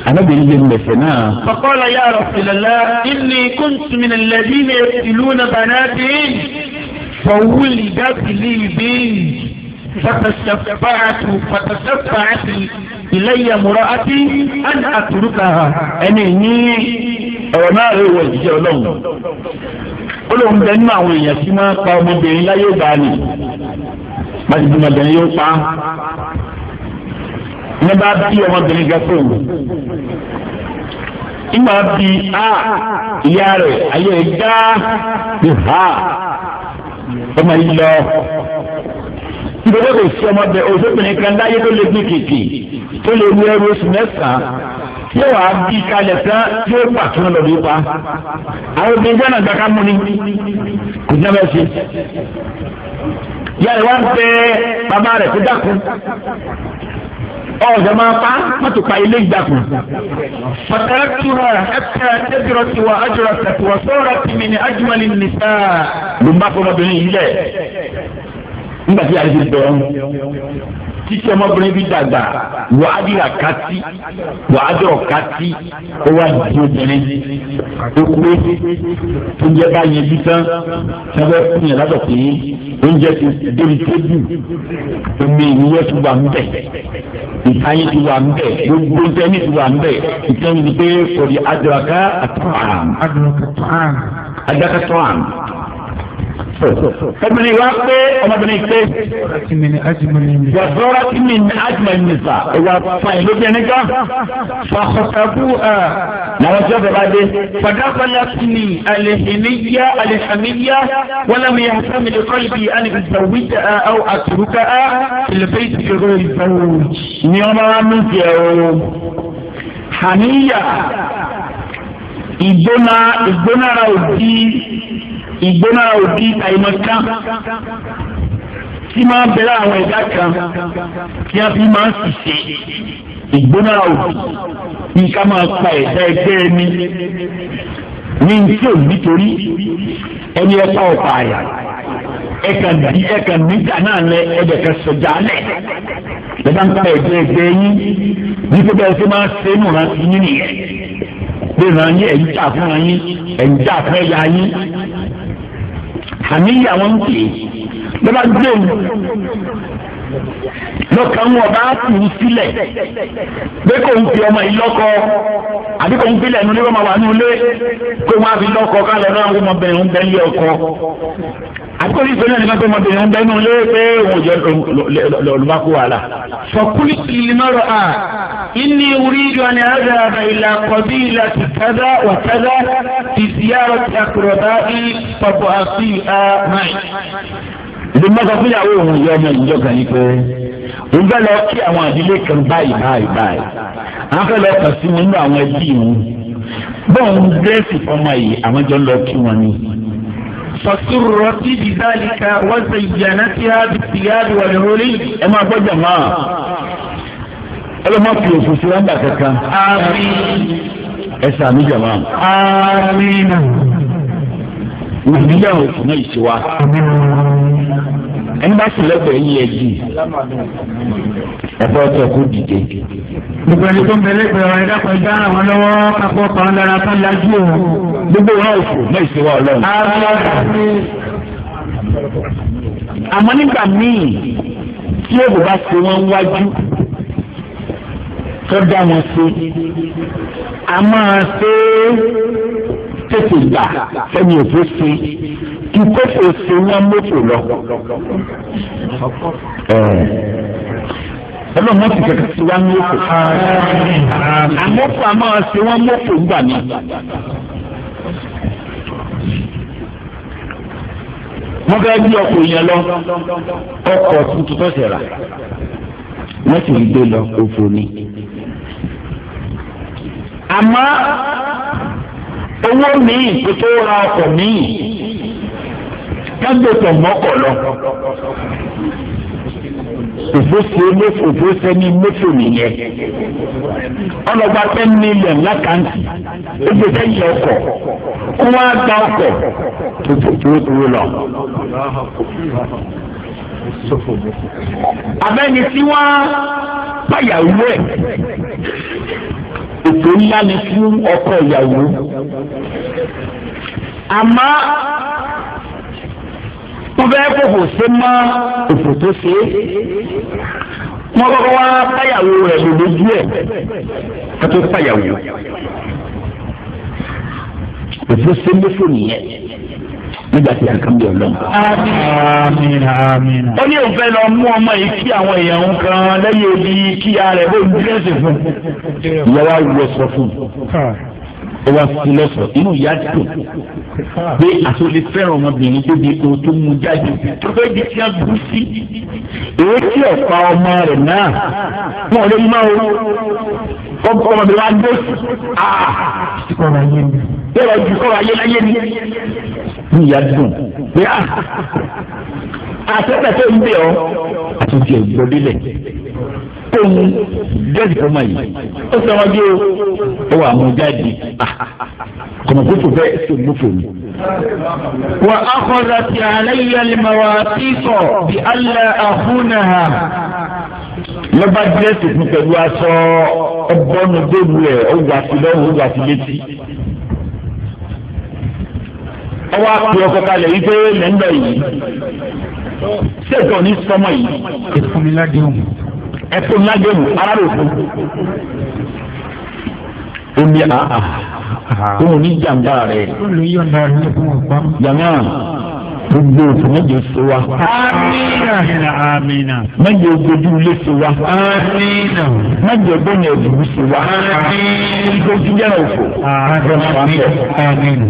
arábìnrin yẹn mẹ̀fẹ̀ náà. faqala ya Rasulullah inni kuntu min alladhina yaqtuluna banati fawulidat li bi fatashaffa'tu fatashaffa'at ilayya imra'ati an atrukaha ẹni ní ọ̀rọ̀ náà rẹ̀ wọ̀ ìjẹ́ ọlọ́run ó lóun bẹ nínú àwọn èèyàn tí wọ́n pa ọmọbìnrin láyé ìgbà ni yóò pa ní bá bí ọmọbìnrin kan fún mi ìgbà bí a ìyá rẹ̀ ayé rẹ̀ gbá ti hà ọmọ yìí lọ ìgbàgbọ́ kò sí ọmọbẹ òṣèbìnrin kan láyé tó lè gbé kìkì tó lè wú ẹrú oṣù mẹ́sàn-án yóò wá bí kalẹ̀ tán tí ó gbà tó ń lọ bí àwọn obìnrin jẹ́ nàgbà ká mú kò ní abẹ́ ṣe yàrá wa ń bàbá rẹ̀ kó dákun. ọ̀dọ̀ máa pa mọ́tò pa ilé ìdàkùn. Fàtàràtìwà ẹ̀ka ẹ̀dẹ̀rọ̀tìwà ajọ̀rọ̀tìwà sọ̀rọ̀ tìmí ni ajumani nìta. Ló ń bá fọmọbìnrin yìí lẹ̀. nígbà tí àyè ti bẹ̀rẹ̀ ń títí ọmọbìnrin bí dàgbà wàá dìrà kátí wàá dọ̀rọ̀ kátí ó wà ní obìnrin ó pé oúnjẹ bá yẹn bí tán sábẹ́ fún yẹn ládọ̀ pé oúnjẹ ti débi tébù omi ìwúwẹ́ ti wà ń bẹ̀ ìtayé ti wà ń bẹ̀ gbogbo ntẹ́ni ti wà ń bẹ̀ ìtẹ́ni ti pé kò rí adraka àtọ̀ àrùn. adraka tọ̀ àrùn. obìnrin wa pé ọmọbìnrin pé wàzọ́rọ́ tí mi ní ajumọ̀ nìsa ìwà fàyìn lóbìnrin kan. fàkọ̀tàbù ẹ̀ làwọn tí wọ́n fẹ́ bá dé. fàdákọ́lá sí ni alẹ́hìnníyá alẹ́hàmíyá wọ́lámi yàtọ̀mí lè kọ́ ibi alẹ́gbẹ̀sọ̀wíjà àwọn àtúrúkà ìlẹ̀fẹ́ ìtìkẹ́rọ ìfẹ́wò. ni wọ́n máa ń mú jẹ́ o. hàníyà ìgbóná ìgbónára òbí. ìgbónára òbí àìmọ̀ kan tí máa ń bẹ̀rẹ̀ àwọn ẹ̀dá kan tí a fi máa ń ṣiṣẹ́ ìgbónára òbí nǹkan máa pa ẹ̀dá ẹgbẹ́ ẹni ní tí ò nítorí ẹni ẹ̀ka ọ̀pá àyà ẹ̀ka ní ẹ̀ka níta náà lẹ ẹ̀dẹ̀ kan sọ̀jà lẹ̀ ẹ̀dá ń pa ẹ̀dá ẹgbẹ́ yín ní pé bẹ́ẹ̀ ṣe máa ń ṣe nù rántí yín nìyẹn bí ìran yín ẹ̀yìn jà fún ẹ̀yìn ẹ̀yìn jà fún ẹ̀yà yín àmì ìyá wọn ń pè é lọ́ba gbé lọ́kàn wọn bá tù ú sílẹ̀ pé kò ń fi ọmọ yìí lọ́kọ àbí kò ń fi lẹ́nu lébọ́ máa wà ní ilé pé wọ́n á fi lọ́kọ ká náà wọ́n bẹ̀rẹ̀ ń bẹ́ ń ọkọ àbí kò ní ìfẹ́ náà nígbà pé wọ́n bẹ̀rẹ̀ ń bẹ́ ń pé wọ́n jẹ́ olùbákú wàhálà. fọkúlì ìlímọ̀rọ̀ à inni uridu an adhaba ila qabilati kadha wa kadha fi ziyarati aqrabai fa bu'athi'a ìdí mọ́tò fúnyàwó òun yọ ọmọ ìjọ kan yìí pé òun fẹ́ lọ kí àwọn àdílé kan báyìí báyìí báyìí àwọn fẹ́ lọ kàn sí mi nínú àwọn ẹbí òun bọ́ọ̀n dẹ́sì ọmọ yìí àwọn jọ ń lọ kí wọn ni. fàṣúrọ̀ tí bìbáàlì ka wọ́n ṣe ìjànà tí a bí tìyàbí wà lórí. ẹ máa gbọ́ jàmá ọlọ́mọ fi òfin sí wọn gbà kankan. ẹ sàmì jàmá. àmín ìdílé òkùnà ìṣèwà ẹni bá sílẹ̀kọ̀ ẹ̀yìn ẹ̀jì ẹ̀fọ́ ọ̀tọ̀ kò dìde. gbogbo ẹni tó ń bẹ̀rẹ̀ pé ọ̀rẹ́ dàpọ̀ ẹja ràn wọ́n lọ́wọ́ kápọ̀ kan lára tó lajú o. gbogbo wọn ò fò náà ìṣèwà ọlọ́run. àmọ́ nígbà míì tí èbò bá ṣe wọ́n wájú tó dá wọn ṣe a máa ṣe é tètè gbà sẹ́mi òfò sí kí kókò sí wọn mọ́tò lọ. Ọlọ́run mọ́tò kẹ̀kẹ́ sí wọn mọ́tò. Àmọ́tò àmọ́ sí wọn mọ́tò gbà ní. wọ́n fẹ́ gbé ọkọ̀ yẹn lọ ọkọ̀ tuntun tó ṣẹlá wọ́n sì gbé lọ òfò ni. àmọ́ owó míì kó tó ra ọkọ̀ míì kágbètò mọ́kọ̀ lọ. Òfófó mẹ́fò òfófó ní mẹ́fò nìyẹn. Ọlọ́gba ten million lákàntì. Ó ti fẹ́ yẹ ọkọ̀. Ó wá gba ọkọ̀ tó tó tó lọ abẹ́ni tí wọ́n báyàwó ẹ̀ ètò ńlá ni fún ọkọ ìyàwó àmọ́ wọ́n fẹ́ kókò sí mọ́ òfò tó ṣe é wọ́n kọ́kọ́ wá báyàwó rẹ̀ lòdójú ẹ̀ kó tó báyàwó òfò sí mọ́fò nìyẹn nígbà tí a kàn bí ọlọ́mọ. àmín àmín. ó ní òfẹ́ lọ mú ọmọ yìí kí àwọn èèyàn ń kan lẹ́yìn ibi kí ara ẹ̀ bó ń dírẹ́sì fún. ìyá wa wọ sọ fún ó wá sí lọ́sọ̀ inú ìyá dùn pé àtúndì fẹ́ràn ọmọbìnrin débi ohun tó mú jáde tó fẹ́ di tí a bú sí. èyí tí ọ̀pá ọmọ rẹ̀ náà wọn ò lè máa ọmọbìnrin wa dé bẹ́ẹ̀ ju kọ́ ayélujáyé ni ní ìyá dùn pé a ah, àtẹ́tẹ́ tó ń bẹ̀ ọ́ àti tiẹ̀ gbọ́dílẹ̀ tó ń gẹ́sì kọ́mọ yìí ó sọ wọn bí o ó wà mú jáde kọ̀mọ̀kútù bẹ́ẹ̀ tó mú fòmù. wà á kọ́ra ti àlàyé àlùmọ̀wá sísọ bí alẹ́ àhúnà ha wọ́n bá dẹ́sì fún pẹ̀lú aṣọ ọgbọ́nù débu ẹ̀ ó wà sí lọ́wọ́ ó wà sí létí ọwọ́ àpè ọkọ̀ kalẹ̀ yìí pé lẹ́ńdọ̀ yìí ṣètò ní sọmọ yìí. ẹ̀fúniládéhùn. ẹ̀fúniládéhùn aráàlú fún. omi àhà òun ní jàǹbá rẹ̀. olùyọ̀ǹda rẹ̀ fún ọ̀pá. jàǹbá tó gbé oṣù mẹ́jọ ṣe wa. amina amina. mẹ́jọ gbẹdú ilé ṣe wa. amina. mẹ́jọ gbẹ̀yìn ẹ̀dùnú ṣe wa. amina. gbẹdú yẹn òfò. amina.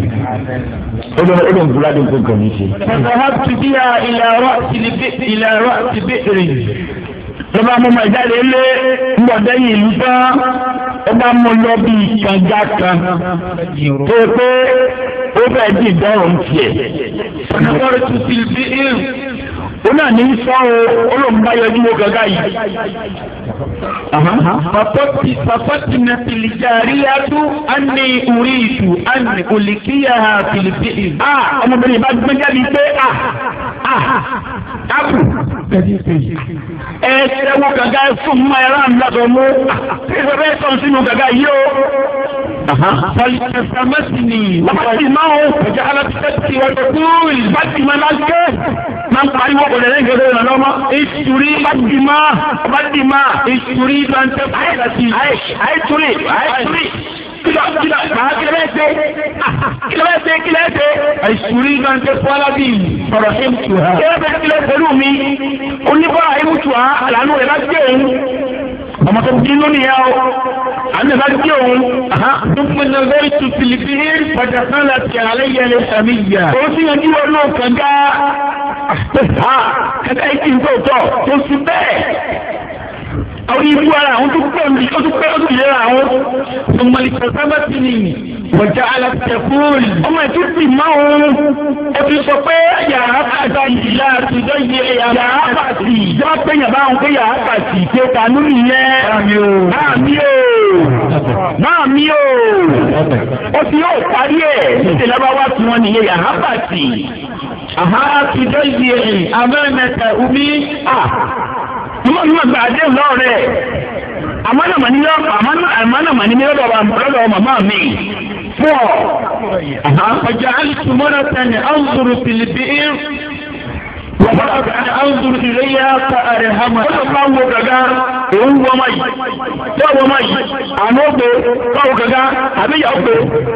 olórí olórí nkúlá dé nǹkan kan ní ṣe. sọ̀rọ̀ tó bí a ìlàrọ̀ àti bẹ́ẹ̀rẹ̀. lọ́ba mo máa jáde lé ń bọ̀ dẹ́yìn ìlú tán ó bá mú lọ bí kànga kan tó pé ó fẹ́ dìdọ́ òun tiẹ̀. ọ̀nà kọ́rin tún ti bí irun ó náà ní sọ́ọ́ olóńgbà yọjú wo gàgà yìí. Fapọ́tì fapọ́tì na fìlìjàríyá tó àní orí ìtù àní olùkíyà fìlìfì. A ọmọbìnrin bá gbé jáde pé a a dákù. Ẹ ṣe wo gàgà fún mọ́ ẹ̀rọ àmúlọ́dọ̀ mú. Ṣé ìfẹ́ sọ̀n sínú gàgà yìí o? Fọlìfẹ̀sàmẹ́sìnì. Wọ́n ti máa ń fẹ̀jẹ̀ alábísẹ́sì wọ́n tó kúrú ìbátìmọ́ lágbẹ́. Máa ń pariwo kò lẹ́yìn gẹ́gẹ́ rẹ̀ lọ́mọ. ìtúrí bàdìmá bàdìmá ìtúrí bàǹtẹ̀ fún àìtúrí àìtúrí kìlọ̀ màá kìlọ̀ bẹ́ẹ̀ ṣe kìlọ̀ bẹ́ẹ̀ ṣe kìlọ̀ ẹ̀ ṣe. àìsùrí náà ṣe fún alábì sọ̀rọ̀ ṣe mùtù ha. kìlọ̀ bẹ́ẹ̀ kìlọ̀ pẹ̀lú mi onífọ̀ àìmùtù ha àlànà rẹ̀ bá gbé òun ọmọ tó bí lónìí yá o àmì ìbájú kí òun. dúpin náà lórí tutìlì bí padà kan láti àlẹ́ yẹlẹ sàmì yà. o sì yàn kí wọn náà kàn dá ah. kẹtẹ ìkí nǹkan tó tó sí bẹ́ẹ̀ àwọn ibú ara àwọn tó pọ̀ níbi ó tún pẹ́ ó tún yẹra àwọn tòmọ̀lìkọ̀ sábà ti nì wọ̀jà alàtẹ̀kùn. ọmọ ẹ̀ tún sì máa ń ó ti sọ pé yàrá pàṣẹ ìyá àtijọ́ yẹ yàrá pàṣẹ ìjọ pé yàrá àwọn pé yàrá pàṣẹ ìjọ kanú nìyẹn. máa mi o máa mi o ti yóò parí ẹ̀ níṣẹ́ lábáwá tí wọ́n nìyẹn yàrá pàṣẹ. àmọ́ àtijọ́ yẹ abẹ́rẹ́ mẹ́ta omi à mọ̀ ní màgbà àdéhùn lọ́wọ́ rẹ̀ àmọ́nàmọ́ni lọ́dọ̀ lọ́dọ̀ màmá mi fún ọ. ọjà alùpùpùmọ́nà tani àwùjọ fìlìpì ín wọ́n àwùjọ ìrẹ́yà káàrẹ̀ hàmà. wọ́n bá wo gàgà òun wọ́n máa yìí tẹ́ wọ́n máa yìí àná ògbé báwo gàgà àbíyà ògbé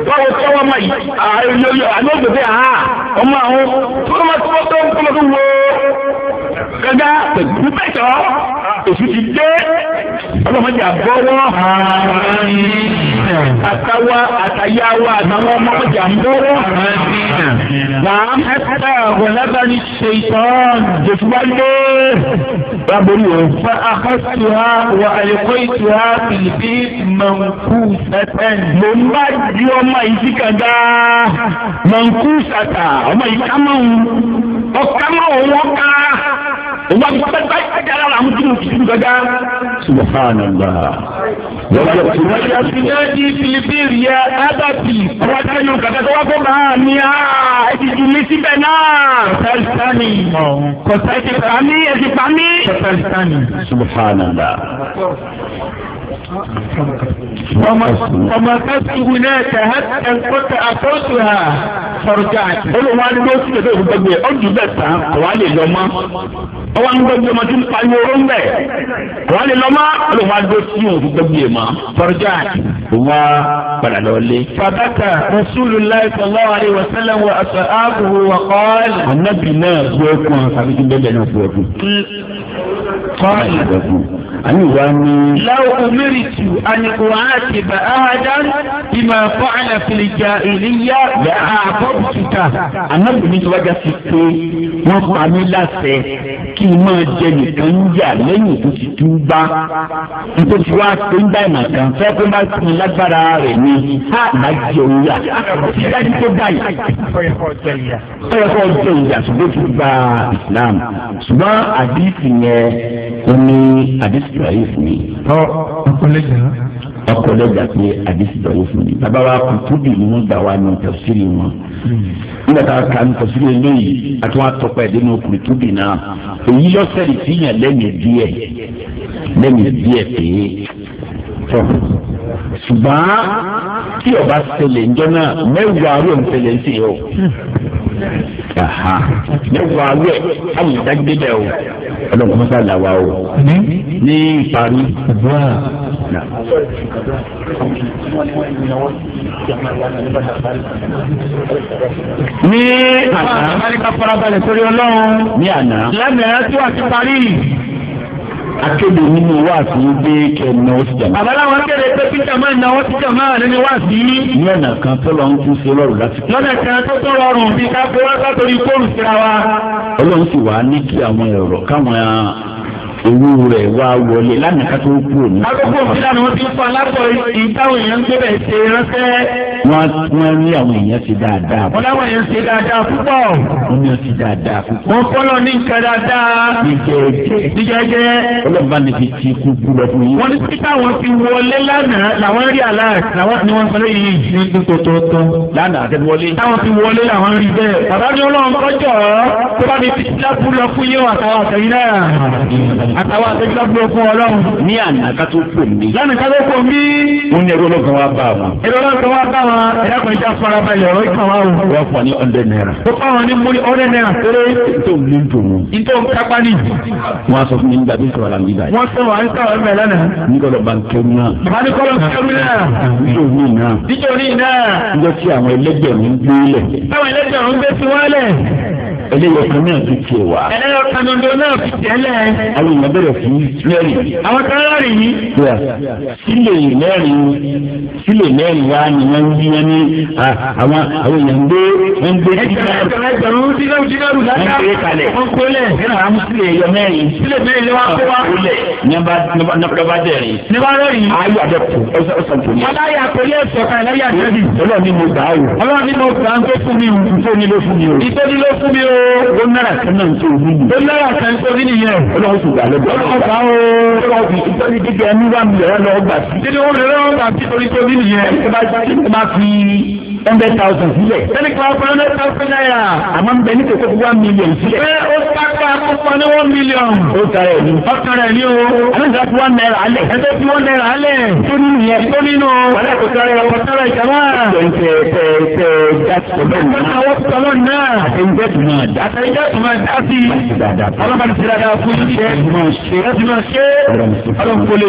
báwo tẹ́ wọ́n máa yìí àná ògbé bẹ́ẹ̀ àná ọmọ àwọn tó máa tó máa tó ń kọ́ gàgà pẹ̀lú bẹ̀tọ̀ èsì ti dé ọlọ́mọdé àbọ̀wọ́ àtàwà àtàyàwà àtàwọn ọmọdé àbọ̀wọ́ làám ẹ̀fẹ́ ọ̀gọ̀lábà ní ṣèṣán jẹ̀túwálé rábòrí o. fa àkàtù ha wà àlẹ́kọ́ ìtù ha fìlìpì mọ̀nkú sẹ́tẹ̀n. mo ń bá di ọmọ yìí sí kàgà mọ̀nkú sàtà ọmọ yìí kámọ̀ ọ̀hún ọ̀kámọ̀ ọ̀hún wàgbàgbàgbàgbà la mú tìlù tìlù gàgà. subhanallah. wọ́n yọ fún mi. wọ́n ti náà di filipiri yẹ abati kọ́wájà yóò kàkà tó wá fún bàá mi á ẹ ti ju mi síbẹ̀ náà. kọ́sálítánì. kọ́sá ẹ ti pa mí ẹ ti pa mí. kọ́sálítánì. subhanallah. Ọmọ kásìwò ọwọ́ ń gbọ́dọ̀ ọmọ tí ń pariwo oró ń bẹ̀. wọ́n lè lọ mọ́ olùwà ló sí òun fún gbogbo èèmọ̀ fọ́rọ́jà wá padà lọ lé. fàbákà rasulullah sallallahu alaihi wasallam wa ashabuhu wa qala. ànábì náà gbọ́ ẹkùn àbíkí bẹ́ẹ̀ bẹ́ẹ̀ náà gbọ́ ẹkùn. kọ́ọ̀lì àní ìwà ni. láwọn omeritu àníkò àti bàáda bí máa fọ́ àlàfilìjà ìlíyà àbọ̀bùtùtà. anábì mi ti wájà sí pé wọ́n pa mí láṣẹ kí n máa jẹ nìkan yà lẹ́yìn tó ti tú bá. nítorí tí wàá pé ń bá ìmọ̀ kan fẹ́ pé bá ti lágbára rẹ̀ ni máa jẹ òun yà. ti tó báyìí. ọ̀yẹ̀ kọ́ jẹ jẹ ìyà ṣùgbọ́n ti gba Islam. ṣùgbọ́n àdìsí yẹn ó ní àdìsí dọ̀yìn fún mi. ọkọlẹ gbà pé àdìsí dọ̀yìn fún mi. bàbá wa kùtù bì ní wọn gbà wá ní tẹ̀síìrì wọn. nígbà tá a kà ní tẹ̀síìrì eléyìí a tún wá tọpa ẹ̀dẹ́ ní kùtù bì náà. èyí yọ sẹ́ni tìyàn lẹ́mìí díẹ̀ lẹ́mìí díẹ̀ sọ ṣùgbọ́n tí ọba ṣẹlẹ̀ ńjọ́ náà mẹ́wàá rẹ̀ ń ṣẹlẹ̀ sí i o mẹ́wàá rẹ̀ alùdágbélẹ̀ o ọlọ́run mọ́tà làwà o ní ìparí. ní àná ní àná lẹ́mẹ̀ẹ́ tí wàá ti parí akéde nínú wáàsí gbé kẹ̀nà ó sì jàmá. àbálá wọn kéde pé peter máa na wọ́n sí jàmá nínú wáàsí. ní ọ̀nà kan tó lọ ń tún ṣe lọ́rùn lásìkò. lọ́nà kan tó tó rọrùn bí ká fọwọ́ sátorí kóòrù síra wa. ọlọ́run sì wá ní kí àwọn ẹ̀rọ káwọn owó rẹ̀ wá wọlé lánàá ká tó kúrò ní. àkókò òfìlà ni ti ń fa alákọ̀ ìtawọ̀ èèyàn ń gbé bẹ̀ ṣe ránṣẹ́. wọ́n wọ́n rí àwọn èèyàn ṣe dáadáa. púpọ̀. wọ́n yàn dáadáa púpọ̀. wọ́n kọ́lọ̀ ní nǹkan dáadáa. jíjẹ́jẹ́. jíjẹ́jẹ́. ọlọ́ba ni fi ti kú kú lọ fún yín. wọ́n ní sí táwọn wọlé lánàá làwọn rí àlá làwọn ni wọ́n sọlé yìí ní tuntun. lánàá tó bá àtàwọn àtẹjúdá fún ọkọ ọlọ́run. ní àná ká tó kò mí. lánàá ká tó kò mí. wọn ní ẹgbẹ́ olóògùn wa bá wọn. ẹgbẹ́ olóògùn wa bá wọn. ẹ̀yà kan já farabalẹ̀ ọ̀rọ̀ ìkàn wa o. wọ́n fọ ní ọ̀ndẹ̀ náírà. ó fọ àwọn ní múlí ọ̀ndẹ̀ náírà. eré tó ń lé dùnú. ìtò kápá ni. wọ́n sọ fún mi nígbà tí ń sọ̀rọ̀ làǹdí báyìí. wọ́n sọ wà ń sọ̀rọ̀ ń bẹ̀ lánàá. nígbàdọ̀ bá ń kẹ́rù náà. bàbá ní kọ́lọ̀ ń kẹ́rù náà. nítorí náà. nítorí náà. níjọ́ tí àwọn ẹlẹ́gbẹ̀rún gbé lẹ̀. táwọn ẹlẹ́gbẹ̀rún gbé sí wọ́n lẹ̀ eléyìí kan náà ti tiẹ̀ wá. ẹlẹ́yọ̀ kan ló náà fi tẹ́lẹ̀. àwọn èèyàn bẹ̀rẹ̀ fún lẹ́rìn. àwọn kan lọ́rìn yìí. sílè lẹ́rìn sílè lẹ́rìn wá ni wọ́n ń yíyan ní àwọn àwọn èèyàn ń gbé ń gbé títà. ẹgbẹ̀rún dínlẹ́rù dínlẹ́rù lásán. wọ́n ń gbé kalẹ̀. wọ́n ń kólẹ̀. nínú àwọn sílè yọ mẹ́rin. sílè mẹ́rin lé wa kó wa. kólẹ̀ nígbà dẹ̀rin. nígbà dẹ̀rin. ayé àdẹ́kù ọ̀sán ọ̀sán tó ní. aláyà àpèlé ẹ̀sọ̀ kan ẹ̀lẹ́yà tẹ́lẹ̀. ọlọ́run ni mo gbà á wò. ọlọ́run ni mo tó fún mi gómìnà kan náà ń tó omi nìyẹn. gómìnà kan ń tó omi nìyẹn. ọlọ́run sì gbà lọ́gbà. ọlọ́run bá o. ọlọ́run fi ìtọ́jú gíga ẹni wà mílíọ̀nù lọ́gbà sí. ìdílé wọn lọ́wọ́ gbà sí torí tó omi nìyẹn. ẹ bá fi hundred thousand sílẹ̀. ẹni kan fún hundred thousand naira. àmọ́ nbẹ ní kòkó fún one million sílẹ̀. ṣé ó pápá púpọ̀ ní one million. ó tara ẹ̀ ní. ó tara ẹ̀ ní o. àmì ìgbà fún one naira alẹ̀. ẹgbẹ́ fún one naira alẹ̀. tó nínú yẹn. tó nínú. wàlẹ́ kò tara ẹ̀ kò tara ẹ̀ jama. ìjọ ìtẹ tẹ tẹ jáde tọ́lọ́ náà. ìjọba àwọn tọ́lọ́ náà. àtẹnudẹ́ tún máa dá. àtẹnudẹ́ tún máa dá sí. ọlọ́mọdé ti dáadáa fún iṣẹ́. ọlọ́mọdé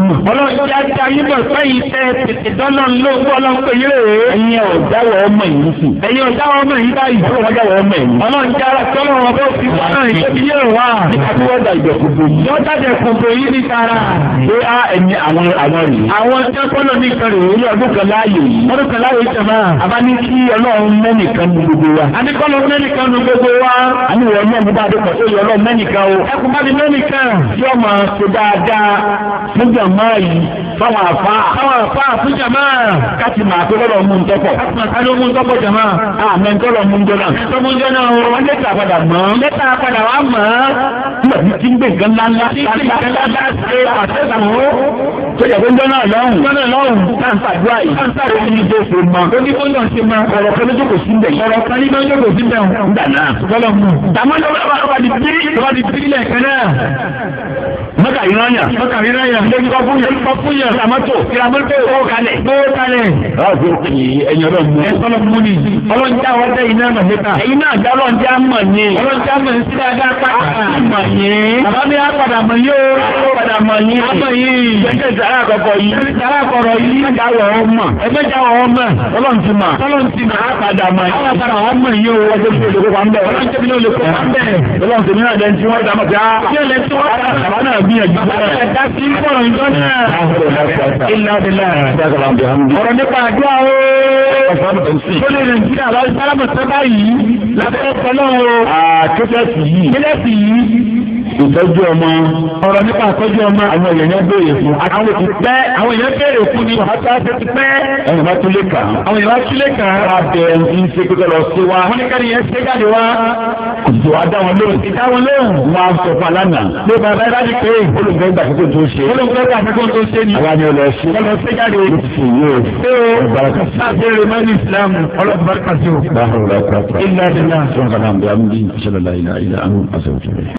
ti máa ṣe. ọlọ́mọ pè yín rèé. ẹ̀yin ọ̀dáwọ̀ ọmọ yìí sì. ẹ̀yin ọ̀dáwọ̀ ọmọ yìí báyìí. ọlọ́dáwọ̀ ọmọ yìí. ọlọ́run jẹ́ ara tí ọlọ́run ọbẹ̀ òfin fún náà yìí tóbi yẹ̀ wá. nípa tí wọ́n yìí. wọ́n dájẹ́ kùnbó yìí ní tara. pé a ẹ̀yin àwọn àwọn rèé. àwọn tẹ́kọ́lọ̀ ní kan láàyè yìí àtọ́lọ́ mú ntọ́pọ̀. àtọ́ mú ntọ́pọ̀ jama. àmọ́ ntọ́lọ́ mú njọ́nà. ntọ́ mú njọ́nà o. wọ́n lẹ́tà padà mọ́. lẹ́tà padà wà mọ́. nígbà tí tí ń gbé nǹkan ńlá ńlá. tí ń gbé nǹkan ńlá ṣe àtẹ́sàn o. tó yẹ kó njọ́nà lọ́hùn. njọ́nà lọ́hùn. káńtàdúrà yìí. káńtàdúrà yìí ló ṣe mọ́. ó ní kó lọ́ọ̀ ṣe mọ́. ọ̀rọ̀ kan ló jókòó sí bẹ̀. ọ̀rọ̀ kan ló jókòó sí bẹ̀. ń dàná. tọ́lọ̀ mú. tàmọ́ mọ́tà ìrànyà. mọ́tà ìrànyà. ilé kíkọ́ fún yẹn. ilé kíkọ́ fún yẹn. tàmọ́tò. tìràmọ́tò. ó kalẹ̀. ó kalẹ̀ àti òkè yìí ẹ̀yin ọlọ́run mú. ẹ̀yin ọlọ́run mú ni. ọlọ́run já wọ́n tẹ́ iná náà níta. ẹ̀yin náà já ọlọ́run já mọ̀ ni. ọlọ́run já mọ̀ ní sí dáadáa padà. a mọ̀ bàbá mi á padà mọ̀ yín o. a padà mọ̀ yín. a mọ̀ yín. jẹ́jẹ́ àkọ́kọ́ yìí. jẹ́jẹ́ sàrà àkọ́kọ́ yìí. ẹ já wọ̀ ọ́ mọ̀. ẹ wọ̀ ọ́ mọ̀. ti mọ̀. ọlọ́run ti mọ̀. a padà mọ̀ gbàdúrà o. Lórí Nàìjíríà lọ sí Sálámọ̀tán báyìí, làbẹ́ ọ̀pọ̀ náà o. Kílẹ̀sì ah, yìí ìtọ́jú ọmọ. ọ̀rọ̀ nípa àtọ́jú ọmọ àwọn èèyàn yẹn béèrè fún. àwọn èèyàn ti pẹ́ àwọn èèyàn béèrè fún ni wàhálà ti ti pẹ́. àwọn èèyàn bá tún lè kà á. àwọn èèyàn bá tún lè kà á. a bẹ ń ṣe pípẹ́ lọ sí wa. wọ́n ní káni yẹn ṣe jáde wá. kò sí wa dá wọn lóhùn. ìdá wọn lóhùn. wọn á sọ fún alánà. ló bá bá dájú pé olùkọ́ ìgbà àkókò tó ṣe. olùkọ́ ìgbà àkókò tó ṣe ni. àwa ni olè ṣe. olè ṣe jáde. ló ti sè